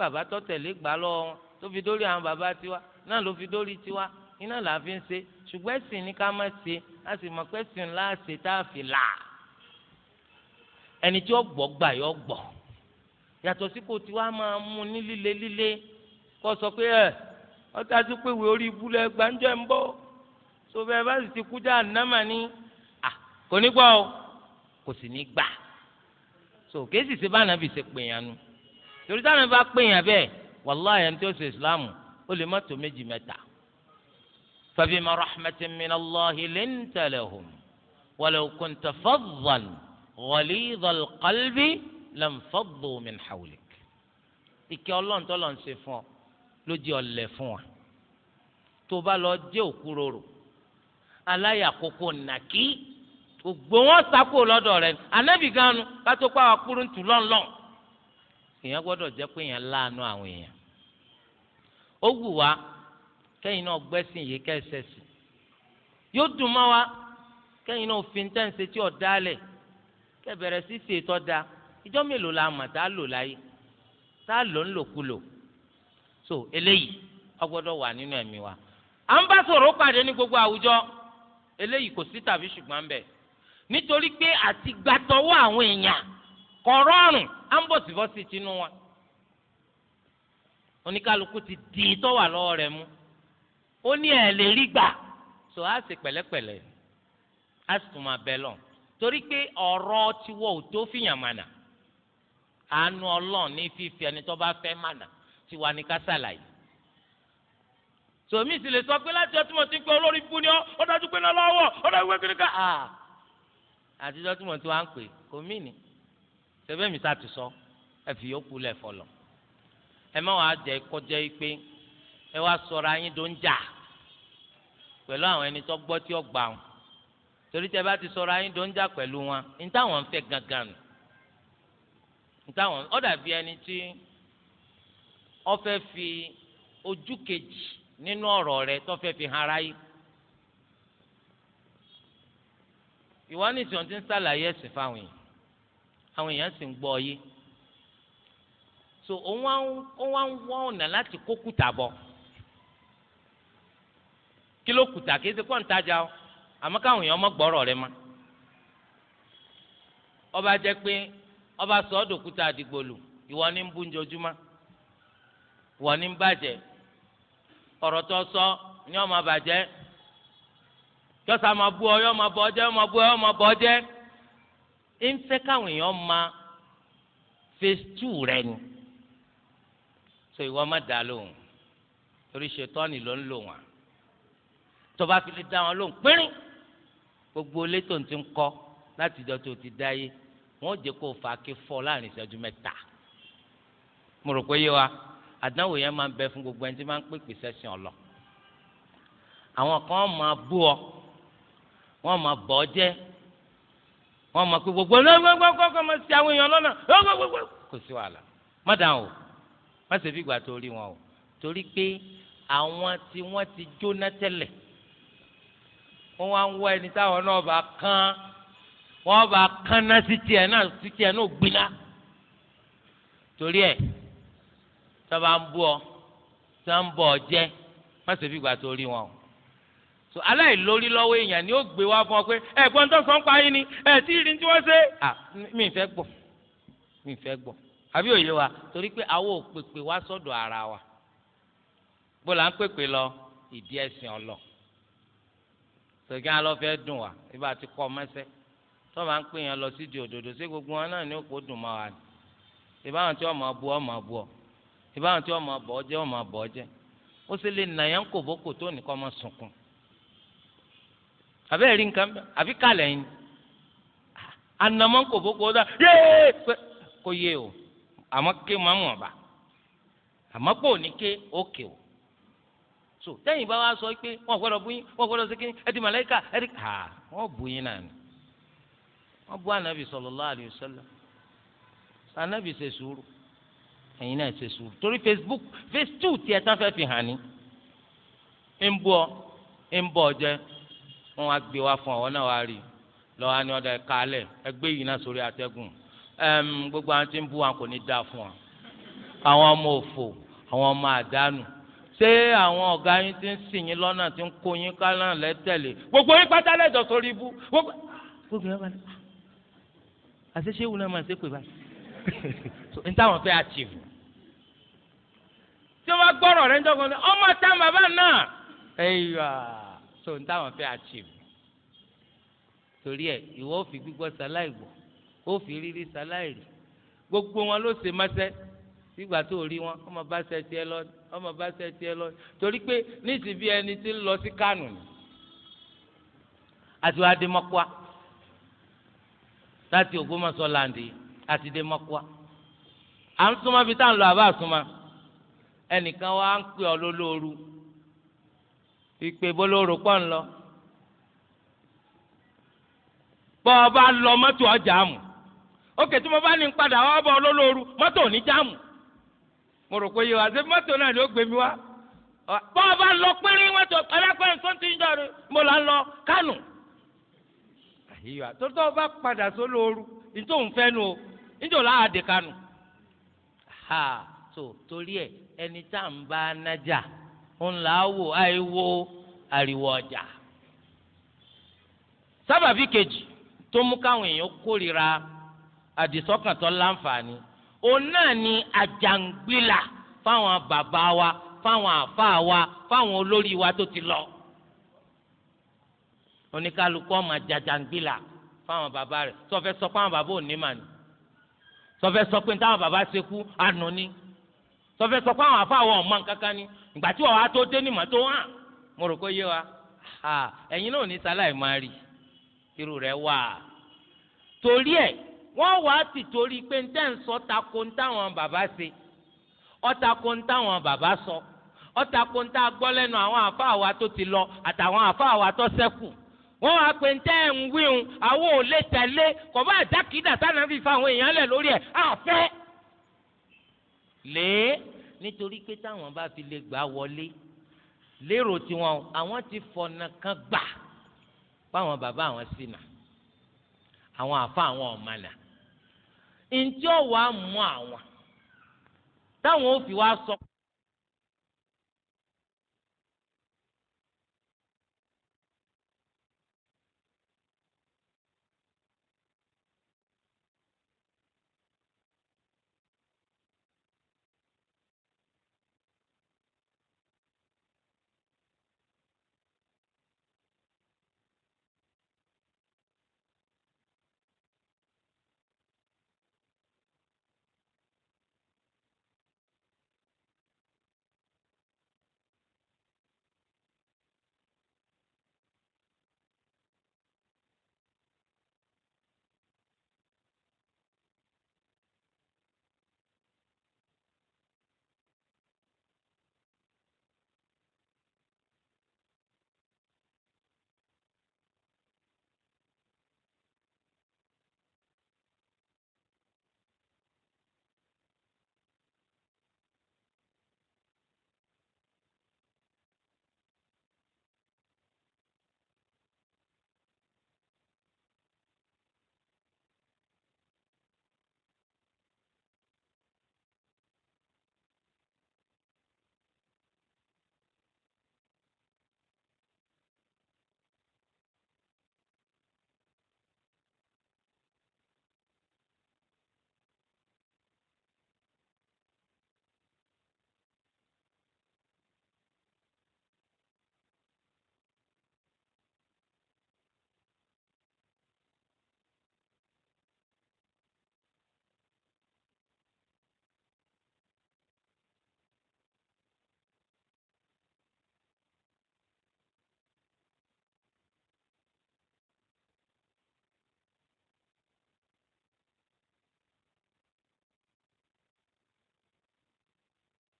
[SPEAKER 1] baba tọ gbà tó fi dórí baba tiwa náà ló fi dórí iná là á fi ń ṣe ṣùgbọ́n ẹ̀sìn ní ká má ṣe á sì mọ̀ pé ẹ̀sìn ńlá ṣe tá a fi là ẹni tí ó gbọ́ gbà yọ gbọ́ yàtọ̀ sí kò tí wàá máa mú ní líle líle kó sọ pé ẹ ọtá sí pé ìwé orí ibú lẹ gbàǹjọ ń bọ̀ tó bá sì ti kú já ànámà ni kò ní gbọ́ o kò sì ní gbà so kéésì ṣe bá nàbì ṣe pèèyàn nu torí táwọn bá pèèyàn bẹ́ẹ̀ wàláhì ẹni tó ṣe ìsìláàmù ó lè má tó méjì mẹ́ta. فبما رحمة من الله لنت لهم ولو كنت فظا غليظ القلب لانفضوا من حولك ìkẹ́ ọlọ́run tọ́lọ́ ń ṣe fún ọ ló di ọ̀lẹ̀ fún wa tó bá lọ jẹ́ òkúròrò aláyàkókò nàkí gbogbo wọn sákò lọ́dọ̀ rẹ̀ anábì ganu kátó pa àkúrú ń tù lọ́nlọ́n èèyàn gbọ́dọ̀ jẹ́ pé èèyàn láàánú àwọn èèyàn ó wù wá kẹ́yìn náà gbẹ́sìn yìí kẹ́sẹ̀ sí yóò dùn mọ́ wa kẹ́yìn náà òfin tẹ̀sí tí ò dálẹ̀ kẹ́bẹ̀rẹ̀ sí ṣètò da ìjọ mélòó la mà tá a lò láyé tá lò ń so eléyìí ọgbọ́dọ̀ wà nínú ẹ̀mí wa à ń bá sọ̀rọ̀ pàdé ní gbogbo àwùjọ eléyìí kò sí tàbí ṣùgbọ́n nítorí pé àti gbàtọ́wọ́ àwọn èèyàn à ń bọ̀ ó ní ẹ̀ lè rí gbà tó a sì pẹ̀lẹ́pẹ̀lẹ́ a sì tún máa bẹ lọ torí pé ọ̀rọ̀ tiwọ́ ò tó fìyàn mànà àánú ọlọ́run ní fífi ẹni tó bá fẹ́ mànà tiwa ní ká ṣàlàyé tòmí sì lè sọ pé láti ọtí mo ti ń pè olórí ni ọ dájú pé dájú pé mo ti wá ń pè ti sọ ẹ fi yókù lẹ̀ fọlọ́ ẹ má wàá kọjá yìí pẹ̀lú àwọn ẹni tó gbọ́ tí ó gbà wọn torí tẹ bá ti sọ̀rọ̀ ayé tó ń jà pẹ̀lú wọn ní táwọn ń fẹ́ gangan nù ní táwọn ó dàbí ẹni tí ó fẹ́ fi ojú kejì nínú ọ̀rọ̀ rẹ̀ tó fẹ́ fi hàn aráyé ìwọ ní ìsìn ọtí ń sàlàyé ẹ̀sìn fáwọn èèyàn àwọn èèyàn sì ń gbọ́ ọ yé so òun wá ń wọ́n ọ̀nà láti kókùtà bọ̀. kí ló kùtà kí ẹsẹ kọ́ ń tajà o àmọ́ káwọn èèyàn mọ́ gbọ́rọ̀ rẹ ma ọba pé ọba sọ ọ́dọ̀ àdìgbòlù ìwọ ni ń bú njojúmọ́ ìwọ ni ń bàjẹ́ ọ̀rọ̀ tó sọ ni ọmọ bàjẹ́ jọ́sà máa bú ọ ma máa bọ́ jẹ́ bú ọ yọ́ máa bọ́ jẹ́ ń fẹ́ káwọn phase two rẹ so ìwọ má lóhùn torí ṣe tọ́ni ló ń lò wọ́n tọba fi lè dá wọn lóhùn pínrín gbogbo elétò ti ń kọ láti ìjọ tó ti dá yé wọn ò jẹ kó fà á ké fọ láàrin ìṣẹ́jú mẹ́ta mo rò pé yé wa àdánwò yẹn máa ń bẹ fún gbogbo ẹni tí máa ń pèpè sẹ́sìn ọ̀lọ́ àwọn kan máa bú ọ wọn máa bọ̀ ọ́ jẹ́ wọn máa pé gbogbo ọlọ́gbọ́gbọ́gbọ́ máa ṣe àwọn èèyàn lọ́nà ọgbọ́gbọ́gbọ́ kò sí wàhálà má dàn o má ṣe fi ìgbà tó wọn o torí pé àwọn tí wọ́n ti jóná tẹ́lẹ̀ wọ́n wá ń wá ẹni táwọn náà bá kán wọ́n bá kánná sí tiẹ̀ náà sí tiẹ̀ náà gbiná torí ẹ̀ tọ́ba ń bú ọ tí ń bọ̀ ọ jẹ́ má ṣe fi gbà tó rí wọn o so aláìlórí lọ́wọ́ èèyàn ni ó gbé wá fún ọ pé ẹ gbọ́n tó sọ́n pa yín ni ẹ tí ì rí tí wọ́n ṣe à mi ì fẹ́ gbọ́ mi ì fẹ́ gbọ́ àbí òye wa torí pé àwọn ò pèpè wá sọ́dọ̀ ara wa bó la ń pèpè lọ ìdí ẹ̀sìn ọlọ́ọ̀ sọ̀kí alọ́fẹ́ dùn wá ibà ti kọ́ mẹ́sẹ́ tó máa ń pè yẹn lọ sídìí òdòdó ṣé gbogbo wọn náà ní òkú dùn máa wà ní ìbáwọn tí wọn máa bu ọ máa bu ọ ìbáwọn tí wọn máa bọ̀ ọ jẹ́ wọn máa bọ̀ ọ jẹ́ ó sì lè nà yẹn kò bókò tó nìkan máa sunkún àbẹ́ rí nǹkan bẹ́ẹ̀ àbí kàlẹ́ yín anamọ́ kò bókò ó dá yéé kó yé o àmọ́ ké máa ń bá àmọ́ pò ní ké ó ké o so tẹ́yìn bá wa sọ pé wọ́n gbọ́dọ̀ bú yín wọ́n gbọ́dọ̀ sí kí ẹ di ha wọ́n bú yín náà ni wọ́n bú ànábì sallallahu alaihi wasallam ànábì ṣe sùúrù ẹ̀yin náà ṣe sùúrù torí facebook face two tiẹ̀ tán fẹ́ fi hàn ní ń bú ọ ń bọ̀ ọ jẹ́ wọ́n wá gbé wa fún ọ náà wá rí lọ́wọ́ ni ọ̀dọ̀ ẹ̀ka alẹ̀ ẹgbẹ́ yìí náà sórí atẹ́gùn gbogbo àwọn tí ń bú wa kò ní dáa fún wa àwọn ọmọ òfò àwọn ọmọ àdánù ṣé àwọn ọ̀gá yín ti ń sìn yín lọ́nà tí ń kó yín kálá lẹ́tẹ̀lé gbogbo yín pátá lẹ́jọ́ sórí ibú gbogbo yín pátá àṣeṣe wù náà máa ṣe pè báyìí n táwọn fẹ́ achieve tí wọ́n bá gbọ́rọ̀ rẹ̀ ń dọ́gbọ́n ní ọmọ tá bàbá náà ẹ̀yà so n táwọn fẹ́ achieve torí ẹ̀ ìwọ ò fi gbígbọ́ sáláì gbọ́ ó fi rírí sáláì rí gbogbo wọn ló ṣe máṣẹ́ sígbà tó rí wọn ọmọ bá ṣe tiẹ̀ lọ ọmọ bá ṣe tiẹ̀ lọ torí pé nísìbí ẹni tí ń lọ sí kánò ni àti wàá dé mọ́kúá láti Ògbómọ̀ṣọ́ láǹdì àti dé mọ́kúá à ń súnmọ́ bí tá à ń lọ àbá súnmọ́ ẹnìkan wa ń pè ọ́ lólóoru ìpè bólóoru pọ̀ ń lọ bọ́ ọ bá lọ mọ́tò ọjà mù ókè tí mo bá ní padà ọ bọ́ ọ lólóoru mọ́tò ò ní jáàmù mo rò pé yóò àti mọ́tò náà ló gbé mi wá bọ́ ọ bá lọ péré mọ́tò ẹlẹ́pẹ́ nǹkan ti ń jọ rẹ mo là ń lọ kánò. àyíyọ àtọ́tọ́ bá padà sólóoru nítòun fẹ́ nu o níjọ́ láàdè kánò. ha tó torí ẹ ẹni tá à ń bá nájà ń là á wò àìwo àríwọ̀ ọjà. sábàbí kejì tó mú káwọn èèyàn kórìíra àdìsọ́kàn láǹfààní òun ni àjàngbìlà fáwọn bàbá wa fáwọn àfáà wa fáwọn olórí wa tó ti lọ oníkálukú ọmọ àjàngbìlà fáwọn bàbá rẹ̀ sọfẹ sọ pé àwọn bàbá ò ní mà ní sọfẹ sọ pé táwọn bàbá ṣe kú àánú ni sọfẹ sọ pé àwọn àfáà wọn ò mọ nǹkan ìgbà tí wọn tó dé nímọ tó hàn mo rò kó yé wa ẹ̀yin náà ò ní sáláì máa rí irú rẹ̀ wà torí ẹ̀ wọ́n wàá ti torí pé ń tẹ́ ń sọ tako ń táwọn bàbá ṣe ọ̀tako ń táwọn bàbá sọ ọ̀tako ń tá a gbọ́ lẹ́nu àwọn àfáà wa tó ti lọ àtàwọn àfáà wa tó ṣẹ́kù wọ́n wàá pé ń tẹ́ ń wíhun àwọn ò lè tẹ̀lé kò bá àdákìdá sáná fífa àwọn èèyàn lẹ̀ lórí ẹ̀ àfẹ́. lèé nítorí pé táwọn bá fi lè gbà wọlé lérò tiwọn àwọn ti fọ̀nà kan gbà fáwọn bàbá àwọn ṣìnà àwọn àfa àwọn ọ̀mànà. ntí ọ̀wọ́ àmú àwọn táwọn ò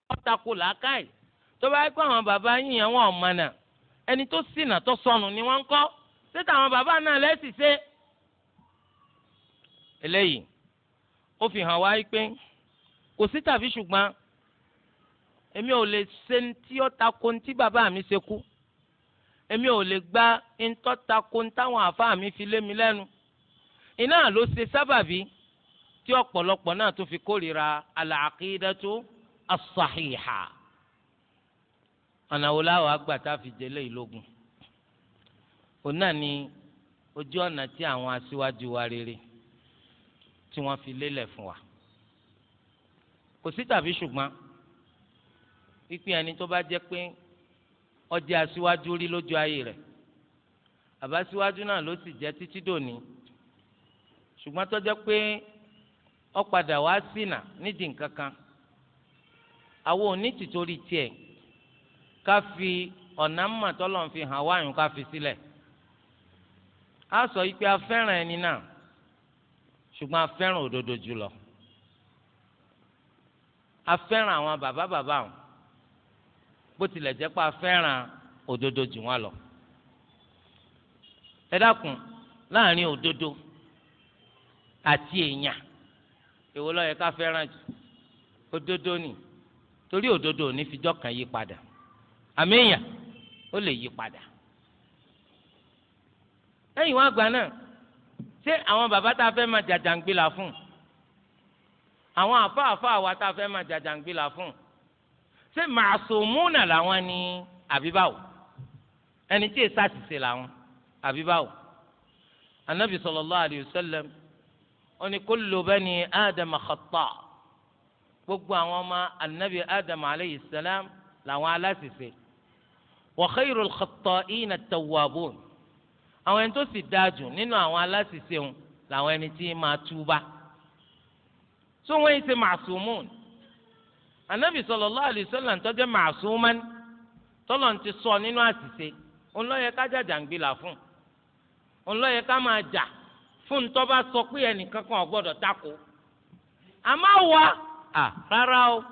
[SPEAKER 1] wọ́n takò làákàyè tó bá yẹ pé àwọn bàbá yín yẹn wọ́n mọ̀ náà ẹni tó ṣìnà tó sọnù ni wọ́n ń kọ́ ṣé táwọn bàbá náà lẹ́sìn ṣe. eléyìí ó fi hàn wá pé kò sí tàbí ṣùgbọ́n èmi ò lè ṣe tí ó takò tí bàbá mi ṣe kú èmi ò lè gba ntọ́ takò táwọn àfáà mi fi lé mi lẹ́nu iná ló ṣe sábàbí tí ọ̀pọ̀lọpọ̀ náà tó fi kórìíra al-aqidatu as-sahiha ọ̀nà wo láwọn agbàtà fìdílé ìlógún òun náà ni ojú ọ̀nà tí àwọn aṣíwájú wa rere tí wọ́n fi lélẹ̀ fún wa kò sí tàbí ṣùgbọ́n pípín ẹni tó bá jẹ́ pé ó aṣíwájú rí lójú ayé rẹ̀ àbá náà ló sì jẹ́ títí dòní ṣùgbọ́n tó jẹ́ pé ó padà wá ṣìnà nídìí nǹkan kan àwọn onítìtorí tiẹ̀ ká fi ọ̀nà mọ̀ tọ́lọ̀ fi hàn wáyùn ká fi sílẹ̀ á sọ yìí pé a fẹ́ràn ẹni náà ṣùgbọ́n a fẹ́ràn òdodo jùlọ a fẹ́ràn àwọn bàbá bàbá àwọn bó tilẹ̀ jẹ́ pé a fẹ́ràn òdodo jù wọ́n lọ ẹ dákun láàrin òdodo àti èèyàn èwo ló yẹ ká fẹ́ràn jù òdodo ni torí òdodo ò ní fijọ́ kan yí padà àmìyàn ó lè yí padà lẹ́yìn wá gbà náà ṣé àwọn bàbá tá a fẹ́ máa jàjàngbìlà fún àwọn àfáàfáà wa tá a fẹ́ máa jàjàngbìlà fún ṣé màásùmúnà làwọn ni àbíbáwò ẹni tí èsà ti ṣe làwọn àbíbáwò anabi sallallahu alayhi wa sallam ó ní kullu bani adama khata' gbogbo àwọn ọmọ anabi adam aleyhi salam làwọn aláṣìṣe wa khayrul khatta'in at-tawwabun àwọn ẹni tó sì dáa jù nínú àwọn aláṣìṣe wọn làwọn ẹni tí máa túbà tó wọn yìí ṣe màṣúmùn anabi sallallahu alayhi wasallam tó jẹ́ màṣúmán ti sọ nínú àṣìṣe ńlọ́yẹ ká jàjàngbìlà fún ńlọ́yẹ ká máa jà fún tó bá sọ pé ẹnìkan kan ò tako àmọ́ wa à ah, rárá o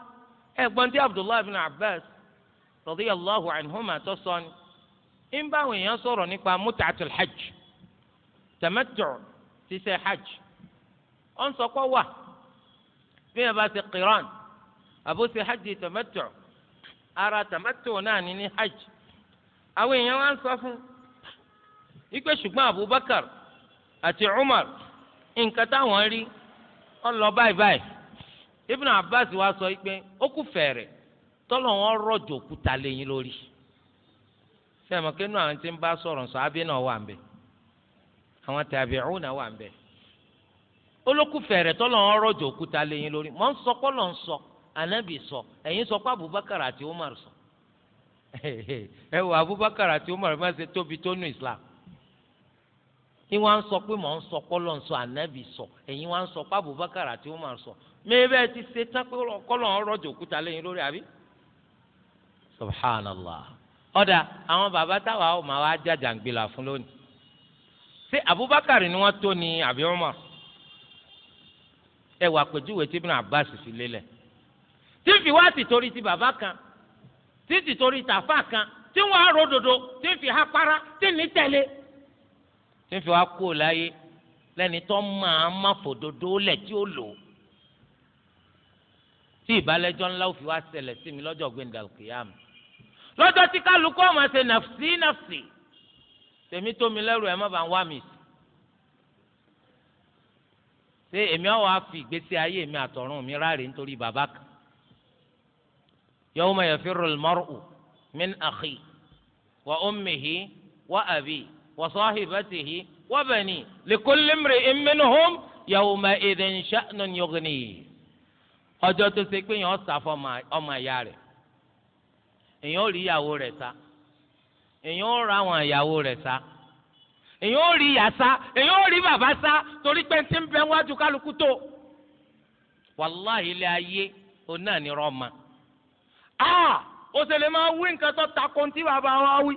[SPEAKER 1] ẹ̀gbọ́n tí abdullahi bin abbas radiyallahu anhuma tó sọ ni ń bá àwọn èèyàn sọ̀rọ̀ nípa mut'atul hajj tamattu ṣíṣe hajj ọ̀n sọ̀kọ́ wà bí wọ́n bá ṣe qiran àbó ṣe hajj tamattu ara tamattu náà ní ní hajj àwọn èèyàn wá ń sọ fún ikpe ṣùgbọ́n abubakar àti umar nǹkan táwọn rí ọ lọ báyìí báyìí. Ibn Abbas wa sọ pé ó kú fẹ̀rẹ̀ tọ́lọ̀ wọn rọ̀jò òkúta lẹ́yìn lórí sẹ́mi kínú àwọn tí ń bá sọ̀rọ̀ sọ abẹ́ náà wà ń bẹ̀ àwọn tàbíùn náà wà ń bẹ̀ olókù fẹ̀rẹ̀ wọn rọ̀jò òkúta lẹ́yìn lórí mọ̀ ń sọ kọ́lọ̀ ń sọ ànábì sọ ẹ̀yin Abubakar àti Umar sọ ẹ wọ Abubakar àti Umar má ṣe tóbi tó nu Islam ni wọn sọ pé mọ̀ ń sọ kọ́lọ̀ ń sọ ànábì sọ wọn sọ pé Abubakar àti Umar sọ mẹ́ẹ̀bẹ́ ti ṣe tán pé kọ́lọ̀ ń rọ̀jò òkúta lẹ́yìn lórí àbí. subhanallah ọ̀dà àwọn bàbá táwa ò máa wá jàjàngbìlà fún lónìí. ṣé abubakar ni wọ́n tó ni àbí umar. ẹ wà pẹ̀júwe tí ibn abbas fi lélẹ̀. tí fi wá sì torí ti bàbá kan tí sì torí tàfà kan tí wọ́n á ròdòdò tí fi há para tí ní tẹ̀lé. tí fi wá kú ò láyé lẹ́ni tó máa má fòdodo lẹ̀ tí ó lò ó tí ìbálẹ́jọ́ ńlá òfin wá ṣẹlẹ̀ sí mi lọ́jọ́ gbẹ̀ndà kìyàm lọ́jọ́ tí kálukú ọmọ ṣe nàfsí nàfsí tèmi tó mi lẹ́rù ẹ̀ má bàa wá mi sí ṣé èmi àwọn afi ìgbésí ayé mi àtọ̀run mi ráre nítorí bàbá kan yawma yafirru al-mar'u min akhi wa ummihi wa abi wa sahibatihi wa bani likulli imri'in minhum yawma idhin sha'nun yughnihi ọjọ́ tó ṣe pé èèyàn sá fọmọ ọmọ ìyá rẹ̀ èèyàn ò rí ìyàwó rẹ̀ sá èèyàn ò ra àwọn ìyàwó rẹ̀ sá èèyàn ò rí ìyá sá èèyàn ò rí bàbá sá torí pé tí ń bẹ wájú kálukú tó wàláhì ilé ayé òun náà ní rọ́ọ̀mà a ó sì lè máa wí nǹkan tó takò tí bàbá wa wí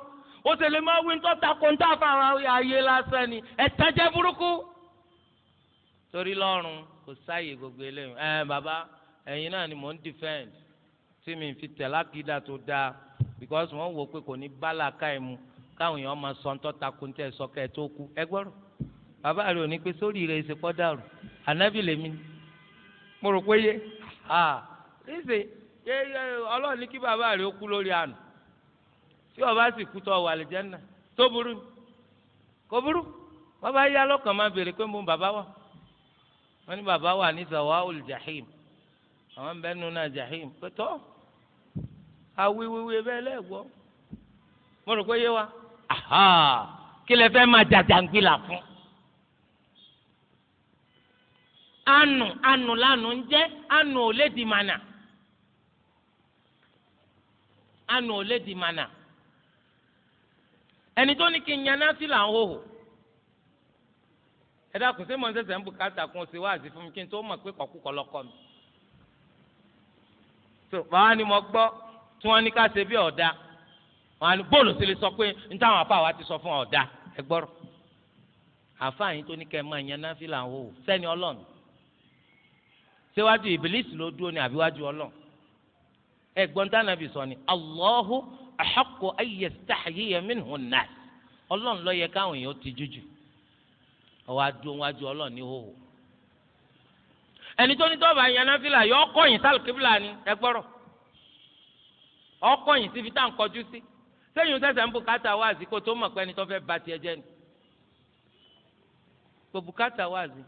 [SPEAKER 1] ó sì lè máa wí nǹkan tó takò tí bàbá wa wí ayé lásán ni ẹ̀tẹ́jẹ́ burúkú torí lọ́rùn kò sáàyè gbogbo eléyìí ẹ̀ bàbá ẹ̀yin náà ni mò ń defend tí mi fi tẹ̀ lákìdá tó dáa because wọ́n wò pé kò ní bálà káyìí mu káwọn èèyàn máa sọ ńtọ́ takun tẹ̀ sọ́kẹ́ tó kú ẹ gbọ́rọ̀ bàbá rẹ̀ ò ní pé sórí rẹ̀ ṣe kọ́ dàrú ànábì lèmi mo rò pé yé à ṣíṣe ọlọ́run ní kí bàbá rẹ̀ ó kú lórí àná tí ọba sì kú tọ́ wà lẹ́jẹ̀nà tó burú kò burú bàbá yá lọ́kàn máa béèrè pé mo bàbá wà wọ́n ní bàbá wà ní zawaul jahim àwọn ń bẹ nínú náà jahim pẹ̀tọ́ awiwiwi bẹ́ẹ̀ lẹ́gbọ́ mo rò pé yé wa kí lẹ fẹ́ máa jàjàngbìlà fún. anu anu lanu ń jẹ́ anu ò lè di mànà anu ò lè di mànà ẹni tó ní kí n yaná sí là ń hò ẹ dákun sí mọ̀ ní sẹ́sẹ̀ ń bùkátà kún sí wáàzì fún mi kí n tó mọ̀ pé kọ̀kú kọ́ lọ́kọ́ mi. so màá ni mo gbọ́ tí wọ́n ní ká ṣe bí ọ̀dà màá ni sọ pé ní táwọn apá wa ti sọ fún ọ̀dà ẹ gbọ́rọ̀ àfààní tó ní kẹ́ máa yan náfìlà wò sẹ́ni ọlọ́run síwájú ìbílísì ló dúró ní àbíwájú ẹ gbọ́n tá nàbì sọ ni Allahu ahaqqu an yastahyiya minhu an-nas yẹ káwọn èèyàn ti jújù ọwọ́ ẹni tó ní tọ́ba yanáfìlà yọ ọkọ̀yìn sálùkìbìlà ni ẹ gbọ́rọ̀ ọkọ̀yìn síbi tá à ń kọjú sí sẹ́yìn sẹ́sẹ̀ ń bùkátà wáàzì kó tó mọ̀ pé ẹni tó fẹ́ ba tiẹ̀ jẹ́ ni kò bùkátà wáàzì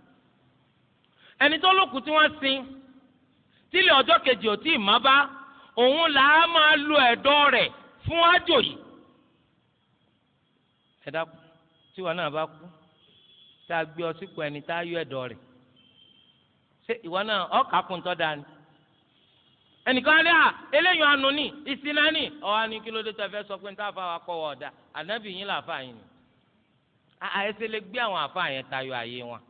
[SPEAKER 1] ẹni tó lókùn tí wọ́n sin tílé ọjọ́ kejì ò tí ì má bá òun là á máa lo ẹ̀dọ̀ rẹ̀ fún àjò yìí ẹ̀dá tí wọn náà bá kú tá a gbé ọ sípò ẹni tá a yọ ẹ̀dọ̀ rẹ̀ ṣé ìwọ náà ọkà kún tọ́ da ni ẹnìkan lé à eléyìí ànú ni ìsinà ni ọ̀hà ni kí ló dé tó ẹ fẹ́ sọ pé níta fáwọn akọwọ́ ọ̀dà ànábì yín làáfà yín ni àyẹ̀sẹ̀ lè gbé àwọn àfa yẹn tayọ àyè wọn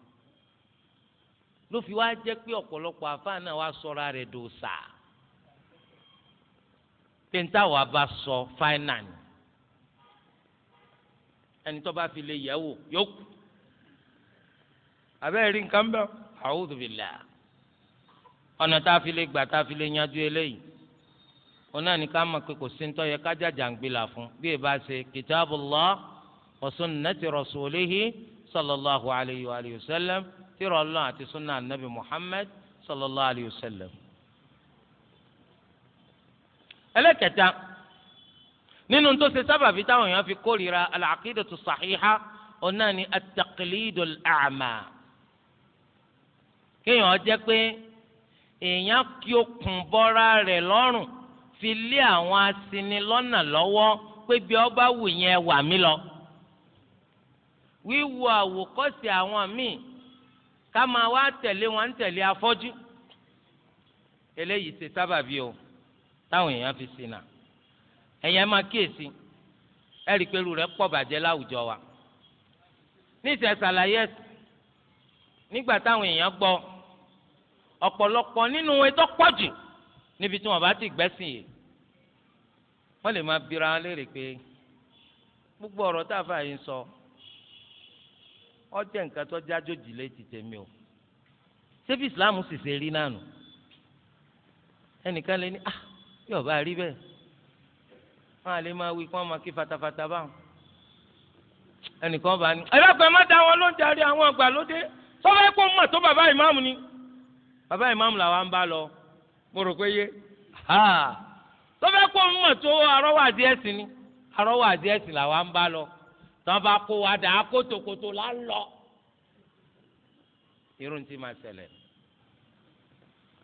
[SPEAKER 1] ló fi wá jẹ́ pé ọ̀pọ̀lọpọ̀ àfa náà wá sọra rẹ̀ dòòsà pé níta wàá bá sọ fáínà ni ẹni tó bá fi lè yẹ̀ wò yóò kù rí nǹkan bẹ́ẹ̀ a'udhu billah ọ̀nà tá a fi lè gbà tá a fi lè yanjú eléyìí òun náà ní ká mọ̀ pé kò sí ń tọ́yẹ ká jàjàngbìlà fún bí èèbá ṣe kitabullah wa sunnati rasulihi sallallahu alayhi wa alihi wa sallam tírà Allah àti sunna anabi muhammad sallallahu alayhi wa sallam. ẹlẹ́kẹta nínú tó ṣe sábàbí táwọn èèyàn fi kórìíra al-aqidatu sahiha òun náà ní at-taqlidul kéèyàn jẹ́ pé èèyàn kí okùn bọ́ra rẹ̀ lọ́rùn fi lé àwọn aṣinilọ́nà lọ́wọ́ pé bí ọba wù yẹn wà mí lọ. wíwo àwòkọ́sí àwọn míì ká máa wá tẹ̀lé wọn ń tẹ̀lé afọ́jú. eléyìí ṣe sábàbí o táwọn èèyàn fi ṣìnà ẹ̀yẹ́ máa kíyèsí ẹ̀rí pẹ̀lú rẹ̀ pọ̀ bàjẹ́ láwùjọ wa. ní ìṣẹ̀ṣàlàyé nígbà táwọn èèyàn gbọ́ ọ ọ̀pọ̀lọpọ̀ nínú ètò pọ̀jù níbi tí wọ́n bá ti gbẹ́sìn yìí wọ́n lè máa bira wọn léèrè pé gbogbo ọ̀rọ̀ tá a fà yín sọ ọjẹ́ nǹkan tó jájó jìlé ti tèmi o ṣébi ìsìláàmù sì ṣe rí nánu ẹnìkan lè ní ah yóò bá rí bẹ́ẹ̀ wọ́n á lè máa wí kí máa kí fatafata báwọn ẹnìkan bá ní. ẹ̀rọ pẹ̀ má da wọn ló ń darí àwọn àgbà lóde sọ́wọ́ ẹ̀kọ́ mọ̀ tó bàbá ìmáàmù ni bàbá ìmáàmù làwa ń bá lọ mo rò pé yé tó fẹ́ kó ń mọ̀ tó arọ́wọ́ àti ẹ̀sìn ni arọ́wọ́ àti ẹ̀sìn làwa bá lọ tó kó wa dà á kótókótó là ń lọ irun tí máa ṣẹlẹ̀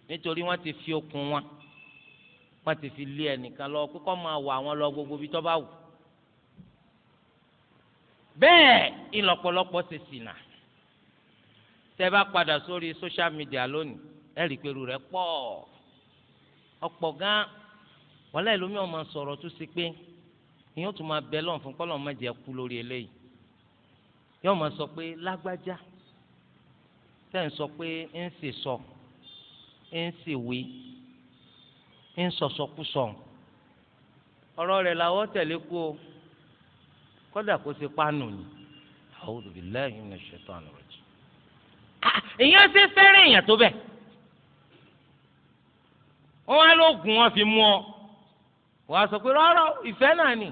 [SPEAKER 1] nítorí wọ́n ti fi okun wọn wọ́n ti fi lé ẹnìkan lọ pé kọ́ máa wọ àwọn lọ gbogbo ibi tó bá wù bẹ́ẹ̀ ìlọ̀pọ̀lọpọ̀ ṣe ṣìnà tẹ́ bá padà sórí social media lónìí erik pẹ̀lú rẹ̀ pọ̀ ọ̀pọ̀ gan wàhálà ìlómi ọmọ sọ̀rọ̀ tó ṣe pé ìyẹn ó tún máa bẹ lọ́n fún kọ́lọ́ má jẹ́ kú lórí eléyìí yóò máa sọ pé lágbájá tẹ̀ ń sọ pé ń sì sọ ń sì wí ń sọ̀sọ̀kúsọ ọ̀rọ̀ rẹ̀ làwọn tẹ̀lé kú o kódà kó ṣe pánù ni a'udhu billahi minash shaitani rajim. Ah, ìyẹn fẹ́rẹ̀ èèyàn tó wọ́n wá lóògùn wọn fi mú ọ wọ́n á sọ pé rárá ìfẹ́ náà ni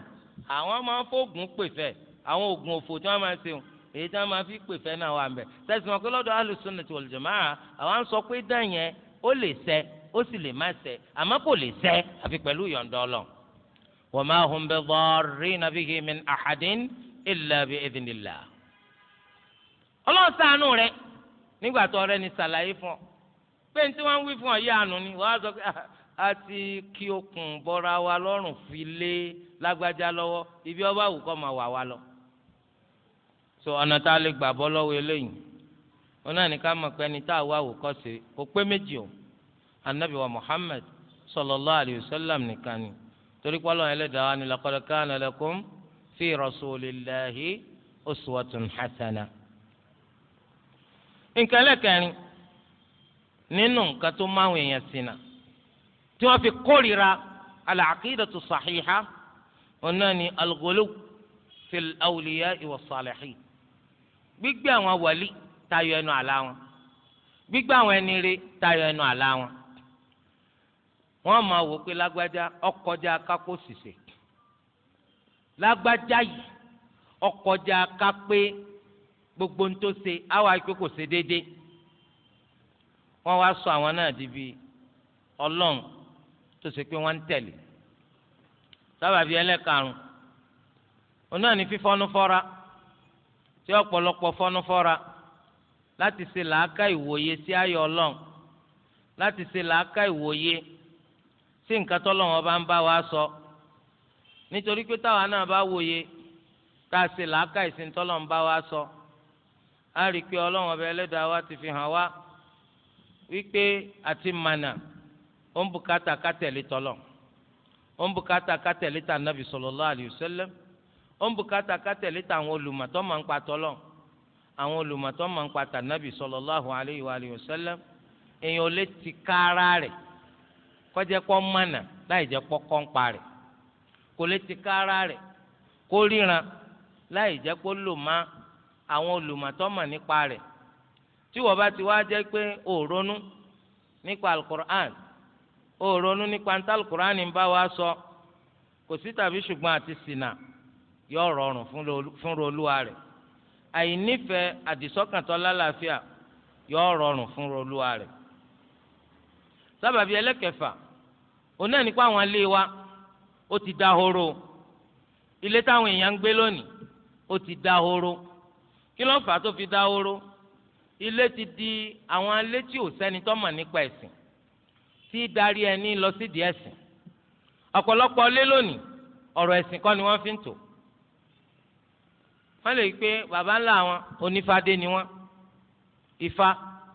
[SPEAKER 1] àwọn máa ń fóògùn pèfẹ́ àwọn oògùn òfò tí wọ́n máa ń ṣe èyí tí wọ́n máa fi pèfẹ́ náà wà mẹ́ sẹ́sìn wọn pé lọ́dọ̀ alùsùnìtì olùjọ́mọ́ra àwọn ń sọ pé dán yẹn ó lè ṣẹ ó sì lè má ṣẹ àmọ́ kò lè ṣẹ àfi pẹ̀lú yọ̀ǹda Ọlọ́run wa ma hum bidarrina bihi min ahadin illa bi idhnillah Ọlọ́run ṣàánú rẹ nígbà tó ọrẹ ni ṣàlàyé fún ọ pé ní tí wọ́n ń wí fún ọ̀yẹ́ àánú ni wọ́n á sọ pé ah, a ti kí okùn bọ́ra wa lọ́rùn fi lé lágbájá lọ́wọ́ ibi ọba àwù kọ́ máa wà wá lọ. so ọ̀nà tá a lè gbà bọ́ lọ́wọ́ eléyìí wọn náà ní ká mọ̀ pé ẹni tá a wá àwù kọ́ sí kò pé méjì o anabi wa Muhammad sallallahu alayhi wa sallam nìkan ni torí pọ́lọ́ ẹlẹ́dàá wa ni laqad kana lakum fi rasulillahi uswatun hasana. nǹkan ẹlẹ́kẹ̀rin nínú nǹkan tó máwọn èèyàn ṣìnà tí wọ́n fi kórìíra al-aqidatu sahiha wọn náà ní al-ghulu fil awliya'i was-salihin gbígbé àwọn wàlí tayọ ẹnu àlá wọn gbígbé àwọn ẹni rè tayọ ẹnu àlá wọn wọ́n máa wò pé lágbájá ọkọjá kákó ṣìṣe lágbájá yìí ọkọjá kápé gbogbo ń tó ṣe àwọn àìpé kò ṣe déédéé wọ́n wá sọ àwọn náà di bíi ọlọ́run tó ṣe pé wọ́n ń tẹ̀lé sábàbí ẹlẹ́karùn òun náà ní fífọ́nú fọ́ra tí ọ̀pọ̀lọpọ̀ fọ́nú fọ́ra láti ṣe làákà ìwòye sí ayọ̀ ọlọ́run láti ṣe làákà ìwòye sí nǹkan tọ́lọ́wọ́n bá ń bá wa sọ nítorí pé táwa náà bá wòye tá a ṣe làákà ìsìn tọ́lọ́wọ́n bá wa sọ á rí i pé ọlọ́run ọba ẹlẹ́dàá wa ti fi hàn wá wípé àti mànà ó ń bùkátà ká tẹ̀lé tọ́lọ̀ ó ń bùkátà ká tẹ̀lé tà nàbì sallallahu alayhi wa sallam ó ń bùkátà ká tẹ̀lé tà àwọn olùmọ̀tọ́ máa ń pa tọ́lọ̀ àwọn olùmọ̀tọ́ máa ń pa tà nàbì sallallahu alayhi wa sallam èèyàn ò lè ti ká ara rẹ̀ kọjá pọ́ mànà láì jẹ́ pọ́ kọ́ńpa rẹ̀ kò lè ti ká ara rẹ̀ kó ríran láì jẹ́ pọ́ lò má àwọn olùmọ̀tọ́ mọ̀ nípa rẹ̀ tí wọ́n bá ti wá jẹ́ pé ò ronú nípa alukur'an ò ronú nípa níta alukur'an ń bá wa sọ kò sí tàbí ṣùgbọ́n àti ṣìnà yóò rọrùn fún rolúwa rẹ̀ àìnífẹ̀ẹ́ àdìsọ́kàntọ́ lálàáfíà yóò rọrùn fún rolúwa rẹ̀ sábàbí ẹlẹ́kẹ̀fà òun náà nípa àwọn ilé wa ó ti dahoro ilé táwọn èèyàn ń gbé lónìí ó ti dahoro kí ló fà tó fi dahoro ilé ti di àwọn ilé tí ò sẹ́ni tó mọ̀ nípa ẹ̀sìn tí darí ẹni lọ sídìí ẹ̀sìn ọ̀pọ̀lọpọ̀ ilé lónìí ọ̀rọ̀ ẹ̀sìn kọ́ ni wọ́n fi ń tò wọ́n lè pé baba ńlá wọn onífadé ni wọ́n ifá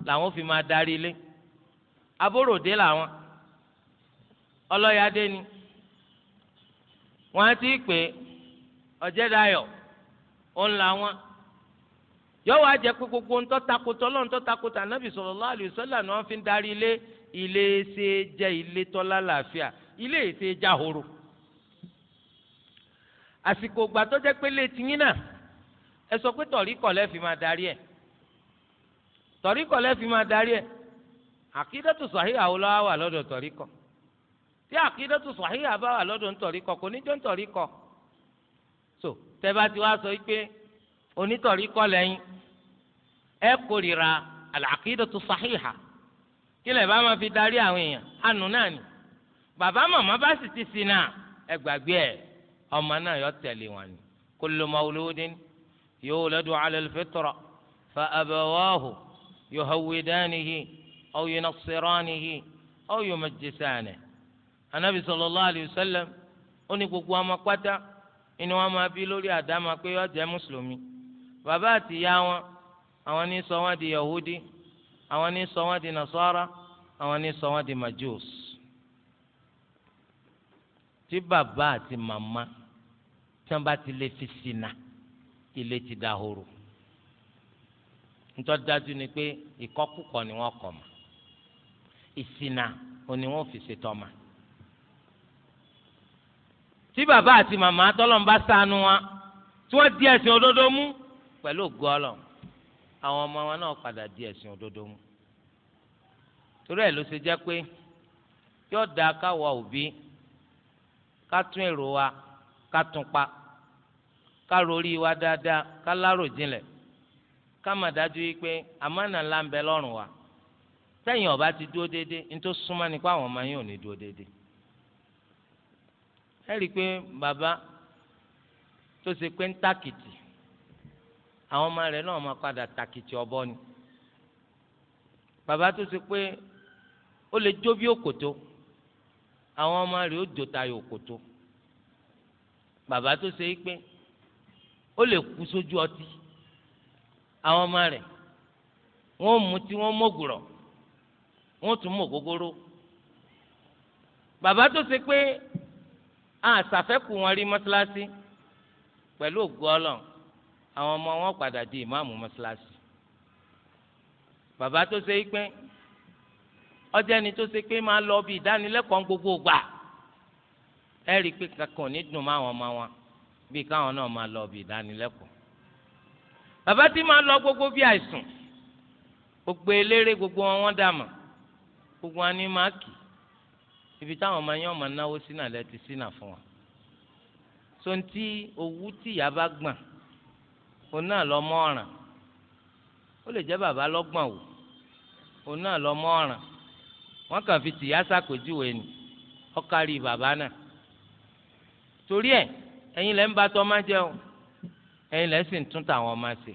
[SPEAKER 1] làwọn fi máa darí ilé abóròdé làwọn ọlọ́yàdé ni wọ́n á ti pè ọ̀jẹ̀dayọ̀ òun làwọn yóò wá jẹ́ pé gbogbo ń tọ́tako tọ́lọ́ ń tọ́tako tà nábì sallallahu alaihi wasallam ni wọ́n fi ń darí ilé ilé ṣe jẹ́ ilé tọ́lá làáfíà ilé ètè jáhoro. àsìkò ìgbà tó jẹ́ pé létí yín náà ẹ sọ pé tọ̀ríkọ̀ lẹ́ fi máa darí ẹ̀ tọ̀ríkọ̀ lẹ́ fi máa darí ẹ̀ àkídọ́tù sàhíhà wo lọ́wọ́ wà lọ́dọ̀ tọ̀ríkọ̀ tí àkídọ́tù sàhíhà so tẹ́ bá ti onítọ̀rí kọ́ lẹ́yìn ẹ kórìíra al-aqidatu sahiha kílẹ̀ bá máa fi darí àwọn èèyàn àánú náà ni bàbá màmá bá sì ti sin náà ẹ gbàgbé ẹ ọmọ náà yọ tẹ̀lé wọn ni kullu mawludin yuladu ala al-fitra fa abawahu yuhawwidanihi aw yunassiranihi aw yumajjisanihi anabi sallallahu alayhi wa ó ní gbogbo ọmọ pátá inú wọn máa bí lórí àdámà pé yọ jẹ́ mùsùlùmí bàbá àtìyá wọn àwọn ní sọ wọn di yahudi àwọn ní sọ wọn di nasara àwọn ní sọ wọn di majus tí bàbá àti màmá tí wọn bá ti lè fi ṣìnà ilé ti dahoro ntọ́ dájú ni pé ìkọ́kùkọ ni wọ́n kọ̀ mọ́ ìṣìnà òní wọ́n fi ṣètọ́ mọ́ tí bàbá àti màmá tọ́lọ́mùbá ṣàánú wa tí wọ́n di ẹ̀sìn òdodo mú pẹ̀lú gọ́ọ̀lọ̀ àwọn ọmọ wọn náà padà di ẹ̀sìn òdodo mu torí ẹ̀ ló ṣe jẹ́ pé yóò da káwa òbí ká tún èrò wa ká tún pa ká rorí wa dáadáa ká lárò jinlẹ̀ ká mà dájú yìí pé àmánà ńlá ń bẹ lọ́rùn wa sẹ́yìn ọba ti dúró déédéé nítorí súnmọ́ ni pé àwọn ọmọ yín ò ní dúró déédéé ẹ rí i pé bàbá tó ṣe pé ń tàkìtì àwọn ọmọ rẹ̀ náà máa padà tàkìtì ọ̀bọ ni bàbá tó ṣe pé ó lè jó bí òkòtó àwọn ọmọ rẹ̀ ó jó tayọ òkòtó bàbá tó ṣe pé ó lè kú sójú ọtí àwọn ọmọ rẹ̀ wọ́n mú tí wọ́n mọ̀gùrọ̀ wọ́n tún mọ̀ gógóró bàbá tó ṣe pé àṣàfẹ́kù wọn rí mọ́ṣáláṣí pẹ̀lú ògùn ọlọ́run àwọn ọmọ wọn padà di ìmáàmù mọ́ṣáláṣí bàbá tó ṣe é pé ọjọ́ ẹni tó ṣe pé máa lọ bí ìdánilẹ́kọ̀ọ́ gbogbo gbà ẹ rí i pé kankan ní dùn máwọn ọmọ wọn bí káwọn náà máa lọ bí ìdánilẹ́kọ̀ọ́ bàbá tí máa lọ gbogbo bí àìsùn gbogbo eléré gbogbo wọn wọn dààmú gbogbo wọn ní máàkì ibi táwọn ọmọ yẹn ọmọ náwó sínà lẹ ti sínà fún wọn so ntí owó tí ìyá bá gbọ̀n òun náà lọ mọ ọ̀ràn ó lè jẹ́ bàbá lọ́gbọ̀n wò òun náà lọ mọ ọ̀ràn wọ́n kàn fi tìyà sàpèjúwe ni ọkàrí bàbá náà torí ẹ̀ ẹ̀yin lẹ́ ń bá tọ́ máa jẹ́ o ẹ̀yin lẹ́ sì ń tún tàwọn máa ṣe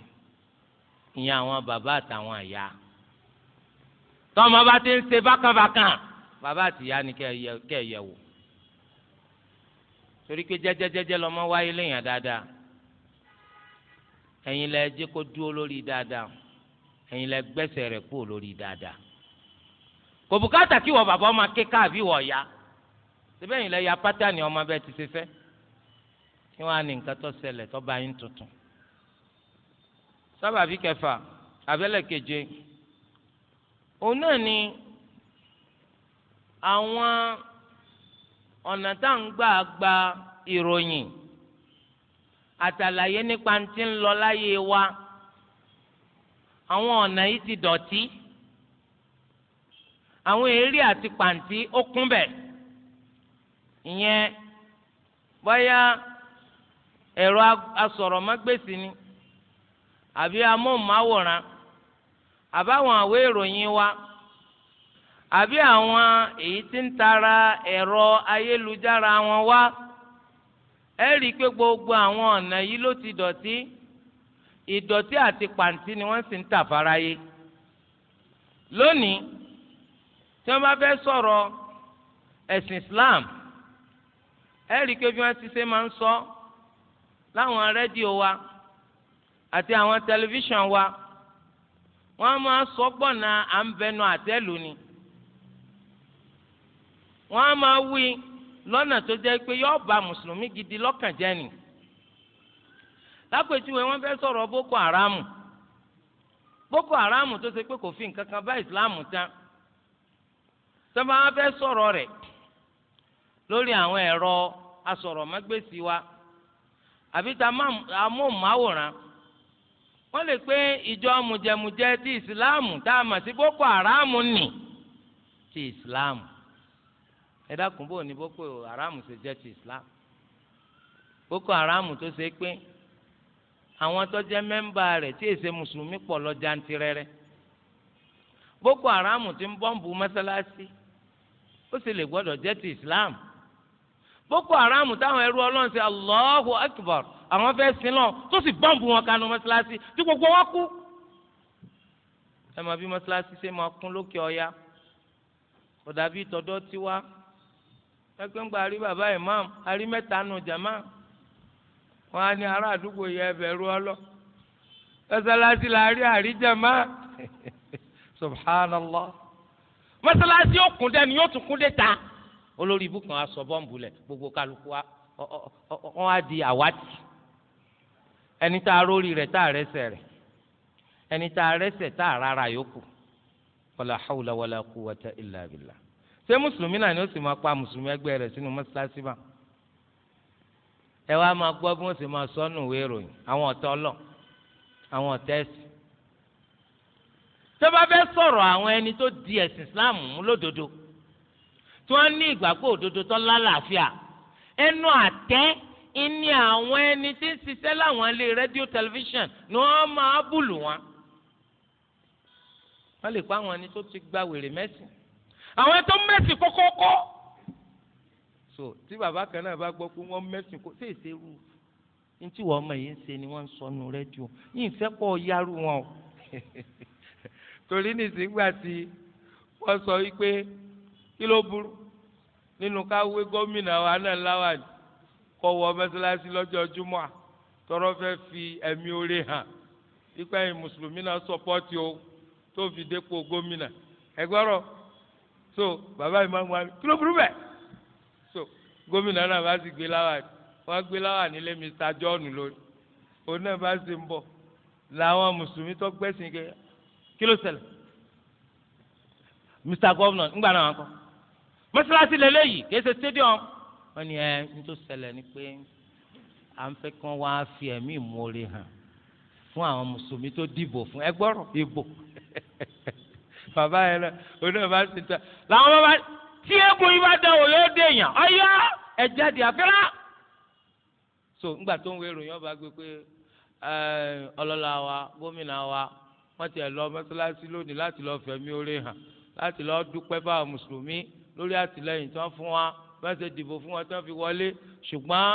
[SPEAKER 1] ìyẹn àwọn bàbá àtàwọn àyà tọ́mọ bá ti ń ṣe bákànbákàn bàbá àtìyá ni kẹ́ ẹ yẹ̀ wò torí pé jẹ́jẹ́jẹ́jẹ́ lọ́mọ wáyé léèyàn dáadáa ẹ̀yin lẹ jẹ́ kó dúró lórí dáadáa ẹ̀yin lẹ gbẹ́sẹ̀ rẹ̀ kúrò lórí dáadáa kò bùkátà kí wọ́n bàbá ọmọ kéka àbí wọ̀ ya síbẹ̀ ẹ̀yin lẹ ya pátánì ọmọ bẹ́ẹ̀ ti ṣe fẹ́ kí wọ́n á ní nǹkan tó ṣẹlẹ̀ tó bá yín tuntun sábàbí kẹfà abẹ́lẹ̀ keje òun náà ni àwọn ọ̀nà tá à ń gbà gba ìròyìn. àtàlàyé nípa ti ń lọ láyé wa àwọn ọ̀nà yìí ti dọ̀tí àwọn eré àti pàǹtí ó kún bẹ̀ ìyẹn bóyá ẹ̀rọ asọ̀rọ̀mágbèsì ni àbí amóhùnmáwòrán àbáwọn àwé ìròyìn wa àbí àwọn èyí tí ń tara ẹ̀rọ ayélujára wọn wá. Wa ẹ rí i pé gbogbo àwọn ọ̀nà yìí ló ti dọ̀tí ìdọ̀tí àti pàǹtí ni wọ́n sì ń tà fáráyé lónìí tí wọ́n bá fẹ́ sọ̀rọ̀ ẹ̀sìn Islam ẹ rí i pé bí wọ́n ti ṣe máa ń sọ láwọn rédíò wa àti àwọn tẹlifíṣàn wa wọ́n máa sọ gbọ̀nà à ń bẹnu àtẹ́lù ni wọ́n máa wí. lọ́nà tó jẹ́ pé yọ́ọ́ ba mùsùlùmí gidi lọ́kàn jẹ́ ni lápèjúwe wọ́n fẹ́ sọ̀rọ̀ boko haram boko haram tó ṣe pé kò fi nǹkan kan bá ìsìláàmù tán sọ́ba wọ́n fẹ́ sọ̀rọ̀ rẹ̀ lórí àwọn ẹ̀rọ asọ̀rọ̀mágbèsì wa àbíta ta amóhùnmáwòrán wọ́n lè pé ìjọ mùjẹmùjẹ ti ìsìláàmù tá a mọ̀ sí boko haram nì ti ìsìláàmù ẹ dákun bò boko haram ṣe jẹ́ ti islam boko haram tó ṣe pé àwọn tó jẹ́ mẹ́ńbà rẹ̀ tí èsè mùsùlùmí pọ̀ lọ jantirẹrẹ boko haram ti ń bọ́ǹbù mọ́sálásí ó sì lè gbọ́dọ̀ jẹ́ ti islam boko haram táwọn ẹrú ọlọ́run ṣe allahu akbar àwọn fẹ́ sin lọ tó sì bọ́ǹbù wọn kanu mọ́sálásí tí gbogbo wọn kú ẹ mọ bí mọ́sálásí ṣe máa kún lókè ọya kò dàbí tọ́dọ̀ tiwa ẹgbẹ́ ń gba àrí bàbá imam àrí mẹ́ta nù jàmá wọn á ní ará àdúgbò yẹ ẹbẹ̀rù ọlọ mọ́sálásí la rí àrí jàmá subhanallah mọ́sálásí yóò kún dẹ́ni yóò tún kún dé ta olórí ibú kan aṣọ bọ́ǹbù lẹ̀ gbogbo kálukú wa wọ́n á di àwátì ẹni tá a rórí rẹ̀ tá a rẹ́sẹ̀ rẹ̀ ẹni tá a rẹ́sẹ̀ tá a rárá yòókù wàlá hawla wàlá quwwata illa billah ṣé mùsùlùmí náà ni ó sì máa pa mùsùlùmí ẹgbẹ́ rẹ̀ sínú mọ́ṣáláṣí bá ẹ wá máa gbọ́ bí wọ́n sì máa sọ́nù ìwé ìròyìn àwọn ọ̀tá ọlọ́ àwọn ọ̀tá ẹ̀sìn tó bá fẹ́ sọ̀rọ̀ àwọn ẹni tó di ẹ̀sìn Islam mú lódodo tí wọ́n ní ìgbàgbọ́ òdodo tó lálàáfíà ẹnu àtẹ́ ìní àwọn ẹni tí ń ṣiṣẹ́ láwọn ilé rédíò tẹlifíṣàn ni wọ́n máa bùlù wọn. wọ́n lè pa àwọn ẹni tó ti gba wèrè mẹ́sìn àwọn ẹtọ́ mẹ́sìn kọ́kọ́kọ́ so tí bàbá kan náà bá gbọ́ pé wọ́n mẹ́sìn kó sí ìṣerú ní tí wọ́n ọmọ yìí ṣe ni wọ́n ń sọ nu rédíò yìí ń fẹ́ pọ̀ yárú wọn o torí nìsígbà tí wọ́n sọ wípé kí ló burú nínú ká gómìnà wa náà láwàní kọ́ wọ mẹ́sàlásí lọ́jọ́ júmọ́ à tọrọ fẹ́ fi ẹ̀mí oore hàn ipa ẹ̀yin mùsùlùmí náà sọpọ́tì o tó fi dépò gómìnà ẹgbẹ́rọ so bàbá yìí máa ń wá kí ló burú bẹ̀ so gómìnà náà bá sì gbé láwà wọn gbé láwà nílé Mr John lónìí òun náà bá sì ń bọ̀ làwọn mùsùlùmí tó gbẹ́sìn kẹ kí ló ṣẹlẹ̀ Mr Governor ńgbà náà wọn kọ́ mọ́sálásí lélẹ́yìí kì í ṣe stadium wọ́n ní ẹ nítorí ṣẹlẹ̀ ni pé à ń fẹ́ kí wọ́n wá fi ẹ̀mí ìmoore hàn fún àwọn mùsùlùmí tó dìbò fún ẹgbọ́rọ̀ ìbò bàbá yẹn náà òun náà bá ti tẹ làwọn bàbá tí egbò yìí bá dán wò yóò dé èèyàn ọyọ ẹ jáde àfẹ́rẹ́ so ńgbà tó ń wé ìròyìn ọba gbé pé ọlọ́lá wa gómìnà wa wọ́n ti ẹ̀ lọ mọ́sálásí lónìí láti lọ fẹ̀mí oore hàn láti lọ dúpẹ́ báwọn mùsùlùmí lórí àtìlẹ́yìn tí wọ́n fún wa wọ́n ṣe dìbò fún wọn tí wọ́n fi wọlé ṣùgbọ́n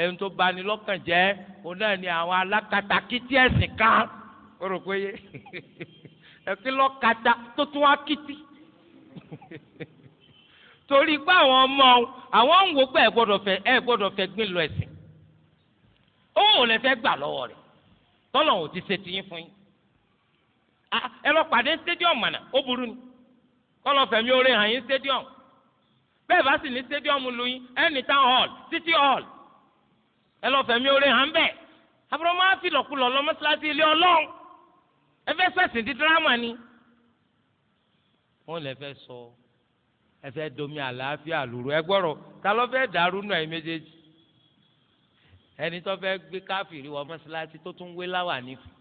[SPEAKER 1] ẹni tó bani lọ́kàn jẹ́ òun náà ni àwọn alákatakítí ẹ̀sìn kan ó rò pé ẹ̀kí lọ́kadà tó tún wá kìtì torí pé àwọn ọmọ àwọn ń wò pé ẹ gbọ́dọ̀ fẹ́ ẹ gbọ́dọ̀ fẹ́ gbé lọ ẹ̀sìn ó ò lè fẹ́ gbà lọ́wọ́ rẹ̀ tọ́lọ̀ ò ti ṣe tiyín fún yín ẹ lọ pàdé stadium mọ̀nà ó burú ni kọ́lọ̀ fẹ̀mí oore hàn yín stadium bẹ́ẹ̀ bá sì ní stadium lu yín ẹnì town hall city hall ẹ lọ fẹ̀mí oore hàn bẹ́ẹ̀ àbúrò máa fi lọ́kùlọ̀ lọ mọ́ṣáláṣí ilé ọlọ́run ẹ fẹ́ sẹ̀sìn di dírámà ni. wọ́n lè fẹ́ sọ ẹ domi àlàáfíà lóru ẹ gbọ́rọ̀ ta ló fẹ́ dàrú nù ẹ méjèèjì ẹni tó fẹ́ gbé káfíìrì wọ mọ́ṣáláṣí tó tún wé láwàní fún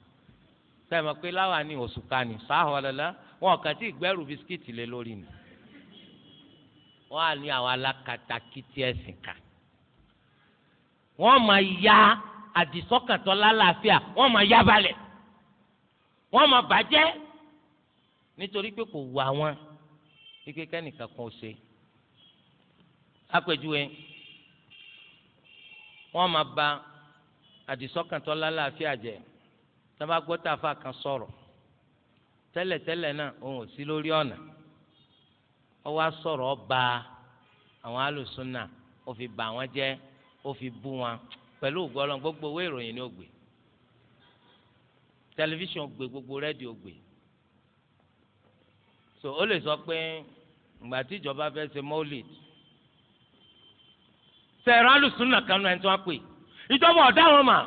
[SPEAKER 1] sẹ́mi pé láwàní òṣùká ni sáhọ́ lọ́la wọn kàn tí ìgbẹ́rù bisikíìtì lé lórí ni wọ́n á ní àwọn alákatakítí ẹ̀sìn ká wọ́n máa ya àdìsọ́kàntọ́ lálàáfíà wọ́n máa ya balẹ̀ wọ́n máa bàjẹ́ nítorí pé kò wà wọn pípé kẹ́nìkan kan ó ṣe àpèjúwe wọ́n máa ba àdìsọ́kàntọ́ lálàáfíà jẹ́ tábà gbọ́ tàfà kan sọ̀rọ̀ tẹ́lẹ̀tẹ́lẹ̀ náà òun ò sí lórí ọ̀nà ó wá sọ̀rọ̀ ba àwọn alùsùnà ó fi bà wọ́n jẹ́ ó fi bú wọn pẹ̀lú ògbọ́lọ́ gbogbo owó ìròyìn ni ó gbé tẹlifíṣàn gbé gbogbo rédíò gbé so ó lè sọ pé ìgbà tí ìjọba fẹ́ ṣe mọ́lìd sẹ̀rọ alùsùn náà kanú ẹni tó wá pè ìjọba ọ̀dá wọn mà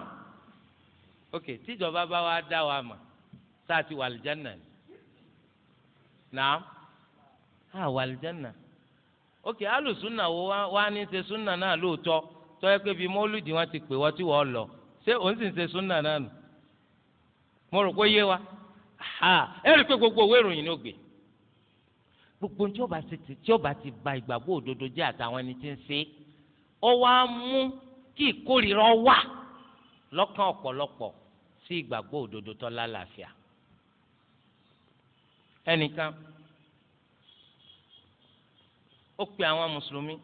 [SPEAKER 1] ok tí ìjọba bá wá dá wa mà sáà ti wà lìjánà ni nàá a wà lìjánà ok alùsùn náà wá ní ṣe súnà náà lóòótọ́ tọ́ ẹ pé bíi mọ́lìd wọn ti pè wọ́n tí wọ́n lọ ṣé òun sì ń ṣe súnà náà nù mo rò pé yé wa ẹ rí i pé gbogbo òwe ìròyìn ló gbé gbogbo tí ọba ti tí ọba ti ba ìgbàgbọ́ òdodo jẹ́ àtàwọn ẹni tí ń ṣe ọ wá mú kí ìkórìíra wà lọ́kàn ọ̀pọ̀lọpọ̀ sí ìgbàgbọ́ òdodo tó lálàáfíà ẹnìkan ó pe àwọn mùsùlùmí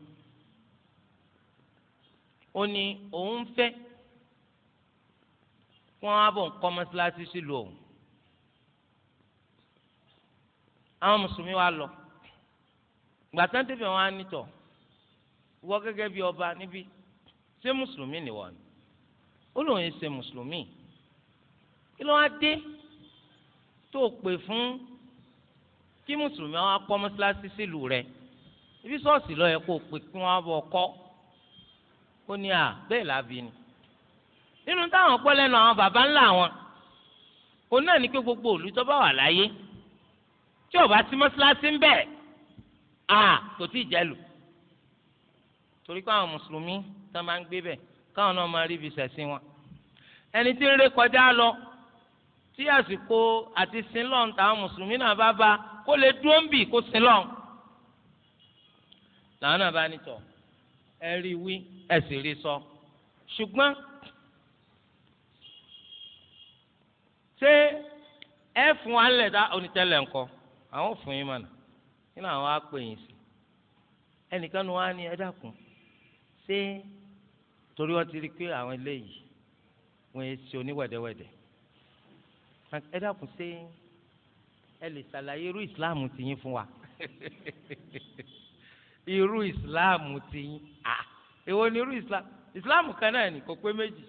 [SPEAKER 1] ó ní òun fẹ́ wọn á bọ̀ nǹkan mọ́ṣáláṣí sílùú òun àwọn mùsùlùmí wa lọ gbàtà débi wọn á wọ gẹ́gẹ́ bí ọba níbí ṣé mùsùlùmí ni wọn ó lóun ṣe mùsùlùmí kí ló wá dé tó pè fún kí mùsùlùmí wọn á kọ́ mọ́ṣáláṣí sílùú rẹ̀ ibi ṣọ́ọ̀ṣì ló yẹ kó o pè kí wọ́n bọ̀ kọ́ ó ní à bẹ́ẹ̀ làbí ni nínú táwọn pọ́ lẹ́nu àwọn baba ńlá wọn òun náà ní pé gbogbo òlú tó bá wà láyé tí ò bá sí mọ́ṣáláṣí ń bẹ̀ à kò tí ì jẹ́lu torí pé àwọn mùsùlùmí tó máa ń gbé bẹ̀ káwọn náà máa rí ibi sẹ̀sìn wọn ẹni tí ń ré kọjá lọ tí àsìkò àti sinlọ́n táwọn mùsùlùmí náà bá bá kó lè dúró ń bì kó sinlọ́n làwọn náà bá nítọ̀ ẹ rí wí ẹ sì rí sọ ṣùgbọ́n. ṣé ẹ fún wa lẹ̀ dá onítẹ̀lẹ̀ ńkọ àwọn fún yín mọ̀nà kí ni àwọn á pè yín sí ẹnìkan ni wọn á ní ẹ dákun ṣé torí wọn ti rí i pé àwọn eléyìí wọn ẹ ṣe oníwẹ̀dẹ̀wẹ̀dẹ̀ ẹ dákun ṣé ẹ lè ṣàlàyé irú ìsìláàmù ti yín fún wa irú ìsìláàmù ti yín à èwo ni irú ìsìláàmù kan náà ni kò pé méjì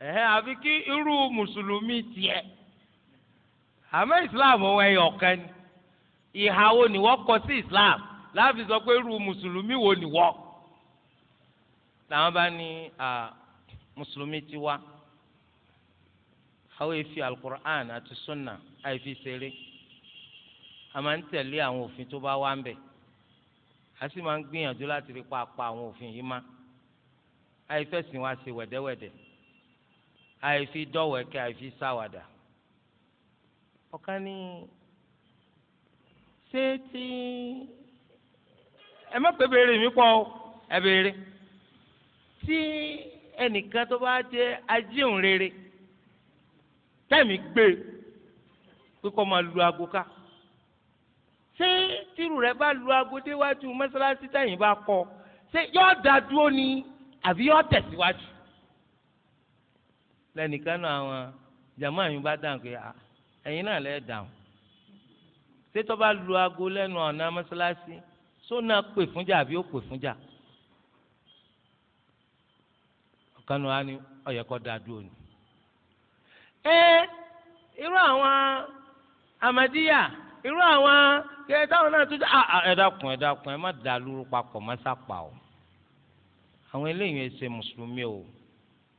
[SPEAKER 1] ẹ̀hẹ́ àfi kí irú mùsùlùmí tiẹ̀ àmọ́ islam wọn ẹ̀yọ̀ ọ̀kan ni ìhà wo ni wọ́n kọ sí islam láàfin sọ pé irú mùsùlùmí wo ni wọ́n làwọn bá ní mùsùlùmí ti wá àwọn èéfì alukur'an àti sunna àìfi sèré, a máa ń tẹ̀lé àwọn òfin tó bá wá ń bẹ̀ a sì máa ń gbìyànjú láti rí pa apá àwọn òfin yìí má àìfẹ̀sìn wa ṣe wẹ̀dẹ́wẹ̀dẹ́. àìfi dọ́wẹ̀kẹ́ àìfi sáwàdà ọ̀kan ní ṣé tí ẹ má pé béèrè mi pọ̀ ẹ béèrè tí ẹnìkan tó bá jẹ́ ajíhùn rere tẹ̀mí gbé pé kó máa lu aago ká ṣé tírù rẹ bá lu aago déwájú mọ́sálásí tẹ̀yìn bá kọ ṣé yóò dá dúró ni àbí yóò tẹ̀síwájú lẹ́nìkan náà àwọn jàmọ́ àyùn bá dáhùn pé ah, ẹ̀yin náà lẹ́ẹ̀ dáhùn sétọ́ bá lu aago lẹ́nu ọ̀nà mọ́sálásí sóná pè fúnjà àbí ó pè fúnjà ọ̀kan náà ni ọ̀yẹ̀kọ́ da dúró ni. ẹ irú àwọn amadiya irú àwọn kẹ táwọn náà tún ah, ah, ẹ dákun ẹ ẹ má dàlú papọ̀ má sápà o àwọn eléyìí ẹ mùsùlùmí o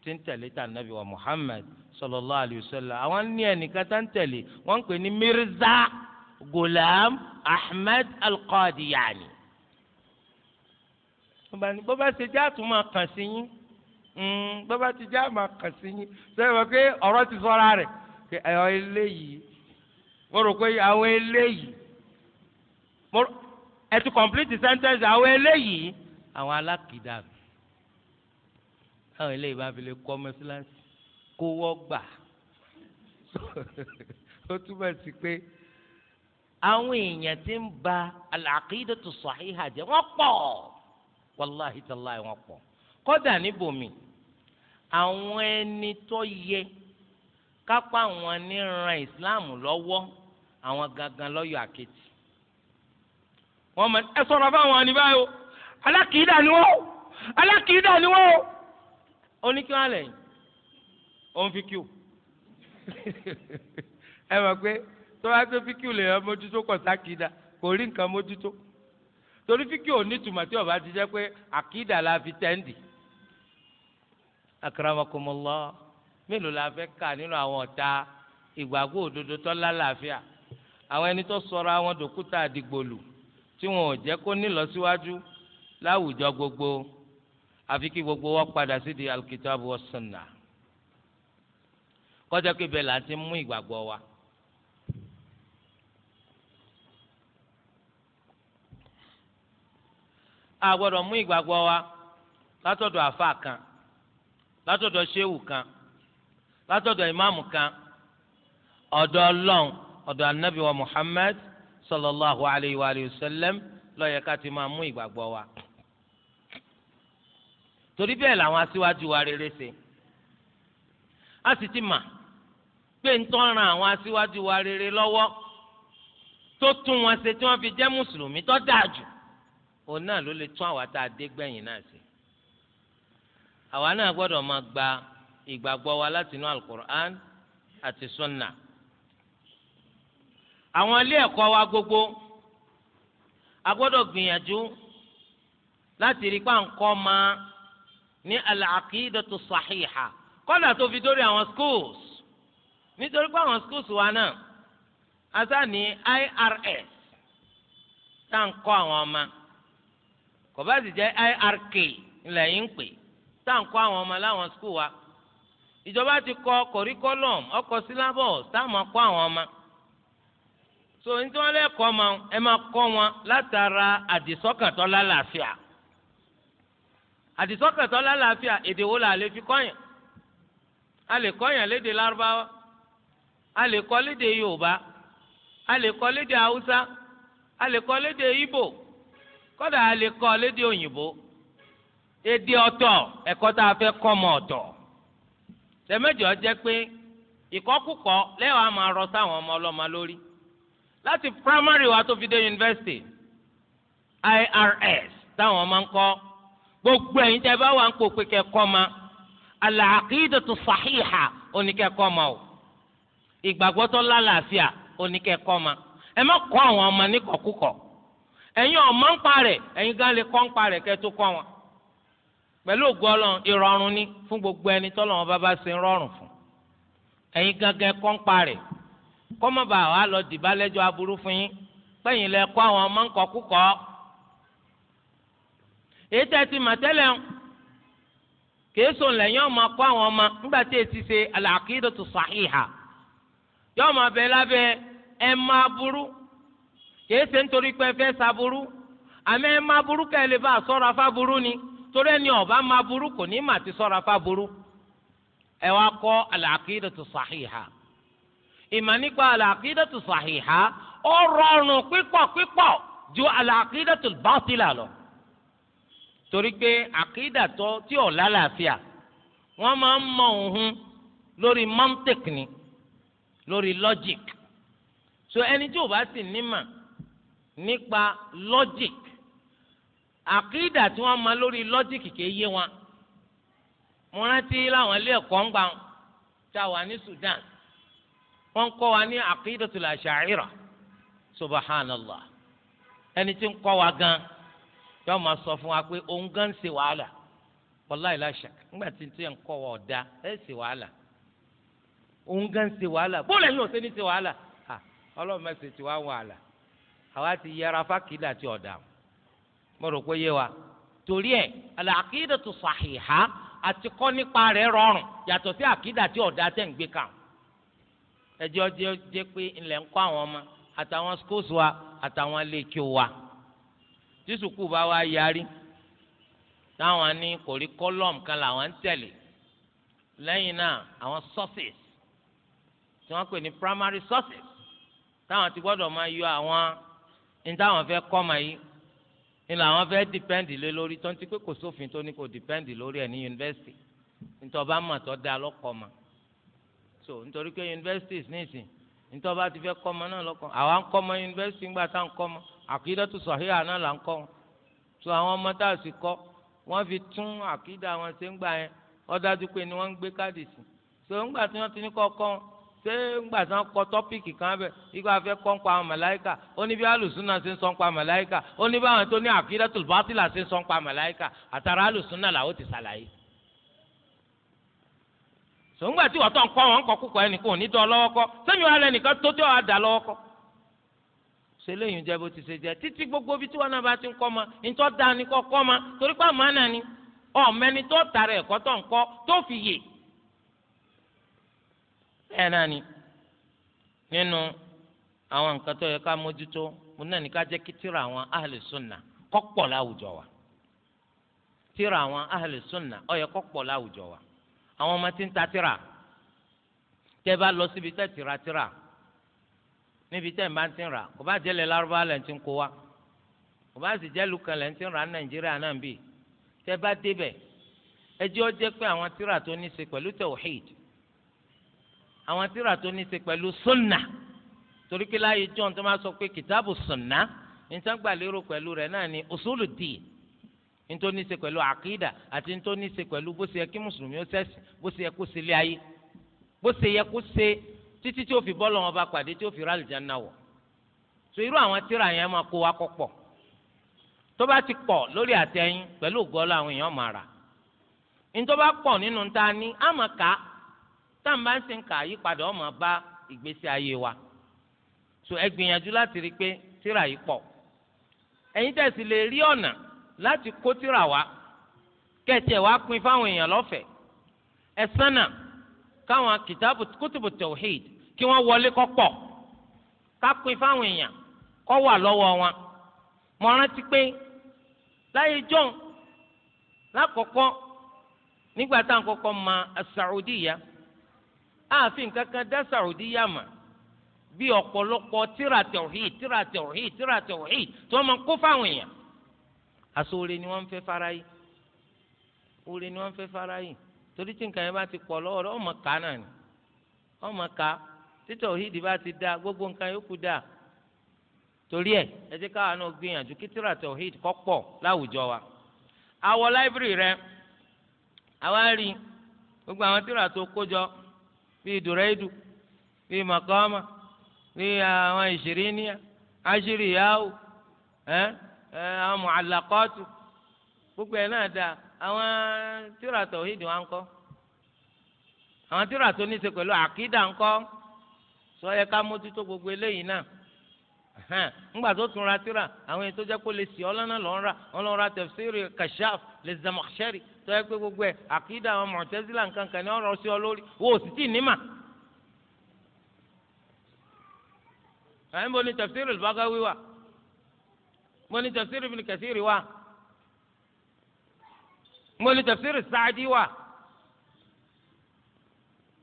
[SPEAKER 1] tí ń tẹ̀lé ta nàbì wa Muhammad sallallahu alayhi wa sallam àwọn ní ẹnìkan tá ń tẹ̀lé wọ́n ń pè ní Mirza Gulam Ahmed Al-Qadiyani. bó bá ṣe jẹ́ àtúmọ̀ kàn sí yín hmm, bó bá ti jẹ́ àmọ̀ kàn sí yín sẹ́yìn wọ́n pé ọ̀rọ̀ ti sọ́ra rẹ̀ pé ẹ̀yọ́ eléyìí mo rò pé àwọn eléyìí ẹ ti complete sentence àwọn eléyìí àwọn alákìdá táwọn eléyìí bá fi lè kọ́ mọ́sálásí kó wọ́ gbà ó túmọ̀ sí pé àwọn èèyàn ti ń ba al-aqidatu sahiha jẹ́ wọ́n pọ̀ wàláhi tàláhi wọ́n pọ̀ kódà níbòmí àwọn ẹni tó yẹ kápá àwọn níran Islam lọ́wọ́ àwọn gangan lọ́yọ̀ àkẹ́tì wọ́n mọ̀ ẹ sọ̀rọ̀ fáwọn àníbáyò alákìídà ni wọ́n alákìídà ni wọ́n oníkí wọn lẹ́yìn òun fi kíw ẹ mọ̀ pé tó bá tó fi kíw lè yàn mójútó kọ̀ sákìdá kò rí nǹkan mójútó torí fi kíw ní tùmọ̀ tí ọba ti jẹ́ pé àkìdá la fi tẹ́ǹdì akramakumullah mélòó la fẹ́ kà nínú àwọn ọ̀tá ìgbàgbọ́ òdodo tó lálàáfíà àwọn ẹni tó sọra àwọn dòkúta àdìgbòlù tí wọn ò jẹ́ kó nílọsíwájú láwùjọ gbogbo àfi kí gbogbo wa padà sí di alkitabu wa sunna kọjá pé bẹ́ẹ̀ là ń ti mú ìgbàgbọ́ wa. a gbọ́dọ̀ mú ìgbàgbọ́ wa látọ̀dọ̀ àfa kan látọ̀dọ̀ ṣéwù kan látọ̀dọ̀ ìmáàmù kan ọ̀dọ̀ ọlọ́run ọ̀dọ̀ anabi wa muhammad sallallahu alayhi wa sallam ló yẹ ká ti máa mú ìgbàgbọ́ wa torí bẹ́ẹ̀ làwọn aṣíwájú wa rere ṣe a sì ti mà pé ń tọ́ àwọn aṣíwájú wa rere lọ́wọ́ tó tún wọn ṣe tí wọ́n fi jẹ́ mùsùlùmí tó dáa jù òun náà ló lè tún àwa tá a dé gbẹ̀yìn náà ṣe àwa náà gbọ́dọ̀ máa gba ìgbàgbọ́ wa látinú alukur'an àti sunna àwọn ilé ẹ̀kọ́ wa gbogbo a gbọ́dọ̀ gbìyànjú láti rí pa nǹkan máa ní al sahiha kọ́dà tó fi dórí àwọn schools nítorí pé àwọn schools wa náà IRS tá à ń kọ́ àwọn ọmọ kò bá IRK ńlẹ̀ yín pè tá à ń kọ́ àwọn ọmọ láwọn wa ìjọba ti kọ curriculum ọkọ syllabus tá à máa kọ́ àwọn ọmọ so ní tí wọ́n ẹ máa kọ́ wọn látara àdìsọ́kàn tó lálàáfíà. àdìsọ́kẹ̀tọ́ lálàáfíà èdè wo là lè fi kọ́yàn a lè kọ́yàn léde lárúbáwá a lè kọ́ léde yorùbá a lè kọ́ léde haúsá a lè kọ́ léde ìbò kódà a lè kọ́ léde òyìnbó èdè ọ̀tọ̀ ẹ̀kọ́ tá a fẹ́ kọ́ mọ ọ̀tọ̀ tẹ̀mẹ́jọ jẹ́ pé ìkọ́kùkọ lẹ́wọ̀n a máa rọ sáwọn ọmọ ọlọ́mọ lórí láti primary wa tó fi dé yunifásitì IRS táwọn ọmọ ń kọ́ gbogbo ẹ̀yin tẹ bá wà ń pòpè kẹ́kọ́ ma al-aqidatu sahiha oníkẹ́kọ́ ma o ìgbàgbọ́ tó lálàáfíà oníkẹ́kọ́ ma ẹ má kọ́ àwọn ọmọ níkọ̀kúkọ̀ ẹ̀yin ọmọ ń parẹ̀ ẹ̀yin gan lè kọ́ ń parẹ̀ kẹ́ tó kọ́ wọn pẹ̀lú ìrọ̀rùn ni fún gbogbo ẹni bá bá rọrùn fún ẹ̀yin gangan kọ́ ń parẹ̀ lọ aburú fún yín pẹ́yìn lẹ kọ́ àwọn ọmọ e tẹ́ ti mà ń kèésò lẹ́yìn ọmọ akọ àwọn ọmọ nígbà tí ṣe sahiha yóò máa bẹ lábẹ́ ẹ máa burú kèésè nítorí pé ẹ fẹ́ sa burú àmọ́ ẹ máa burú kẹ́ ni torí ẹni ọba máa burú kò ní mà ti sọ́ra fá burú ẹ wá kọ́ ìmọ̀ nípa ó torí pé àkídà tó tí ò lálàáfíà wọ́n máa ń mọ òun lórí mantik ni lórí logic so ẹni tí ò bá sì nímà nípa logic àkídà tí wọ́n máa lórí logic kìí yé wọn mo rántí láwọn ilé ẹ̀kọ́ ń gbà tá a wà ní Sudan wọ́n ń kọ́ wa ní àkídà tó la ṣàìrà subahánàlá ẹni tí ń kọ́ wa gan-an yóò máa sọ fún wa pé òun gan ń ṣe wàhálà wàláì láṣà ńgbà tí tí ẹ̀ ń kọ́ wa ọ̀dà ẹ̀ ṣe wàhálà òun gan ń ṣe wàhálà bóòlù ẹ̀yin ò ṣe ní ṣe wàhálà ọlọ́run mẹ́sẹ̀ tí wàá wàhálà àwa ti yẹra fákìlì àti ọ̀dà mo rò pé yé wa torí ẹ̀ al-aqidatu sahiha àti kọ́ nípa rẹ̀ rọrùn yàtọ̀ sí àkídà tí ọ̀dà tẹ̀ ń gbé kàn ẹjọ́ jẹ́ pé ńlẹ̀ ń kọ́ àwọn ọmọ àtàwọn schools wa àtàwọn ilé wa tí sùkúù bá wá yarí táwọn ní kòríkọ́lọ́m kan làwọn ń tẹ̀lé lẹ́yìn náà àwọn sources tí wọ́n pè ní primary sources táwọn ti gbọ́dọ̀ máa yọ àwọn ní táwọn fẹ́ kọ́ máa yí ní làwọn fẹ́ dìpẹ́ǹdì lé lórí tó ń ti pé kò sófin tó ní kò dìpẹ́ǹdì lórí ẹ̀ ní yunifásitì nítorí ọba mà tó da lọ́kọ̀ ma so nítorí pé yunifásitì nísìn nítorí ọba ti fẹ́ kọ́ ma náà lọ́kọ̀ àwa ń kọ́ ma yunifásitì ńgbà tá à ń kọ́ ma àkídàtú sọ̀híà náà là ń kọ́ tó àwọn ọmọ tá a sì kọ́ wọ́n fi tún àkídà wọn ṣe ń gbà yẹn ó dájú pé ni wọ́n ń gbé káàdì sí so ńgbà tí wọ́n ti ní kọ́kọ́ ṣé ńgbà tí wọ́n kọ tọ́pìkì kan bẹ̀ ikú afẹ́ kọ́ ń pa àwọn màláìkà ó ní bí alùsùnà ṣe ń sọ ń pa màláìkà ó ní bí àwọn tó ní àkídàtú bátìlà ṣe ń sọ ń pa màláìkà àtàrà alùsùnà làwọn ti ṣàlàyé so ńgbà tí wọ́n tọ̀ ń kọ́ wọn kọ́ kúkọ́ ṣe léyìn jẹ bó ti ṣe jẹ títí gbogbo bí tí wọn náà bá ti ń kọ́ ma ntọ́ da ni kọ́ kọ́ ma torí pé àmọ́ náà ni ọ̀mẹ́ni tó tara ẹ̀kọ́ tó ń kọ́ tó fi yè ẹ̀ náà ni nínú àwọn nǹkan tó yẹ ká mójútó mo náà ní ká jẹ́ kí tíra àwọn ahli sunna kó pọ̀ láwùjọ wa tíra àwọn ahli sunna ó yẹ kó pọ̀ láwùjọ wa àwọn ọmọ tí ń ta tíra tẹ́ bá lọ síbi tẹ́ tíra. tíra níbi tẹ́ ẹ̀ bá ti ń rà kò bá jẹ́lẹ̀ lárúbá lẹ̀ ti ń kó wa kò bá sì jẹ́lu kan lẹ̀ ti ń rà nàìjíríà náà bì tẹ́ bá débẹ̀ ẹjẹ́ ọjẹ́ pé àwọn tíra tó ní ṣe pẹ̀lú tawhid àwọn tíra tó ní ṣe pẹ̀lú sunna torí pé láàyè john tó máa sọ pé kìtàbù sunna níta gbà lérò pẹ̀lú rẹ̀ náà ni usulu din nítorí ní ṣe pẹ̀lú àkídà àti nítorí ní ṣe pẹ̀lú bó ṣe yẹ kí mùsùlùmí ó ṣẹ̀sìn bó ṣe yẹ kó ṣe lé ayé bó ṣe yẹ kó ṣe títí tí ó fi bọ́ọ̀lù wọn bá pàdé tí ó fi rálì jáná wọ̀ so irú àwọn tíra yẹn máa kó wa kọ́ pọ̀ tó bá ti pọ̀ lórí àtẹ̀yìn pẹ̀lú ògọ́lọ́ àwọn èèyàn máa rà nítorí bá pọ̀ nínú ta ni á máa kà á tá à ń bá ń sìn kà á yípadà ọ̀ máa bá ìgbésí ayé wa so ẹ gbìyànjú láti rí i pé tíra yìí pọ̀ ẹ̀yin tẹ̀sí lè rí ọ̀nà láti kó tíra wa kẹ̀tì ẹ̀ wá pín fáwọn èèyàn lọ́fẹ̀ẹ́ ẹ̀ sánà káwọn kìtàbù kùtùbù tawhid kí wọ́n wọlé kó pọ̀ fáwọn èèyàn kó wà lọ́wọ́ wọn mo rántí pé láyé jọ́n lákọ̀ọ́kọ́ nígbà tá à ń ma Saudiya ààfin kankan dá bí tíra tawhid tíra tawhid tíra tawhid tí wọ́n máa kó fáwọn èèyàn ni fara yìí torí tí nǹkan yẹn bá ti pọ̀ lọ́wọ́ rẹ̀ ọmọ ká náà ni ọmọ ká títọ̀ òhídìí bá ti dá gbogbo nǹkan yòókù dá torí ẹ jẹ́ káwa náà gbìyànjú kí tíra wa. awọ láìbírì rẹ àwa gbogbo àwọn tíra tó kójọ bíi dùrẹ́dù bíi màkọ́mà bíi gbogbo náà àwọn tíra tọ̀hídì wa ń kọ́ àwọn tíra tó ní í ṣe pẹ̀lú àkídà ń kọ́ sọ yẹ ká mójútó gbogbo eléyìí náà ńgbà tó tún ra tíra àwọn èyí tó jẹ́ kó lè sì ọ́ lọ́n ra wọn ra tafsiri kashaf lè zamaxẹ́rì tó yẹ pé gbogbo ẹ̀ àkídà àwọn mọ̀tẹ́sílà nǹkan kan ní ọ̀rọ̀ sí ọ lórí wo ò sì tì ní mà. àyìnbó ni tafsiri al-Baghawi wà ni tafsiri ibn Kathiri wà mo lè tafsiri Saadi wa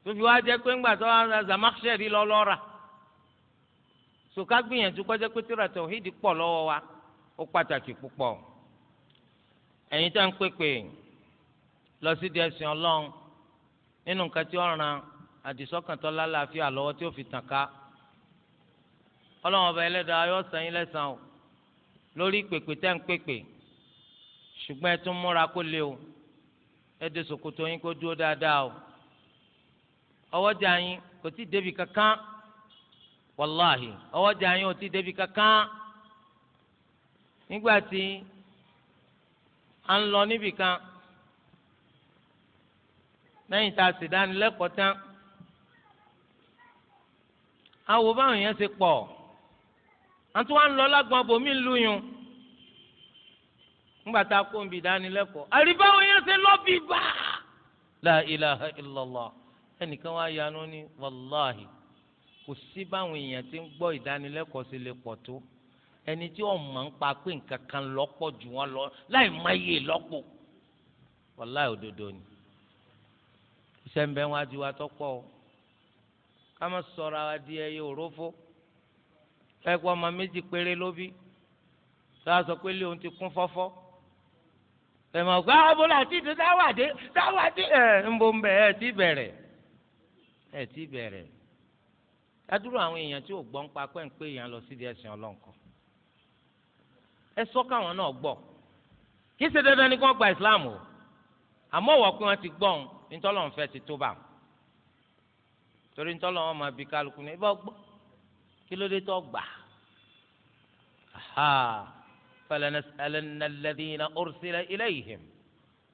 [SPEAKER 1] tóbi wá jẹ́ pé ńgbà tó Zamakhshari lọ lọ́ra sòká gbìyànjú kọjá pé tíra tauhidi pọ̀ lọ́wọ́ wa ó pàtàkì púpọ̀ ẹ̀yin tá ń pèpè lọ sí di ẹ̀sìn Ọlọ́run nínú nǹkan tí ó ràn àdìsọ́kàntọ́ lálàáfíà lọ́wọ́ tí ó fi tàn ká Ọlọ́run ọba ẹlẹ́dàá yóò san yín lẹ́san o lórí ìpèpè tẹ́ ń pèpè. ṣùgbọ́n ẹ tún múra kó lé o ẹ dé ṣòkòtò yín kó dúró dáadáa o ọwọ́jà yín kò tí débi kankan wàláhì ọwọ́jà yín ò tí débi kankan nígbà tí a ń lọ níbì kan lẹ́yìn tá a sì dánilẹ́kọ̀ọ́ tán bòmí ń ńgbà tá a kó nbí ìdánilẹ́kọ̀ọ́ àríbá wọn yẹn ṣe lọ́bì bá la ilaha illallah ẹnìkan wá yanu ní wàláhì kò sí báwọn èèyàn ti ń gbọ́ ìdánilẹ́kọ̀ọ́ sí lè pọ̀ tó ẹni tí wọn ń pa pé nǹkan kan lọ́pọ̀ jù wọ́n lọ láì má yé lọ́pọ̀ wàláhì òdodo ni iṣẹ́ ń bẹ wọn adi o ká má sọ̀rọ̀ àwọn adìẹ yẹ òrófó ọmọ méjì ẹ mọ̀ pé abúlé ah, àti ìdí táwàdé táwàdé ẹ̀ ń bọ̀ ń bẹ̀ ẹ̀ ti bẹ̀rẹ̀ ẹ̀ ti bẹ̀rẹ̀ adúrò àwọn èèyàn tí ò gbọ́ ń pa pẹ́ ń pé èèyàn lọ sídìí ẹ̀sìn ọlọ́nkọ ẹ sọ káwọn náà gbọ́ kí ṣe dandan ni kí wọ́n gba Islam o àmọ́ wọ̀ pé wọ́n ti gbọ́n nítọ́lọ́n fẹ́ ti tó bá torí nítọ́lọ́n wọn máa bi kálukú ní ibà gbọ́ kí ló dé tó gbà فلنسألن الذين أرسل إليهم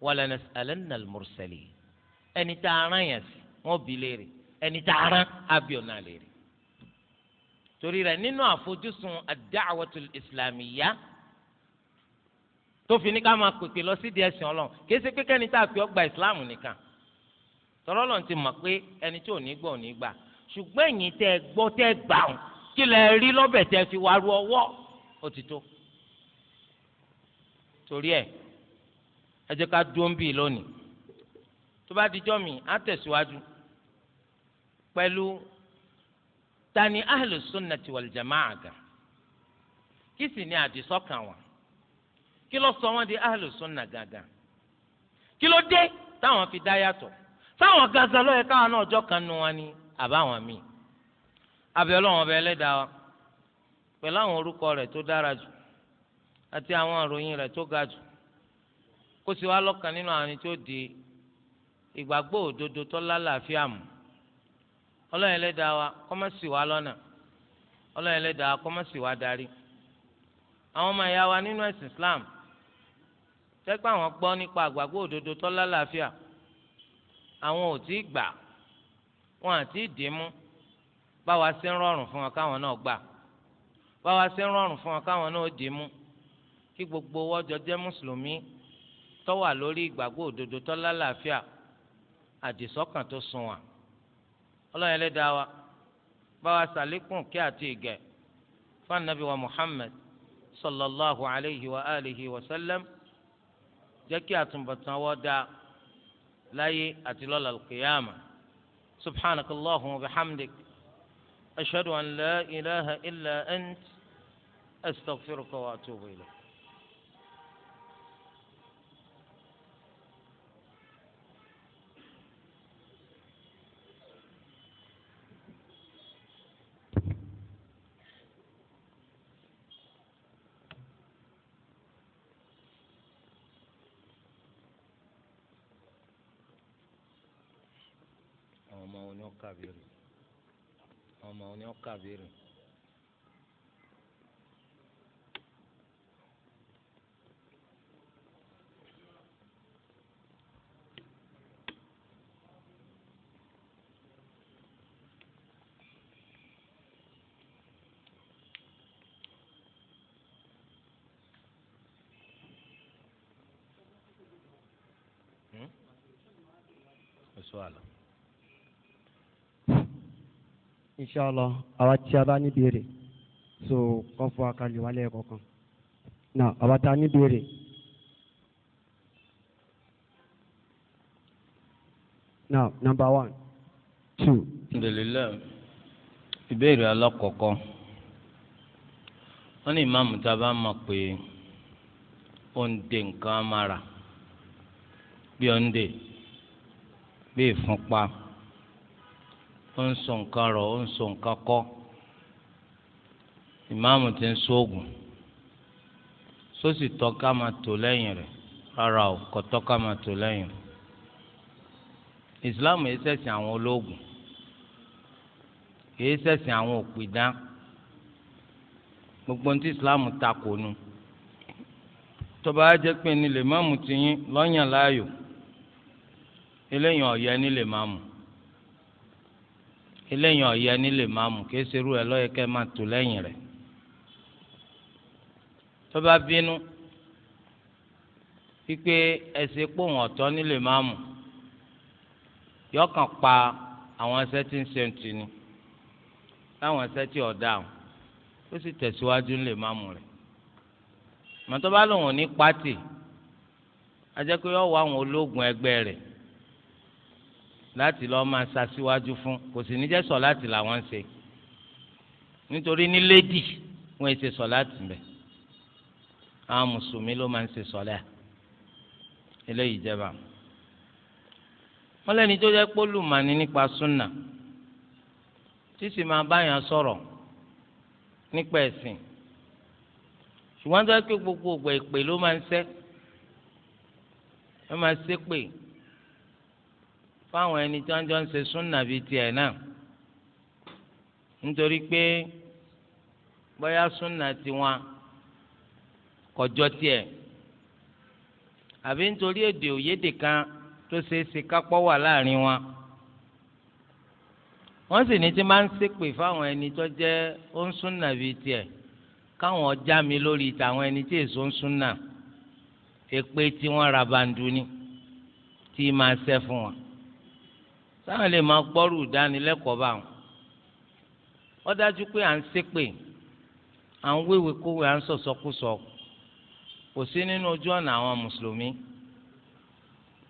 [SPEAKER 1] ولنسألن المرسلين ẹni tá a rán yẹn sí wọn bi léèrè ẹni tá a rán abiona léèrè torí rẹ̀ nínú àfojúsùn ad-da'watul islamiyya tó fi ní ká máa pèpè lọ sídìí ẹ̀sìn Ọlọ́run kì í ṣe pé kẹ́ni tá a fi ọgbà ìsìláàmù nìkan tọrọ lọ́n ti mọ̀ pé ẹni tí ò ní gbọ́ ò ní gbà ṣùgbọ́n ẹ̀yin tẹ́ ẹ gbọ́ gbà ọ́n kí lẹ rí lọ́bẹ̀ tẹ́ fi wá ru ọwọ́ òtítọ́ torí ẹ̀ ẹ jẹ́ ká dúró ń bì lónìí tó bá dijọ́ mi á tẹ̀síwájú pẹ̀lú tani ahlu sunnati wal jama'a gan kí sì ni àdìsọ́kàn wọn kí ló sọ wọn di ahlu sunna gangan kí ló dé táwọn fi dá yàtọ̀ táwọn gangan ló káwọn náà ọjọ́ kan nu wọn ni àbáwọn míì abẹ́ ọlọ́wọ́n ọbẹ̀ ẹlẹ́dàá wa pẹ̀lú àwọn orúkọ rẹ̀ tó dára jù àti àwọn àròyìn rẹ̀ tó ga jù kó sì wá lọ́kàn nínú àwọn tó di ìgbàgbọ́ òdodo tó lálàáfíà mú ọlọ́run ẹlẹ́dàá wa kó má ṣì wá lọ́nà ọlọ́run ẹlẹ́dàá wa kó má ṣì wá darí àwọn ọmọ ìyá wa nínú ẹ̀sìn Islam tẹ́gbẹ́ àwọn gbọ́ nípa àgbàgbọ́ òdodo tó lálàáfíà àwọn ò tí ì gbà wọn àti ìdìmú báwa ṣe ń rọrùn fún wọn káwọn náà gbà báwa ṣe ń rọrùn fún wọn káwọn náà dìmú kí gbogbo wọ́jọ jẹ́ mùsùlùmí tó wà lórí ìgbàgbọ́ òdodo tó lálàáfíà àdìsọ́kàn tó sunwọ̀n ọlọ́run ẹlẹ́dàá wa bá wa sàlékún kí àti ìgẹ̀ fún anabi wa muhammed sallallahu alayhi wa alihi wa sallam jẹ́ kí àtúbọ̀tán wọ́n dá láyé àti lọ́la alqiyama subhanak allahumma wa bihamdik ashhadu an la ilaha illa ant astaghfiruka wa o a mão mal nem o cabelo. Hum? Pessoal. inshallah awa tí a so kàn fún akalẹ̀ wálé
[SPEAKER 2] na àwa tá a number one two.
[SPEAKER 1] alhamdulillah ìbéèrè alákọ̀ọ́kọ́ wọ́n ní ìmáàmù tá a bá mọ̀ pé ó ń de nǹkan amára bí ó ń ó ń sọ nǹkan rọ̀ ó ń sọ nǹkan kọ́ ìmáàmù ti ń sóògùn sósì tọ́ka máa tò lẹ́yìn rẹ̀ rárá o kò tọ́ka máa tò lẹ́yìn rẹ̀ ìsìláàmù yìí ṣẹ̀sìn àwọn ológun yìí ṣẹ̀sìn àwọn òpìdán gbogbo ní ti ìsìláàmù takò nu tọba ajẹ́ pé ní lè máàmù ti yín lọ́yàn láàyò eléyìí ọ̀yẹ́ ní lè máàmù eléyìí ọ̀yẹ́ nílé máa mú kí eserú ẹ lọ́yẹ̀ kẹ́ máa tò lẹ́yìn rẹ̀ tó bá bínú wípé ẹsẹ̀ pò wọ́n ọ̀tọ́ nílé máa mú yọkàn pa àwọn ẹsẹ tí ń ṣe ti ni táwọn ẹsẹ tí ọ̀dà àwọn ó sì tẹ̀síwájú nílé máa mú rẹ̀ mọ̀tọ́ bá lòun ní pátì ajẹ́ pé yọ wọ àwọn ológun ẹgbẹ́ rẹ̀ láti lọ́ọ́ máa ṣaṣíwájú fún kò sì ní jẹ́ sọ̀láàtì làwọn ń ṣe nítorí ní lédì wọ́n ń ṣe sọ̀láàtì mbẹ́ àwọn mùsùlùmí ló máa ń ṣe sọ̀láà eléyìí jẹba wọ́n lẹ́ni tó jẹ́ pólùmọ̀ọ́nì nípa súnà tí sì máa báyàn sọ̀rọ̀ nípa ẹ̀sìn ṣùgbọ́n tó yẹ kí gbogbo ògbà ìpè ló máa ń ṣe ló máa ń ṣépè. fáwọn ẹni tí jọ ń ṣe súnà bíi tiẹ̀ náà nítorí pé bóyá súnà tiwọn kọjọ tiẹ̀ àbí nítorí èdè òyédè kan tó ṣeé ṣe kápọ́ wà láàrin wọn wọ́n sì ní tí máa ń fáwọn ẹni tó jẹ́ ó ń súnà bíi káwọn mi lórí tàwọn ẹni tí èso ń súnà èpè rabandu ni tí máa sáwọn lè máa gbọ́rù ìdánilẹ́kọ̀ọ́ bá wọn. ó dájú pé à ń ṣépè à ń wéwèé kówèé à ń sọ̀sọ́kúsọ kò sí nínú ojú ọ̀nà àwọn mùsùlùmí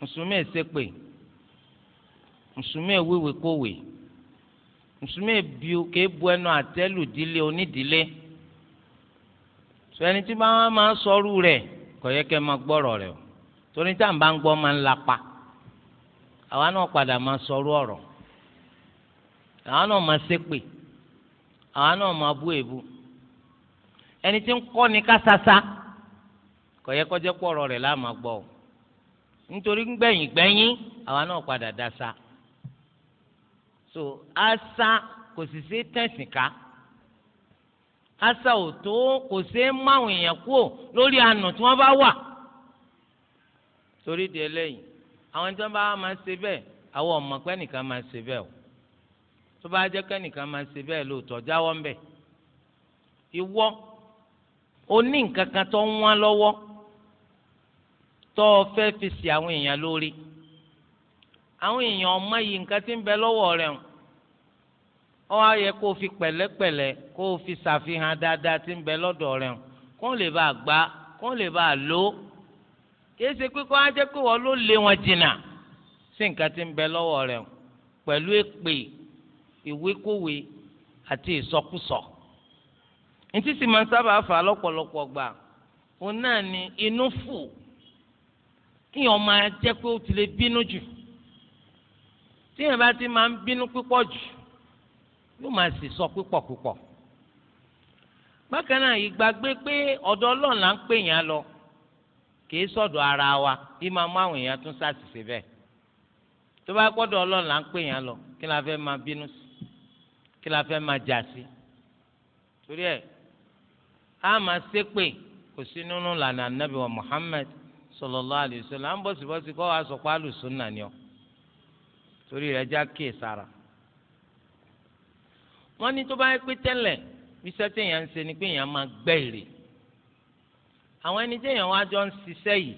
[SPEAKER 1] mùsùlùmí è ṣépè mùsùlùmí è wéwèé kówèé mùsùlùmí kèé bu ẹnu àtẹ́lù dílé onídìílé sọ ẹni tí bá wọn máa sọrú rẹ̀ kò yẹ kẹ́ máa gbọ́rọ̀ rẹ̀ o torí tá bá ń gbọ́ máa ń lapa. àwa náà padà máa sọ̀rọ̀ ọ̀rọ̀ àwa náà máa sépè, àwa náà máa bú èbú ẹni tí ń kọ́ ni kásásá kò yẹ kó jẹ́ pọ̀rọ̀ rẹ̀ láàmà gbọ́ ọ nítorí gbẹ̀yìn gbẹ̀yìn àwa náà padà dasa. so asa kò sì ṣe tẹ̀sìn ká àṣà ò tó kò ṣe máwùn èèyàn kúò lórí àná tí wọ́n bá wà torí di eléyìí àwọn ẹni tó bá wà máa ṣe bẹ́ẹ̀ àwọn ọmọ pé nìkan máa ṣe bẹ́ẹ̀ o tó bá jẹ́ pé nìkan máa ṣe bẹ́ẹ̀ lóòótọ́ jáwọ́ ń bẹ̀ ìwọ o ní nǹkan kan tó ń wá lọ́wọ́ tó o fẹ́ fi ṣe àwọn èèyàn lórí àwọn èèyàn ọmọ yìí nǹkan tí ń bẹ lọ́wọ́ rẹ̀ o ó wá yẹ kó o fi pẹ̀lẹ́pẹ̀lẹ́ kó o fi ṣàfihàn dáadáa tí ń bẹ lọ́dọ̀ rẹ̀ o kó o lè bá a gbá kó o lè bá a lò kìí ṣe pé kó á jẹ́ pé wọ́n ló lé wọn jìnnà sí nǹkan tí ń bẹ lọ́wọ́ rẹ̀ pẹ̀lú èpè ìwékòwé àti ìsọkúsọ. ntí sì máa ń sábà fà lọ́pọ̀lọpọ̀ gbà òun náà ni inú fù kíyàn máa jẹ́ pé ó ti lè bínú jù tíyàn bá ti máa ń bínú pípọ̀ jù yóò máa sì sọ pípọ̀ pípọ̀. bákan náà ìgbàgbé pé ọ̀dọ̀ ọlọ́run là ń pè yàn lọ kìí sọ̀dọ̀ ara wa kí máa mú àwọn èèyàn tún ṣàṣìṣe bẹẹ tó bá gbọ́dọ̀ ọlọ́run là ń pè yàn lọ kí la fẹ́ máa bínú sí kí la máa jà sí torí ẹ á máa ṣépè kò sí nínú lànà nàbì wa Muhammad sallallahu alaihi wasallam à ń bọ̀sibọ́sí kọ́ wa sọ pé ọ torí já sára ní tó bá yẹ pé ń ṣe ni àwọn ẹni tí èèyàn wá jọ ń ṣiṣẹ́ yìí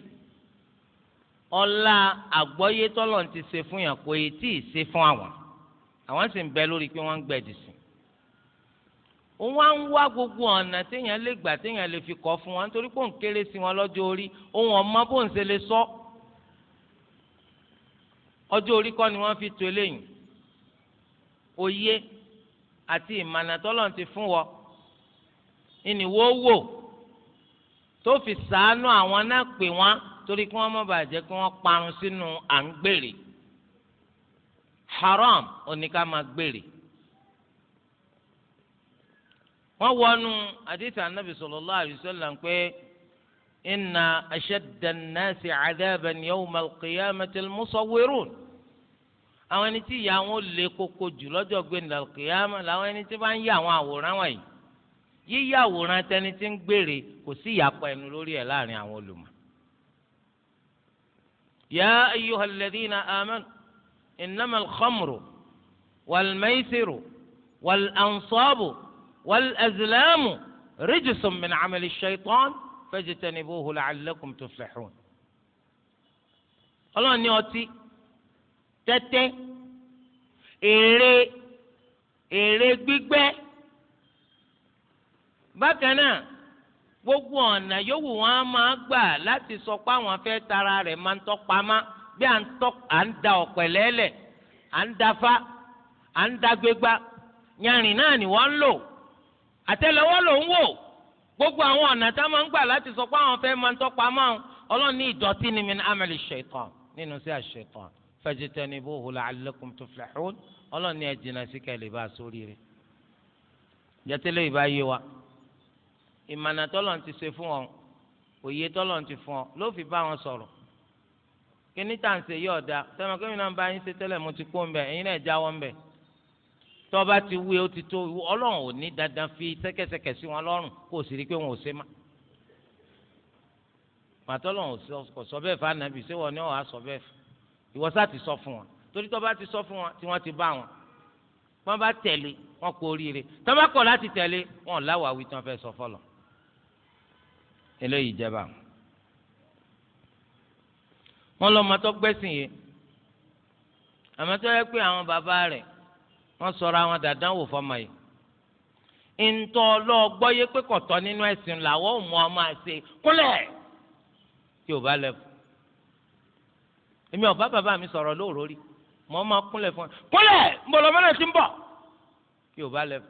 [SPEAKER 1] ọlá àgbọ́yé tọ́lọ̀ ti ṣe fún yàn kò yìí tí ì ṣe fún àwọn àwọn sì ń bẹ lórí pé wọ́n ń gbẹ̀dì sí i wọ́n á ń wá gbogbo ọ̀nà téèyàn lè gbà téèyàn lè fi kọ́ fún wọn nítorí pé òun kéré sí wọn lọ́jọ́ orí òun ọmọ bó ń ṣe lè sọ ọjọ́ orí kọ́ ni wọ́n fi tó eléyìí òye àti ìmọ̀nà tọ́lọ̀ ti fún wọn ìníwó wò tó fi sàánú àwọn náà pè wọn torí kí wọn má bàa jẹ́ kí wọn parun sínú à ń gbèrè haram oníkà máa gbèrè. wọn wọnú àdìsí anabi sallallahu alaihi wasallam pé inna ashadda an-nasi 'adaban yawma al-qiyamati al àwọn ẹni tí ìyá wọn lè koko jù lọ́jọ́ gbẹ̀ndàlùkìyàmà làwọn ẹni tí bá ń yà àwọn àwòrán wọ̀nyí yíyà àwòrán tẹni tí ń gbèrè kò sí ìyapa ẹnu lórí ẹ̀ láàrin àwọn olùmọ̀. yà á ayyuhal ladhina amanu innamal khamru wal maysiru wal ansabu wal azlamu rijsun min amali shaitan fajtanibuhu la'allakum tuflihun. ọlọ́run ní ọtí tẹ́tẹ́ èrè èrè gbígbẹ́ bákan náà gbogbo ọ̀nà yòówù wọn á máa gbà láti sọ pé àwọn fẹ́ tara rẹ̀ máa ń tọ́pamá bí à ń da ọ̀pẹ̀ lẹ́lẹ̀ à ń dafa à ń dagbégbá yanrìn náà ni wọ́n ń lò àtẹ́lẹwọ́ ló ń wò gbogbo àwọn ọ̀nà tá a máa ń gbà láti sọ pé àwọn fẹ́ máa ń tọ́pamọ́ ọlọ́run ní ìdọ̀tí ni min amali shaitan nínú sí àṣetán fajtanibuhu la'allakum tuflihun ọlọ́run ní ẹ̀jìnà sí kẹ́lẹ́ bá a sórí rẹ̀ jẹ́tẹ́lẹ́ ìbá yé wa ìmọ̀nà tọ́lọ̀ ti ṣe fún ọ òye tọ́lọ̀ ti fún ọ ló fi bá wọn sọ̀rọ̀ kíní tà ń ṣe yí ọ̀dà tẹ́lẹ̀ kí nínú bá yín ṣe tẹ́lẹ̀ mo ti kó ń bẹ̀ ẹ̀yin náà jáwọ́ ń bẹ̀ tọ́ba ti wí ó ti tó ọlọ́run ò ní dandan fi sẹ́kẹsẹkẹ̀ sí wọn lọ́rùn kó o sì rí i pé wọn ò ṣe má màtọ́lọ́run kò sọ bẹ́ẹ̀ fún anabi ṣé wọn ni ọ̀ á sọ bẹ́ẹ̀ fún ìwọ sá ti sọ fún wọn torí tọ́ba ti sọ fún wọn tí wọ́n ti bá wọn wọ́n bá tẹ̀lé wọn kò oríire tọ́ba kọ̀ láti tẹ̀lé wọn láwàá wí tí wọ́n fẹ́ sọ fọlọ́ eléyìí jẹba wọn lọmọ tó gbẹ́sìn yìí àmọ́ tó yẹ pé àwọn bàbá rẹ̀ wọ́n sọ̀rọ̀ àwọn dàdánwò fọmọ yìí ntọ́ lọ́gbọ́yé pé kọ̀tọ́ nínú ẹ̀sìn làwọn ò mọ ọmọ àṣẹ kúnlẹ̀ tí ò bá lẹ́fù èmi ọ̀bá bàbá mi sọ̀rọ̀ lóòrò rí mọ́ ọmọ kúnlẹ̀ fún ẹ kúnlẹ̀ mbọ̀lọ́mọ́lẹ̀ ti ń bọ̀ tí ò bá lẹ́fù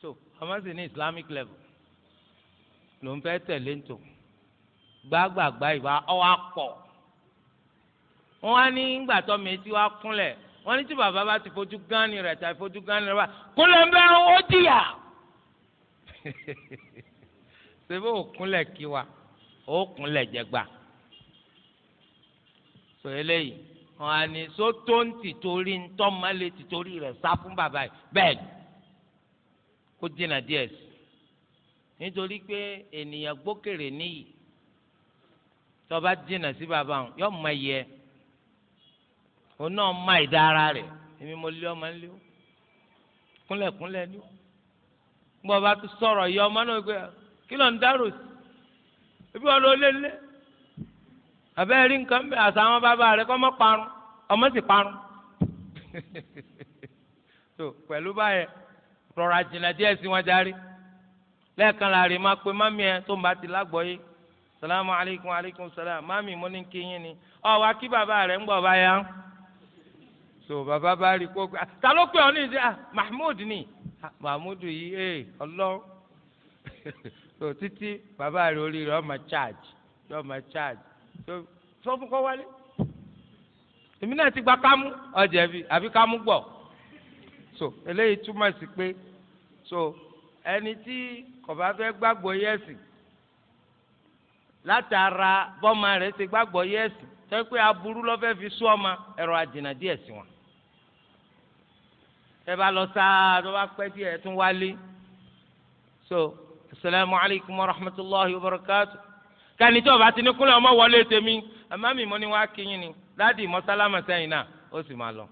[SPEAKER 1] tó ọmọ sì ní Islamic level ló ń fẹ́ tẹ̀lé ntò gbàgbàgbà ìwà ọwọ́ pọ̀ wọ́n á ní ìgbà tó mi ti wá kúnlẹ̀ wọ́n ní tí bàbá bá ti fojú gánni rẹ̀ tàbí fojú gánni rẹ̀ wá kúnlẹ̀ ń bẹ ó jìyà ṣebí òkúnlẹ̀ kí wa òkúnlẹ̀ jẹgba sọ eléyìí wọ́n á ní sótó ń tìtorí ń tọ́ máa lè tìtorí rẹ̀ sá fún bàbá yìí bẹ́ẹ̀ kó jìnnà díẹ̀ sí nítorí pé ènìyàn gbókèrè níyì tó bá jìnnà sí bàbá wọn yóò mọ iyẹ òun náà mọ ìdá ara èmi mo lé ọmọ nílé o kúnlẹ̀kúnlẹ̀ ni o gbọ́dọ̀ bá tún sọ̀rọ̀ yìí ọmọ náà gbé kí ló ń dárò sí ebi wọn lọ lélẹ̀ abẹ́ rí nǹkan bẹ́ẹ̀ àti àwọn bàbá rẹ̀ kọ́ mọ́ parun ọmọ sì parun so pẹ̀lú báyẹn rọra jìnnà díẹ̀ sí wọn járe lẹ́ẹ̀kan láàrin máa pe mami ẹ tó ń bá ti lágbọ́ yìí salamu alaykum alaykum salam mami mo ní kí yín ni ọ wá kí bàbá rẹ̀ ń bọ̀ báyà so bàbá bá rí kó ah, ta ló pè ọ́ ní ìdí ah, mahmood ni ah, mahmood yìí ee eh, ọlọ́ so títí bàbá rẹ̀ orí rẹ̀ ọmọ charge ọmọ charge so sọ fún kọ́ wálé èmi náà ti gba kámú ọjà ẹbí àbí kámú gbọ́ so eléyìí túmọ̀ sí pé so ẹni tí kọba fẹ́ gbàgbọ́ yẹsì látara bọ́mà rẹ̀ ti gbàgbọ́ yẹsì tẹ́ pé aburú fẹ́ fi sú ọmọ ẹ̀rọ àjìnà díẹ̀ sí wọn ẹ bá lọ sáà tó so asalaamu alaykum wa rahmatulahi wa barakatu kàní tí o bá ti ní ọmọ wọlé ni wọ́n ni sẹ́yìn náà ó sì máa lọ.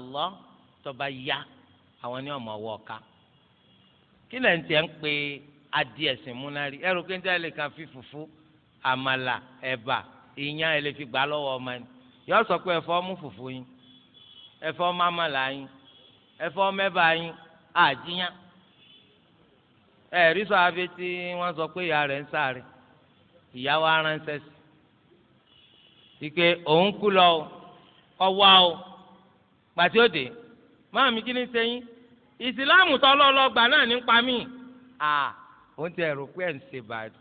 [SPEAKER 1] allah àwọn ni ọmọ wọ kí lẹ́yìn tí ẹ ń pe adìẹ sìn múnárí ẹrù pé níta lè kan fi fùfú àmàlà ẹ̀bà ìyàn ẹ lè fi gbà lọ́wọ́ ọmọ yín yọ sọ pé ẹ̀fọ́ mú fùfú yín ẹ̀fọ́ mámàlà yín ẹ̀fọ́ mẹ́bà yín àjíyàn ẹ̀rí sọ abẹ́ tí wọ́n sọ pé ìyá rẹ̀ ń sáré ìyàwó aránṣẹ́ sí ike òun kú lọ ọwọ́ o pàtí òde máàmí kí ni sẹ́yìn ìsìláàmù tọ́lọ́lọ́gba náà ní pa mí. à òun tẹ ẹ̀rù pé ẹ̀ ń ṣe bàdù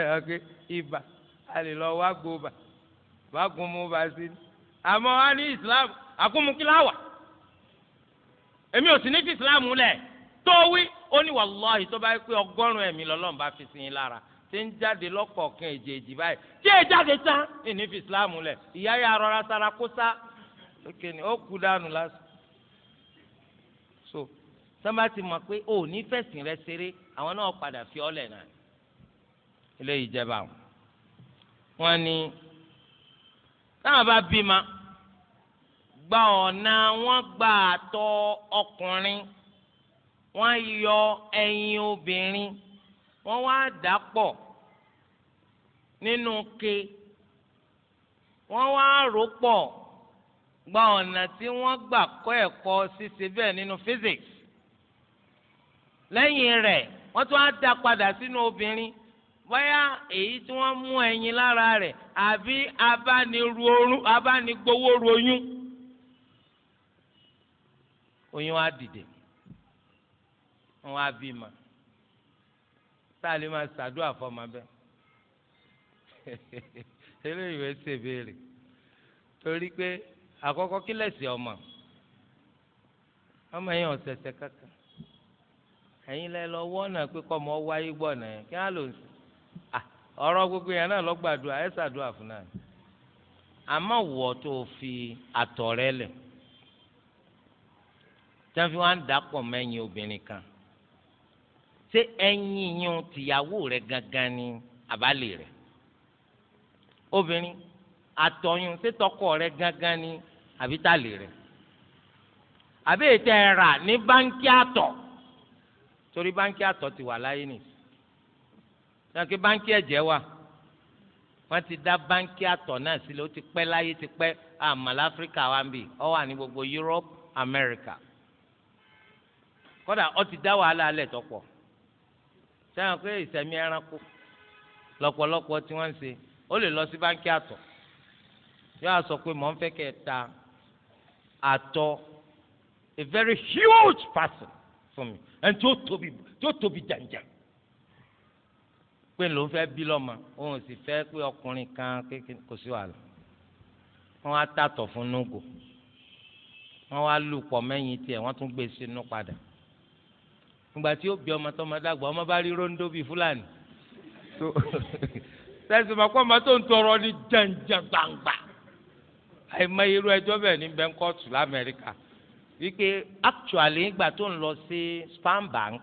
[SPEAKER 1] ẹ̀rọ pé ibà a lè lọ wá gbóba bá gun mú ba sí ni àmọ́ wá ní ìsìláàmù àkúmukíláwà èmi ò sì ní ti ìsìláàmù lẹ̀ tó wí ó ní wàláhì tó bá pé ọgọ́rùn-ún ẹ̀mí lọ́lọ́run bá fi sin lára tí ń jáde lọ́kọ̀ọ̀kan èjì báyìí tí èè jáde tán ìní fi ìsìláàmù lẹ̀ ìyá yà rọra sára kó sá ó kú dànù lásán. sọ́nba ti mọ̀ pé o ní fẹ̀sìn rẹ ṣeré àwọn náà padà fi ọ́lẹ̀ náà eléyìí jẹba wọn ni táwọn bá bímọ gba ọ̀nà wọn gba àtọ̀ ọkùnrin wọn yọ ẹyin obìnrin wọn wá dàpọ̀ nínú ke wọn wá rò pọ̀ gba ọ̀nà tí wọ́n gbà kọ́ ẹ̀kọ́ ṣíṣe bẹ́ẹ̀ nínú physics lẹ́yìn rẹ̀ wọ́n tún á dá padà sínú obìnrin bóyá èyí tí wọ́n mú ẹyin lára rẹ̀ àbí abánigbowó royún oyún á dìde wọ́n á bí ma tá a lè máa ṣàdúrà fọmọ bẹ́ẹ̀ eléyìí wẹ́ẹ́ ṣèbéèrè torí pé àkọ́kọ́ kílẹ̀sì ọmọ ọmọ yẹn ọ̀sẹ̀sẹ̀ kankan ẹ̀yin lẹ lọ wọ́nà pé kọ́ mọ́ wáyé gbọ́nà yẹn kí á lò sí ọrọ gbogbo yẹn náà lọ́gbàdúrà ẹ̀ ṣàdúrà fún náà àmọ́ wọ̀ tó fi àtọ̀ rẹ lẹ̀ tí wọ́n fi wá ń obìnrin kan ṣé ẹ̀yìn yín tìyàwó rẹ gangan ni àbálẹ̀ rẹ̀ obìnrin àtọyún ṣé tọkọ rẹ gangan ni àbítàlẹ̀ rẹ̀ àbí ètò ẹ̀ rà ní báńkì àtọ̀ torí báńkì àtọ̀ ti wà láyé nì sànkì báńkì ẹ̀jẹ̀ wà wọ́n ti dá báńkì àtọ̀ náà sílẹ̀ ó ti pẹ́ láyé ti pẹ́ àmàlà áfíríkà wa ń bì ọ wà ní gbogbo Europe America kódà ọ ti dá wàhálà alẹ̀ tọ́pọ̀ sẹ́yìn pé ìsẹ̀mí ẹranko lọ́pọ̀lọpọ̀ tí wọ́n ń ṣe ó lè lọ sí báńkì àtọ̀ yóò sọ pé mò ń fẹ́ kẹ́ ta àtọ̀ a very huge person fún mi ẹni tí ó tóbi tí ó tóbi jàǹjà pé ló ń fẹ́ bí lọ́mọ òun sì fẹ́ pé ọkùnrin kan kékeré kò sí wàhálà wọ́n á tàtọ̀ fún nógò wọ́n wá lù pọ̀ mẹ́yìn tiẹ̀ wọ́n tún gbé sínú padà ìgbà tí ó bí ọmọ tó máa dàgbà ọmọ bá rí róńdó bíi fúlàní sẹ́sìn máa kọ́ ọmọ tó ń tọrọ ní jàǹjà gbangba àìmọye irú ẹjọ́ bẹ́ẹ̀ ní bẹ́ńkọ́tù lamẹ́ríkà wípé actually ìgbà tó ń lọ sí spam bank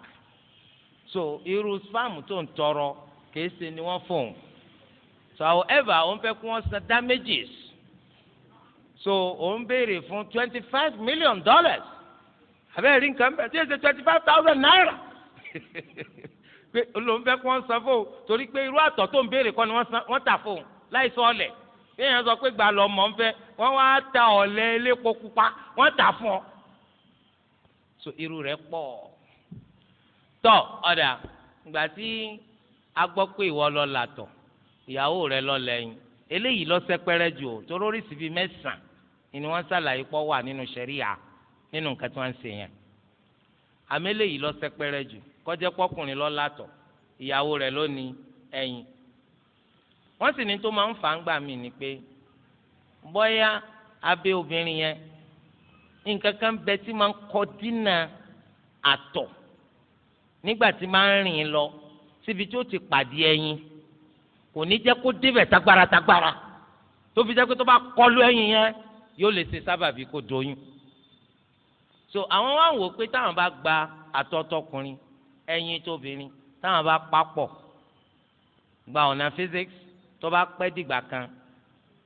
[SPEAKER 1] so irú spam tó ń tọrọ kìí ṣe ni wọ́n fún un so however òun fẹ́ kí wọ́n san damages so òun béèrè fún twenty five million dollars àbẹ́rẹ́ nǹkan bẹ́ẹ̀ tí èsè twenty five thousand naira pé òun fẹ́ kí wọ́n san fún un torí pé irú àtọ̀ tó ń béèrè kọ́ ni wọ́n tà fún un láì sọ ọ̀lẹ̀ bí èèyàn sọ pé gbà lọ mọ̀ ń fẹ́ wọ́n wá ta ọ̀lẹ́ elépo pupa wọ́n tà fún ọ so irú rẹ̀ pọ̀ tọ́ ọ̀dà ìgbà tí a gbọ́ pé ìwọ lọ làtọ̀ ìyàwó rẹ̀ lọ lẹ́yìn eléyìí lọ sẹ́pẹ́rẹ́ jù ó torí oríṣi bíi án ni wọ́n ṣàlàyé pọ̀ wà nínú ṣẹ̀ríà nínú nǹkan tí wọ́n ń ṣe yẹn àmì lọ sẹ́pẹ́rẹ́ jù kọjá pọ́kùnrin lọ làtọ̀ ìyàwó sì ní tó máa ń fà ń gbà mí ni pé bọ́yá abẹ́ obìnrin nǹkan kan bẹ tí máa ń kọ dínà àtọ̀ nígbà tí máa ń rìn lọ síbi tí ó ti pàdé ẹyin kò ní jẹ́ kó débẹ̀ tagbára tagbára tó fi jẹ́ pé tó bá kọlu ẹyin yẹn yóò lè ṣe sábàbí kó doyún so àwọn wá wò pé táwọn bá gba àtọ̀tọkùnrin ẹyin tóbìnrin táwọn bá papọ̀ gba ọ̀nà physics tó bá pẹ́ dìgbà kan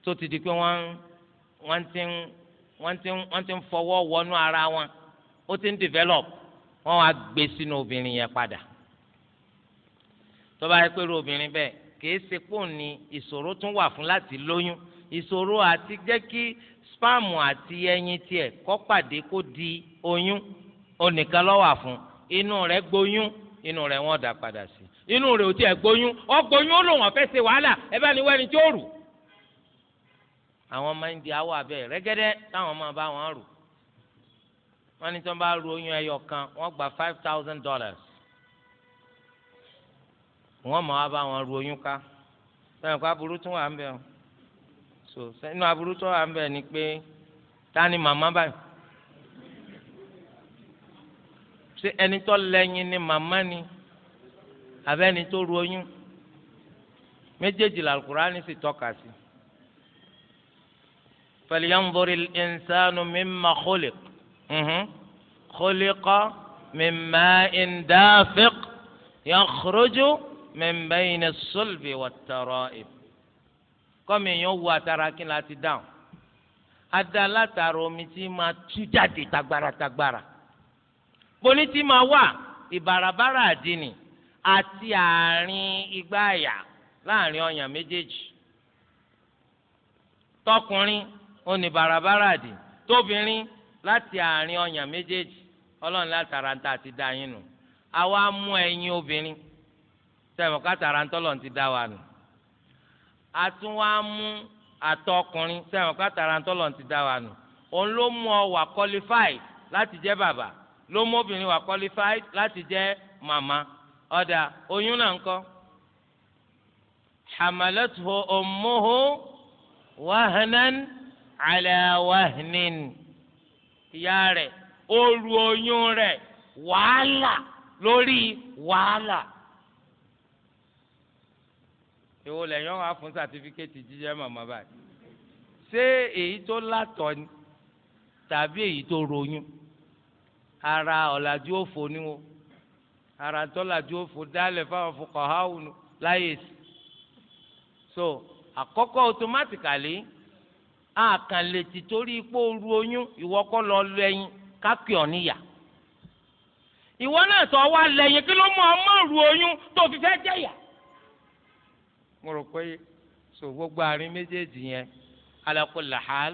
[SPEAKER 1] tó ti di pé wọ́n wọ́n ti ń wọ́n ti wọ́n ti ń fọwọ́ wọnú ara wọn ó ti ń develop wọ́n wá gbé sínú obìnrin yẹn padà tó bá yẹ pé irú obìnrin bẹ́ẹ̀ kìí ṣe pò ní ìṣòro tún wà fún láti lóyún ìṣòro àti jẹ́ kí spáàmù àti ẹyin tiẹ̀ kọ́ pàdé kó di oyún onìkan ló wà fún inú rẹ̀ gbóyún inú rẹ̀ wọ́n dà padà sí inú rẹ̀ ò tiẹ̀ gbóyún ó gbóyún ó lòun ọ̀fẹ́ ṣe wàhálà ẹ bá ní wẹ́ni tí ó rù àwọn máa ń di awọ abẹ rẹ́gẹ́dẹ́ táwọn máa bá wọn rù wọ́n ní tí wọ́n bá ru oyún ẹyọ kan wọ́n gba five thousand dollars wọ́n máa wá bá wọn ru oyún ká sẹ́yìn kó aburú tún wà ń bẹ̀ so sẹ́yìn aburú tún wà ń bẹ̀ ni pé ta ni màmá báyìí ṣé ẹni tó lẹ́yìn ni màmá ni àbẹ́ ẹni tó ru oyún méjèèjì làlùkùránì sì tọ́ka sí i. فلينظر الإنسان مما خلق خلق من ماء دافق يخرج من بين الصلب والترائب kọ́mi yẹn wo àtàrà kí n láti dáhùn adá látara omi tí máa tú jáde tagbáratagbára boni tí máa wà ìbàràbàrà àdínì àti àárín igbá àyà láàrin ọyàn méjèèjì tọkùnrin ó ní bàràbàràdì tóbìnrin láti àárín ọyàn méjèèjì ọlọ́run látara tá a ti dá yín nù àwa mú ẹyin obìnrin sẹ́wọ̀n kátàrà ńtọ́lọ́run ti da wa nù àtúnwá mú àtọkùnrin sẹ́wọ̀n kátàrà ńtọ́lọ́run ti dá wa nù òun ló mú ọ wà qualified láti jẹ́ bàbá ló mú obìnrin wà qualified láti jẹ́ màmá ọ̀dà oyún náà ń kọ́ hamalatuhu ummuhu wahanan ala wahnin ìyá rẹ̀ ó ru oyún rẹ̀ wàhálà lórí wàhálà. èwo lẹ́yìn wá fún sàtífíkẹ́tì jíjẹ́ màmá báyìí ṣé èyí tó látọ̀ ni tàbí èyí tó royún ara ọ̀làjú òfò ni o ara tọ́làjú òfò dálẹ̀ fáwọn fọkàn láyè sí. so àkọ́kọ́ automatically àkànlètì torí ipò oru oyún ìwọ kọ́ lọ lẹ́yìn kápẹ́ ọ̀níyà ìwọ náà tó wá lẹ́yìn kí ló mọ ọmọ ru oyún tó fi fẹ́ jẹ̀yà. mo rò pé so gbogbo àárín méjèèjì yẹn ala kulli hal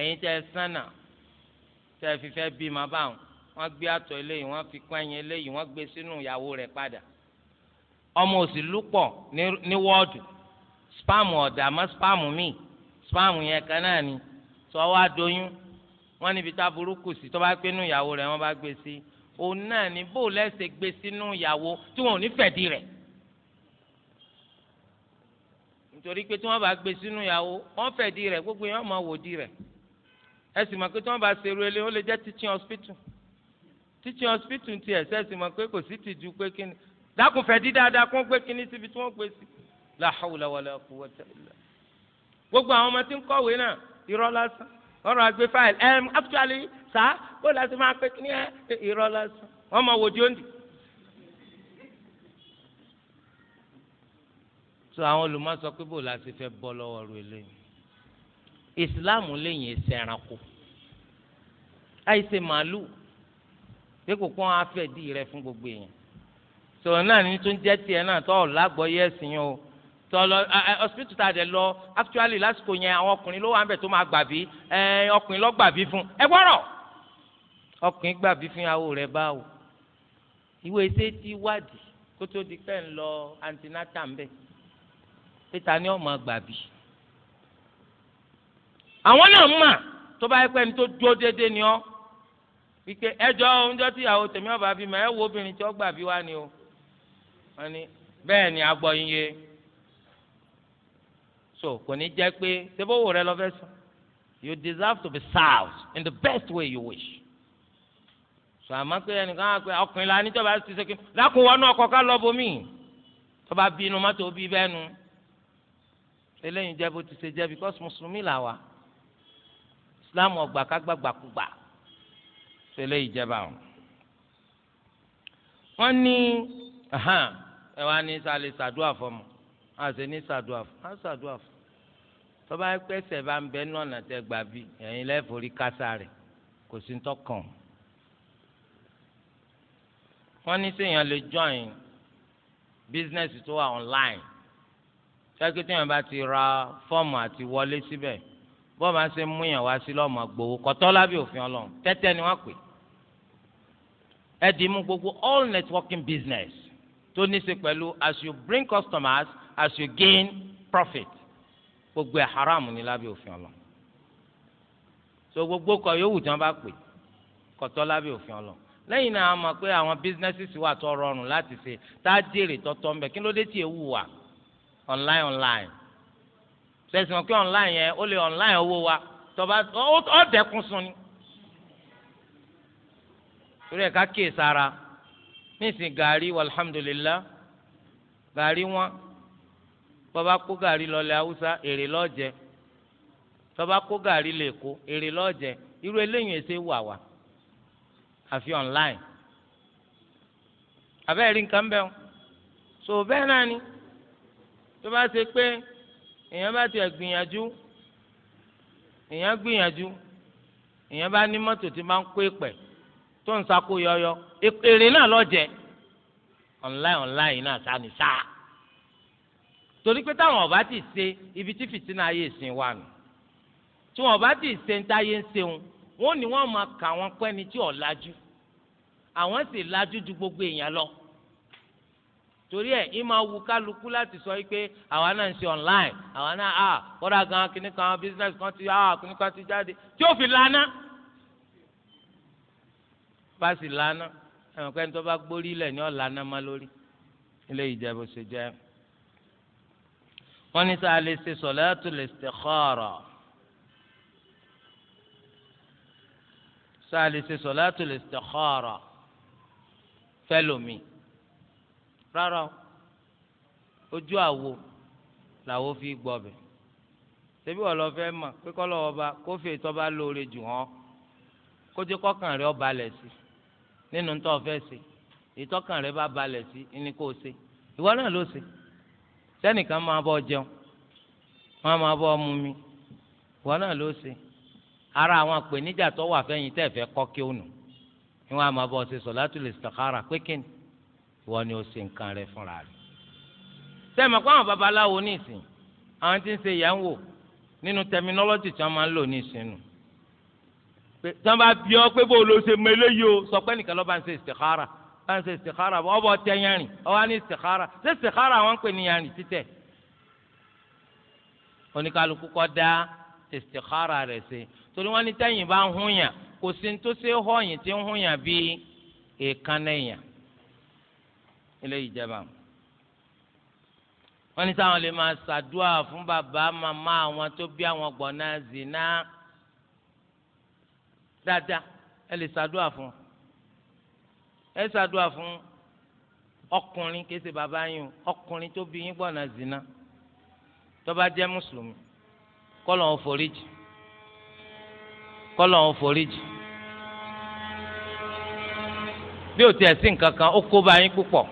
[SPEAKER 1] ẹ̀yin tẹ́ ẹ sánà tẹ́ ẹ fi fẹ́ bí ma báwọn wọ́n gbé àtọ̀ eléyìí wọ́n fi kún ẹyin eléyìí wọ́n gbé sínú ìyàwó rẹ̀ padà ọmọ òsì lúpọ̀ ní wọ́ọ̀dù spam ọ̀dà má spam míì spam yẹn kan náà ni sọ wá doyún wọn níbi tá burúkú sí tó bá gbé nú ìyàwó rẹ̀ wọn bá gbé sí òun náà ni bó lẹsẹ gbé sínú ìyàwó tí wọn ò ní fẹ̀dí rẹ̀ nítorí pé tí wọn bá gbé sínú ìyàwó wọn fẹ̀dí rẹ̀ gbogbo yẹn wọn máa wò di rẹ̀ ẹ sì mọ̀ pé tí wọn bá ṣerú ilé ó lè jẹ́ teaching hospital teaching hospital ti ẹ̀ sẹ́sì mọ̀ pé kò sí tìjú pé kíni dákun fẹ̀dí dáadáa kó gbé kíní síbi tí wọ́n gbé sí la hawla wala quwwata illa gbogbo àwọn ọmọ tí ń kọ̀wé náà irọ́ lásán ọ̀rọ̀ àgbé fáìlì ẹ̀m actually sá bó láti máa pé kí ni ẹ irọ́ lásán wọ́n mọ wojú òǹdì. so àwọn olùmọ̀ sọ pé bó la ti fẹ́ bọ́ lọ́wọ́ ru eléyìí ìsìláàmù lẹ́yìn ẹsẹ̀ ẹranko àìsè màálù pé kò kọ́ afẹ́dí rẹ fún gbogbo èèyàn sọ̀rọ̀ náà ní tó ń jẹ́ tiẹ̀ náà tó ọ̀ lágbọ́ yẹ́ ẹ̀sìn yẹn o tọlọ hospital ta dẹ lọ actually lásìkò yẹn àwọn ọkùnrin ló wà nbẹ tó máa gbàbí ọkùnrin lọ gbàbí fún ẹ gbọrọ ọkùnrin gbàbí fún ìyàwó rẹ báwo ìwé ṣe ti wádìí kó tó di pẹ́ ń lọ antinata ń bẹ̀ pété ni ọmọ gbàbí. àwọn náà mà tó bá yẹ pé ní tó dúró déédéé ni ọ wípé ẹjọ́ oúnjẹ tí ìyàwó tèmi ọba bímọ ẹ wo obìnrin tí ó gbàbí wá ni o wọn ni bẹ́ẹ̀ ni agbọ̀yin yé so kò ní jẹ́ pé sebówó rẹ lọ fẹ́ sọ you deserve to be served in the best way you wish so àmọ́ pé ẹnìkan á pé ọkùnrin la níjọba ti ṣe kí lákùn wọnú ọkọ̀ ká lọ bomi tọba bínú mọ́tò bí bẹ́ẹ̀ nu eléyìí jẹ́ bó ti ṣe jẹ́ because mùsùlùmí là wà islam ọgbà kágbà gbàkúgbà ṣe eléyìí jẹ́ báwọn. wọ́n ní ẹ wá ní sálẹ̀ ṣàdúrà fọmọ àṣẹ ní sàdúà fún á sàdúà fún tọ́ba pẹ́sẹ̀ bá ń bẹ nọ́ọ̀nà tẹ gbà bí ẹ̀yin lẹ́fọ̀rí kásá rẹ̀ kò sí ń tọkàn. wọ́n ní sèèyàn lè join business tó wà online sẹ́kí tí wọ́n bá ti ra fọ́ọ̀mù àti wọlé síbẹ̀ bọ́ọ̀ bá ṣe mú yàn wá sí lọ́mọ gbowó kọ́tọ́ lábẹ́ òfin ọlọ́run tẹ́tẹ́ ni wọ́n pè ẹ dì í mú gbogbo all networking business tó ní í ṣe pẹ̀lú as you bring customers as you gain profit gbogbo ẹ̀ haram ni lábẹ́ òfin ọlọ́ so gbogbo kọ yòówù tí wọ́n bá pè kọ̀tọ́ lábẹ́ òfin ọlọ́ lẹ́yìn náà a mọ̀ pé àwọn businesses wà tó rọrùn láti ṣe tá a jèrè tọ́tọ́ mbẹ́ kí ló dé tí ewu wà online online sẹ́sìn wọn pé online yẹn ó lè online owó wa tọ́ba ó dẹ́kun sun ni torí ẹ̀ ká kíyè sára níìsín gàrí alhamdulillah gàrí wọn bàbá kó gàrí lọlẹ̀ haúsá èrè lọ́jẹ̀ bàbá kó gàrí lẹ́kọ́ èrè lọ́jẹ̀ irú eléyìí ẹsẹ̀ wà wá àfi online àbẹ́ẹ̀ rí nǹkan bẹ́ẹ̀ so bẹ́ẹ̀ náà ni tó bá ṣe pé èèyàn bá tiẹ̀ gbìyànjú èèyàn gbìyànjú èèyàn bá ní mọ́tò tí máa ń kó ìpẹ́ tó ń sako yọyọ èrè náà lọ́jẹ̀ online online náà sáni sáà torí pé táwọn ọba ti ṣe ibi tí fìtínà ayé ìsìn wà nù tí wọn ọba ti ṣe ń táyé ń ṣeun wọn ni wọn máa kà wọn pẹ́ ni tí ò lajú àwọn sì lajú ju gbogbo èèyàn lọ torí ẹ ì máa wu kálukú láti sọ pé àwa náà ń ṣe online àwa náà a ah, kódà gan kìnnì kan business kan ti a ah, kìnnì kan ti jáde tí ó fi lana bá sì lana ẹ̀wọ̀n kẹ́ni tó bá gbórí ilẹ̀ ni ọ̀ lana má lórí ilé ìjẹ́bù ṣe jẹ́ wọ́n ní sáà lè ṣe sọ̀láàtù listikhara sáà lè ṣe sọ̀láàtù listikhara fẹ́lòmí rárá ojú àwo làwo fi gbọ́bẹ̀ ṣebí wọ́n lọ fẹ́ mọ̀ pé kọ́ lọ́wọ́ bá kó fi ètò ọba lóore jù hàn kó jẹ́ kọ́kàn rẹ̀ ó balẹ̀ sí nínú tó o fẹ́ ṣe ìtọ́kàn rẹ̀ bá balẹ̀ sí ni kó o ṣe ìwọ náà ló ṣe sẹ́nìkan máa bọ́ jẹun wọ́n máa bọ́ mu mi wọ́n náà ló ṣe ara àwọn àpèníjà tó wà fẹ́yìn tẹ́ fẹ́ kọ́ kí ó nù ni wọ́n á máa bọ́ ṣe solatul istikhara pé kí ni wọ́n ni ó ṣe nǹkan rẹ̀ fúnra rẹ̀ sẹ́mi kó àwọn babaláwo ní ìsìn àwọn tí ń ṣe yẹ̀wò nínú tẹminọ́lọ́jì tí wọ́n máa ń lò ní ìsìn nù tí wọ́n bá bí ọ pé bó o lo ṣe mọ eléyìí o sọ pé nìkan ló bá ń ṣe istikhara wọn ṣe istikhara bọ ọbọ tẹ yanrìn ọwọ ní istikhara ṣé istikhara wọn pè ní yanrìn títẹ oníkàlùkù kọ da istikhara rẹ ṣe torí wọn ní tẹyìn bá ń hún yàn kò sí tó ṣe họyìn tí ń hún yàn bí èèkánlẹyìn ilé ìjẹba wọn ní sáwọn lè máa ṣàdúrà fún bàbá màmá àwọn tó bí àwọn gbọ̀nà zina dáadáa ẹ lè ṣàdúrà fún wọn ẹ ṣàdúrà fún ọkùnrin kìí bàbá yín o ọkùnrin tó bí yín gbọ̀nà zina tó bá jẹ́ mùsùlùmí kọ́lọ̀ ń foríjì kọ́lọ̀ ń foríjì bí o tiẹ̀ sí nǹkan kan ó kó bá yín púpọ̀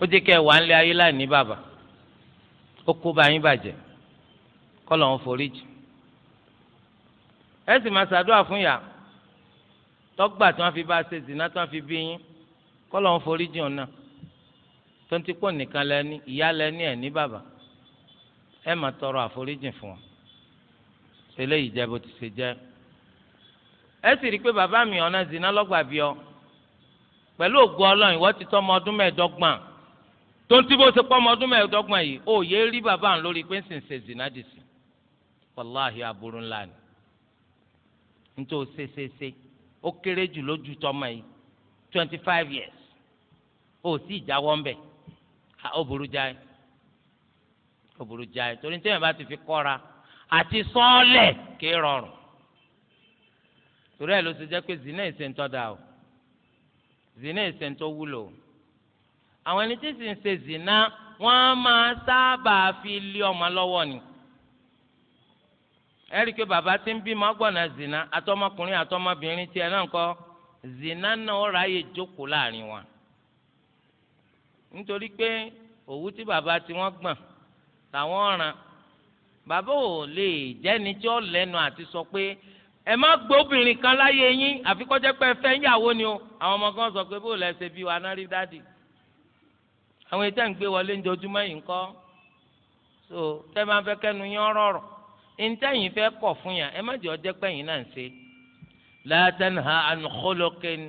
[SPEAKER 1] ó jẹ́ kẹ́ ẹ wà nílé ayé láì ní bàbá ó kó bá yín bàjẹ́ kọ́lọ̀ ń foríjì ẹ sì máa ṣàdúrà fún yàrá tọ́gbà tí wọ́n fi bá ṣe zina tí wọ́n fi bí yín kọ́ lọ́n forí jìn ọ̀nà tó ń ti pọ̀ nìkan lẹ́ni ìyá lẹ́ni ẹ̀ ní bàbá ẹ̀ máa tọrọ àforíjìn fún wọn ṣẹlẹ̀ yìí jẹ́ bó ti ṣe jẹ́ ẹ sì rí i pé bàbá mi ọ̀nà zina lọ́gbà bí ọ pẹ̀lú ògo ọlọ́run ìwọ ti tọ́mọ ọdún mẹ́ẹ̀ẹ́dọ́gbọ̀n tó ń ti bó ṣe pọ́mọ ọdún mẹ́ẹ̀ẹ́dọ́gbọ̀n yìí ó yé rí bàbá àwọn lórí pé ń sì ń ṣe zina dì sí wàláhì aburú ńlá ni nítorí ṣe ṣe ṣe ó kéré jù lójú tọmọ yìí twenty five years ó sì jáwọ́ ńbẹ̀ ó burú jáì ó burú jáì torí tẹ́yìn bá ti fi kọ́ra àti sọ́ọ̀lẹ̀ kì í rọrùn torí ẹ̀ ló ti jẹ́ pé zina ìṣe ń tọ́da o zina ìṣe ń tó wúlò o àwọn ẹni tí sì ń ṣe zina wọ́n á máa sábà fi lé ọmọ lọ́wọ́ ni ẹ rí i pé bàbá tí ń bímọ ọgbọ̀nà zina àtọmọkùnrin àtọmọbìnrin tiẹ̀ náà kọ́ zina náà ó ráyè jókòó láàrin wọn nítorí pé òwú tí bàbá tí wọ́n gbọ̀n làwọn ọ̀ràn bàbá ò lè jẹ́ni tí ó lẹ́nu àti sọ pé ẹ má gbóbìnrin kan láyé yín àfi kó jẹ́ pé ẹ fẹ́ yàwó ni o àwọn ọmọ kan sọ pé bó lẹ ṣe bí wa náà rí dáàdì àwọn ètò ẹ̀ ń gbé wọlé ń jojúmọ́ yìí ń kọ́ so tẹ́ máa fẹ́ kẹ́nu yín ọ̀rọ̀ ọ̀rọ̀ ntẹ́yìn fẹ́ kọ̀ fún yàn ẹ má jẹ́ ọjẹ́ pẹ́yìn náà ń ṣe. la tanha an khuluqin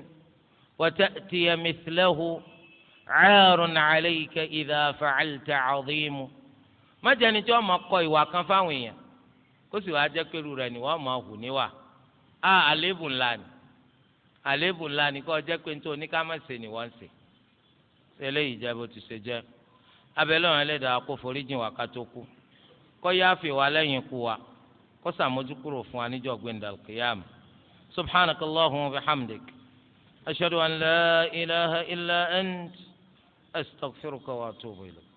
[SPEAKER 1] wa ta'tiya mithlahu 'arun 'alayka idha fa'alta 'azimu. má jẹ́ ẹni tí wọ́n máa kọ ìwà kan fáwọn èèyàn kó sì wàá jẹ́ pẹ̀lú rẹ̀ ni wọ́n máa hù níwà. a àléébù ńlá ni àléébù ńlá ni kọ́ ọjẹ́ pé nítorí oníkàmọ́sẹ̀ ni wọ́n ṣe. eléyìí jẹ́ bó ti ṣe jẹ́ abẹ́lẹ́ ọ̀rẹ́ kó yááfì wa lẹ́yìn ikú wa kó ṣàmójúkúrò fún wa níjọ́ gbẹ̀ndàl kìyàm subhanak allahumma wa bihamdik ashadu an la ilaha illa ant astaghfiruka wa atubu ilayk.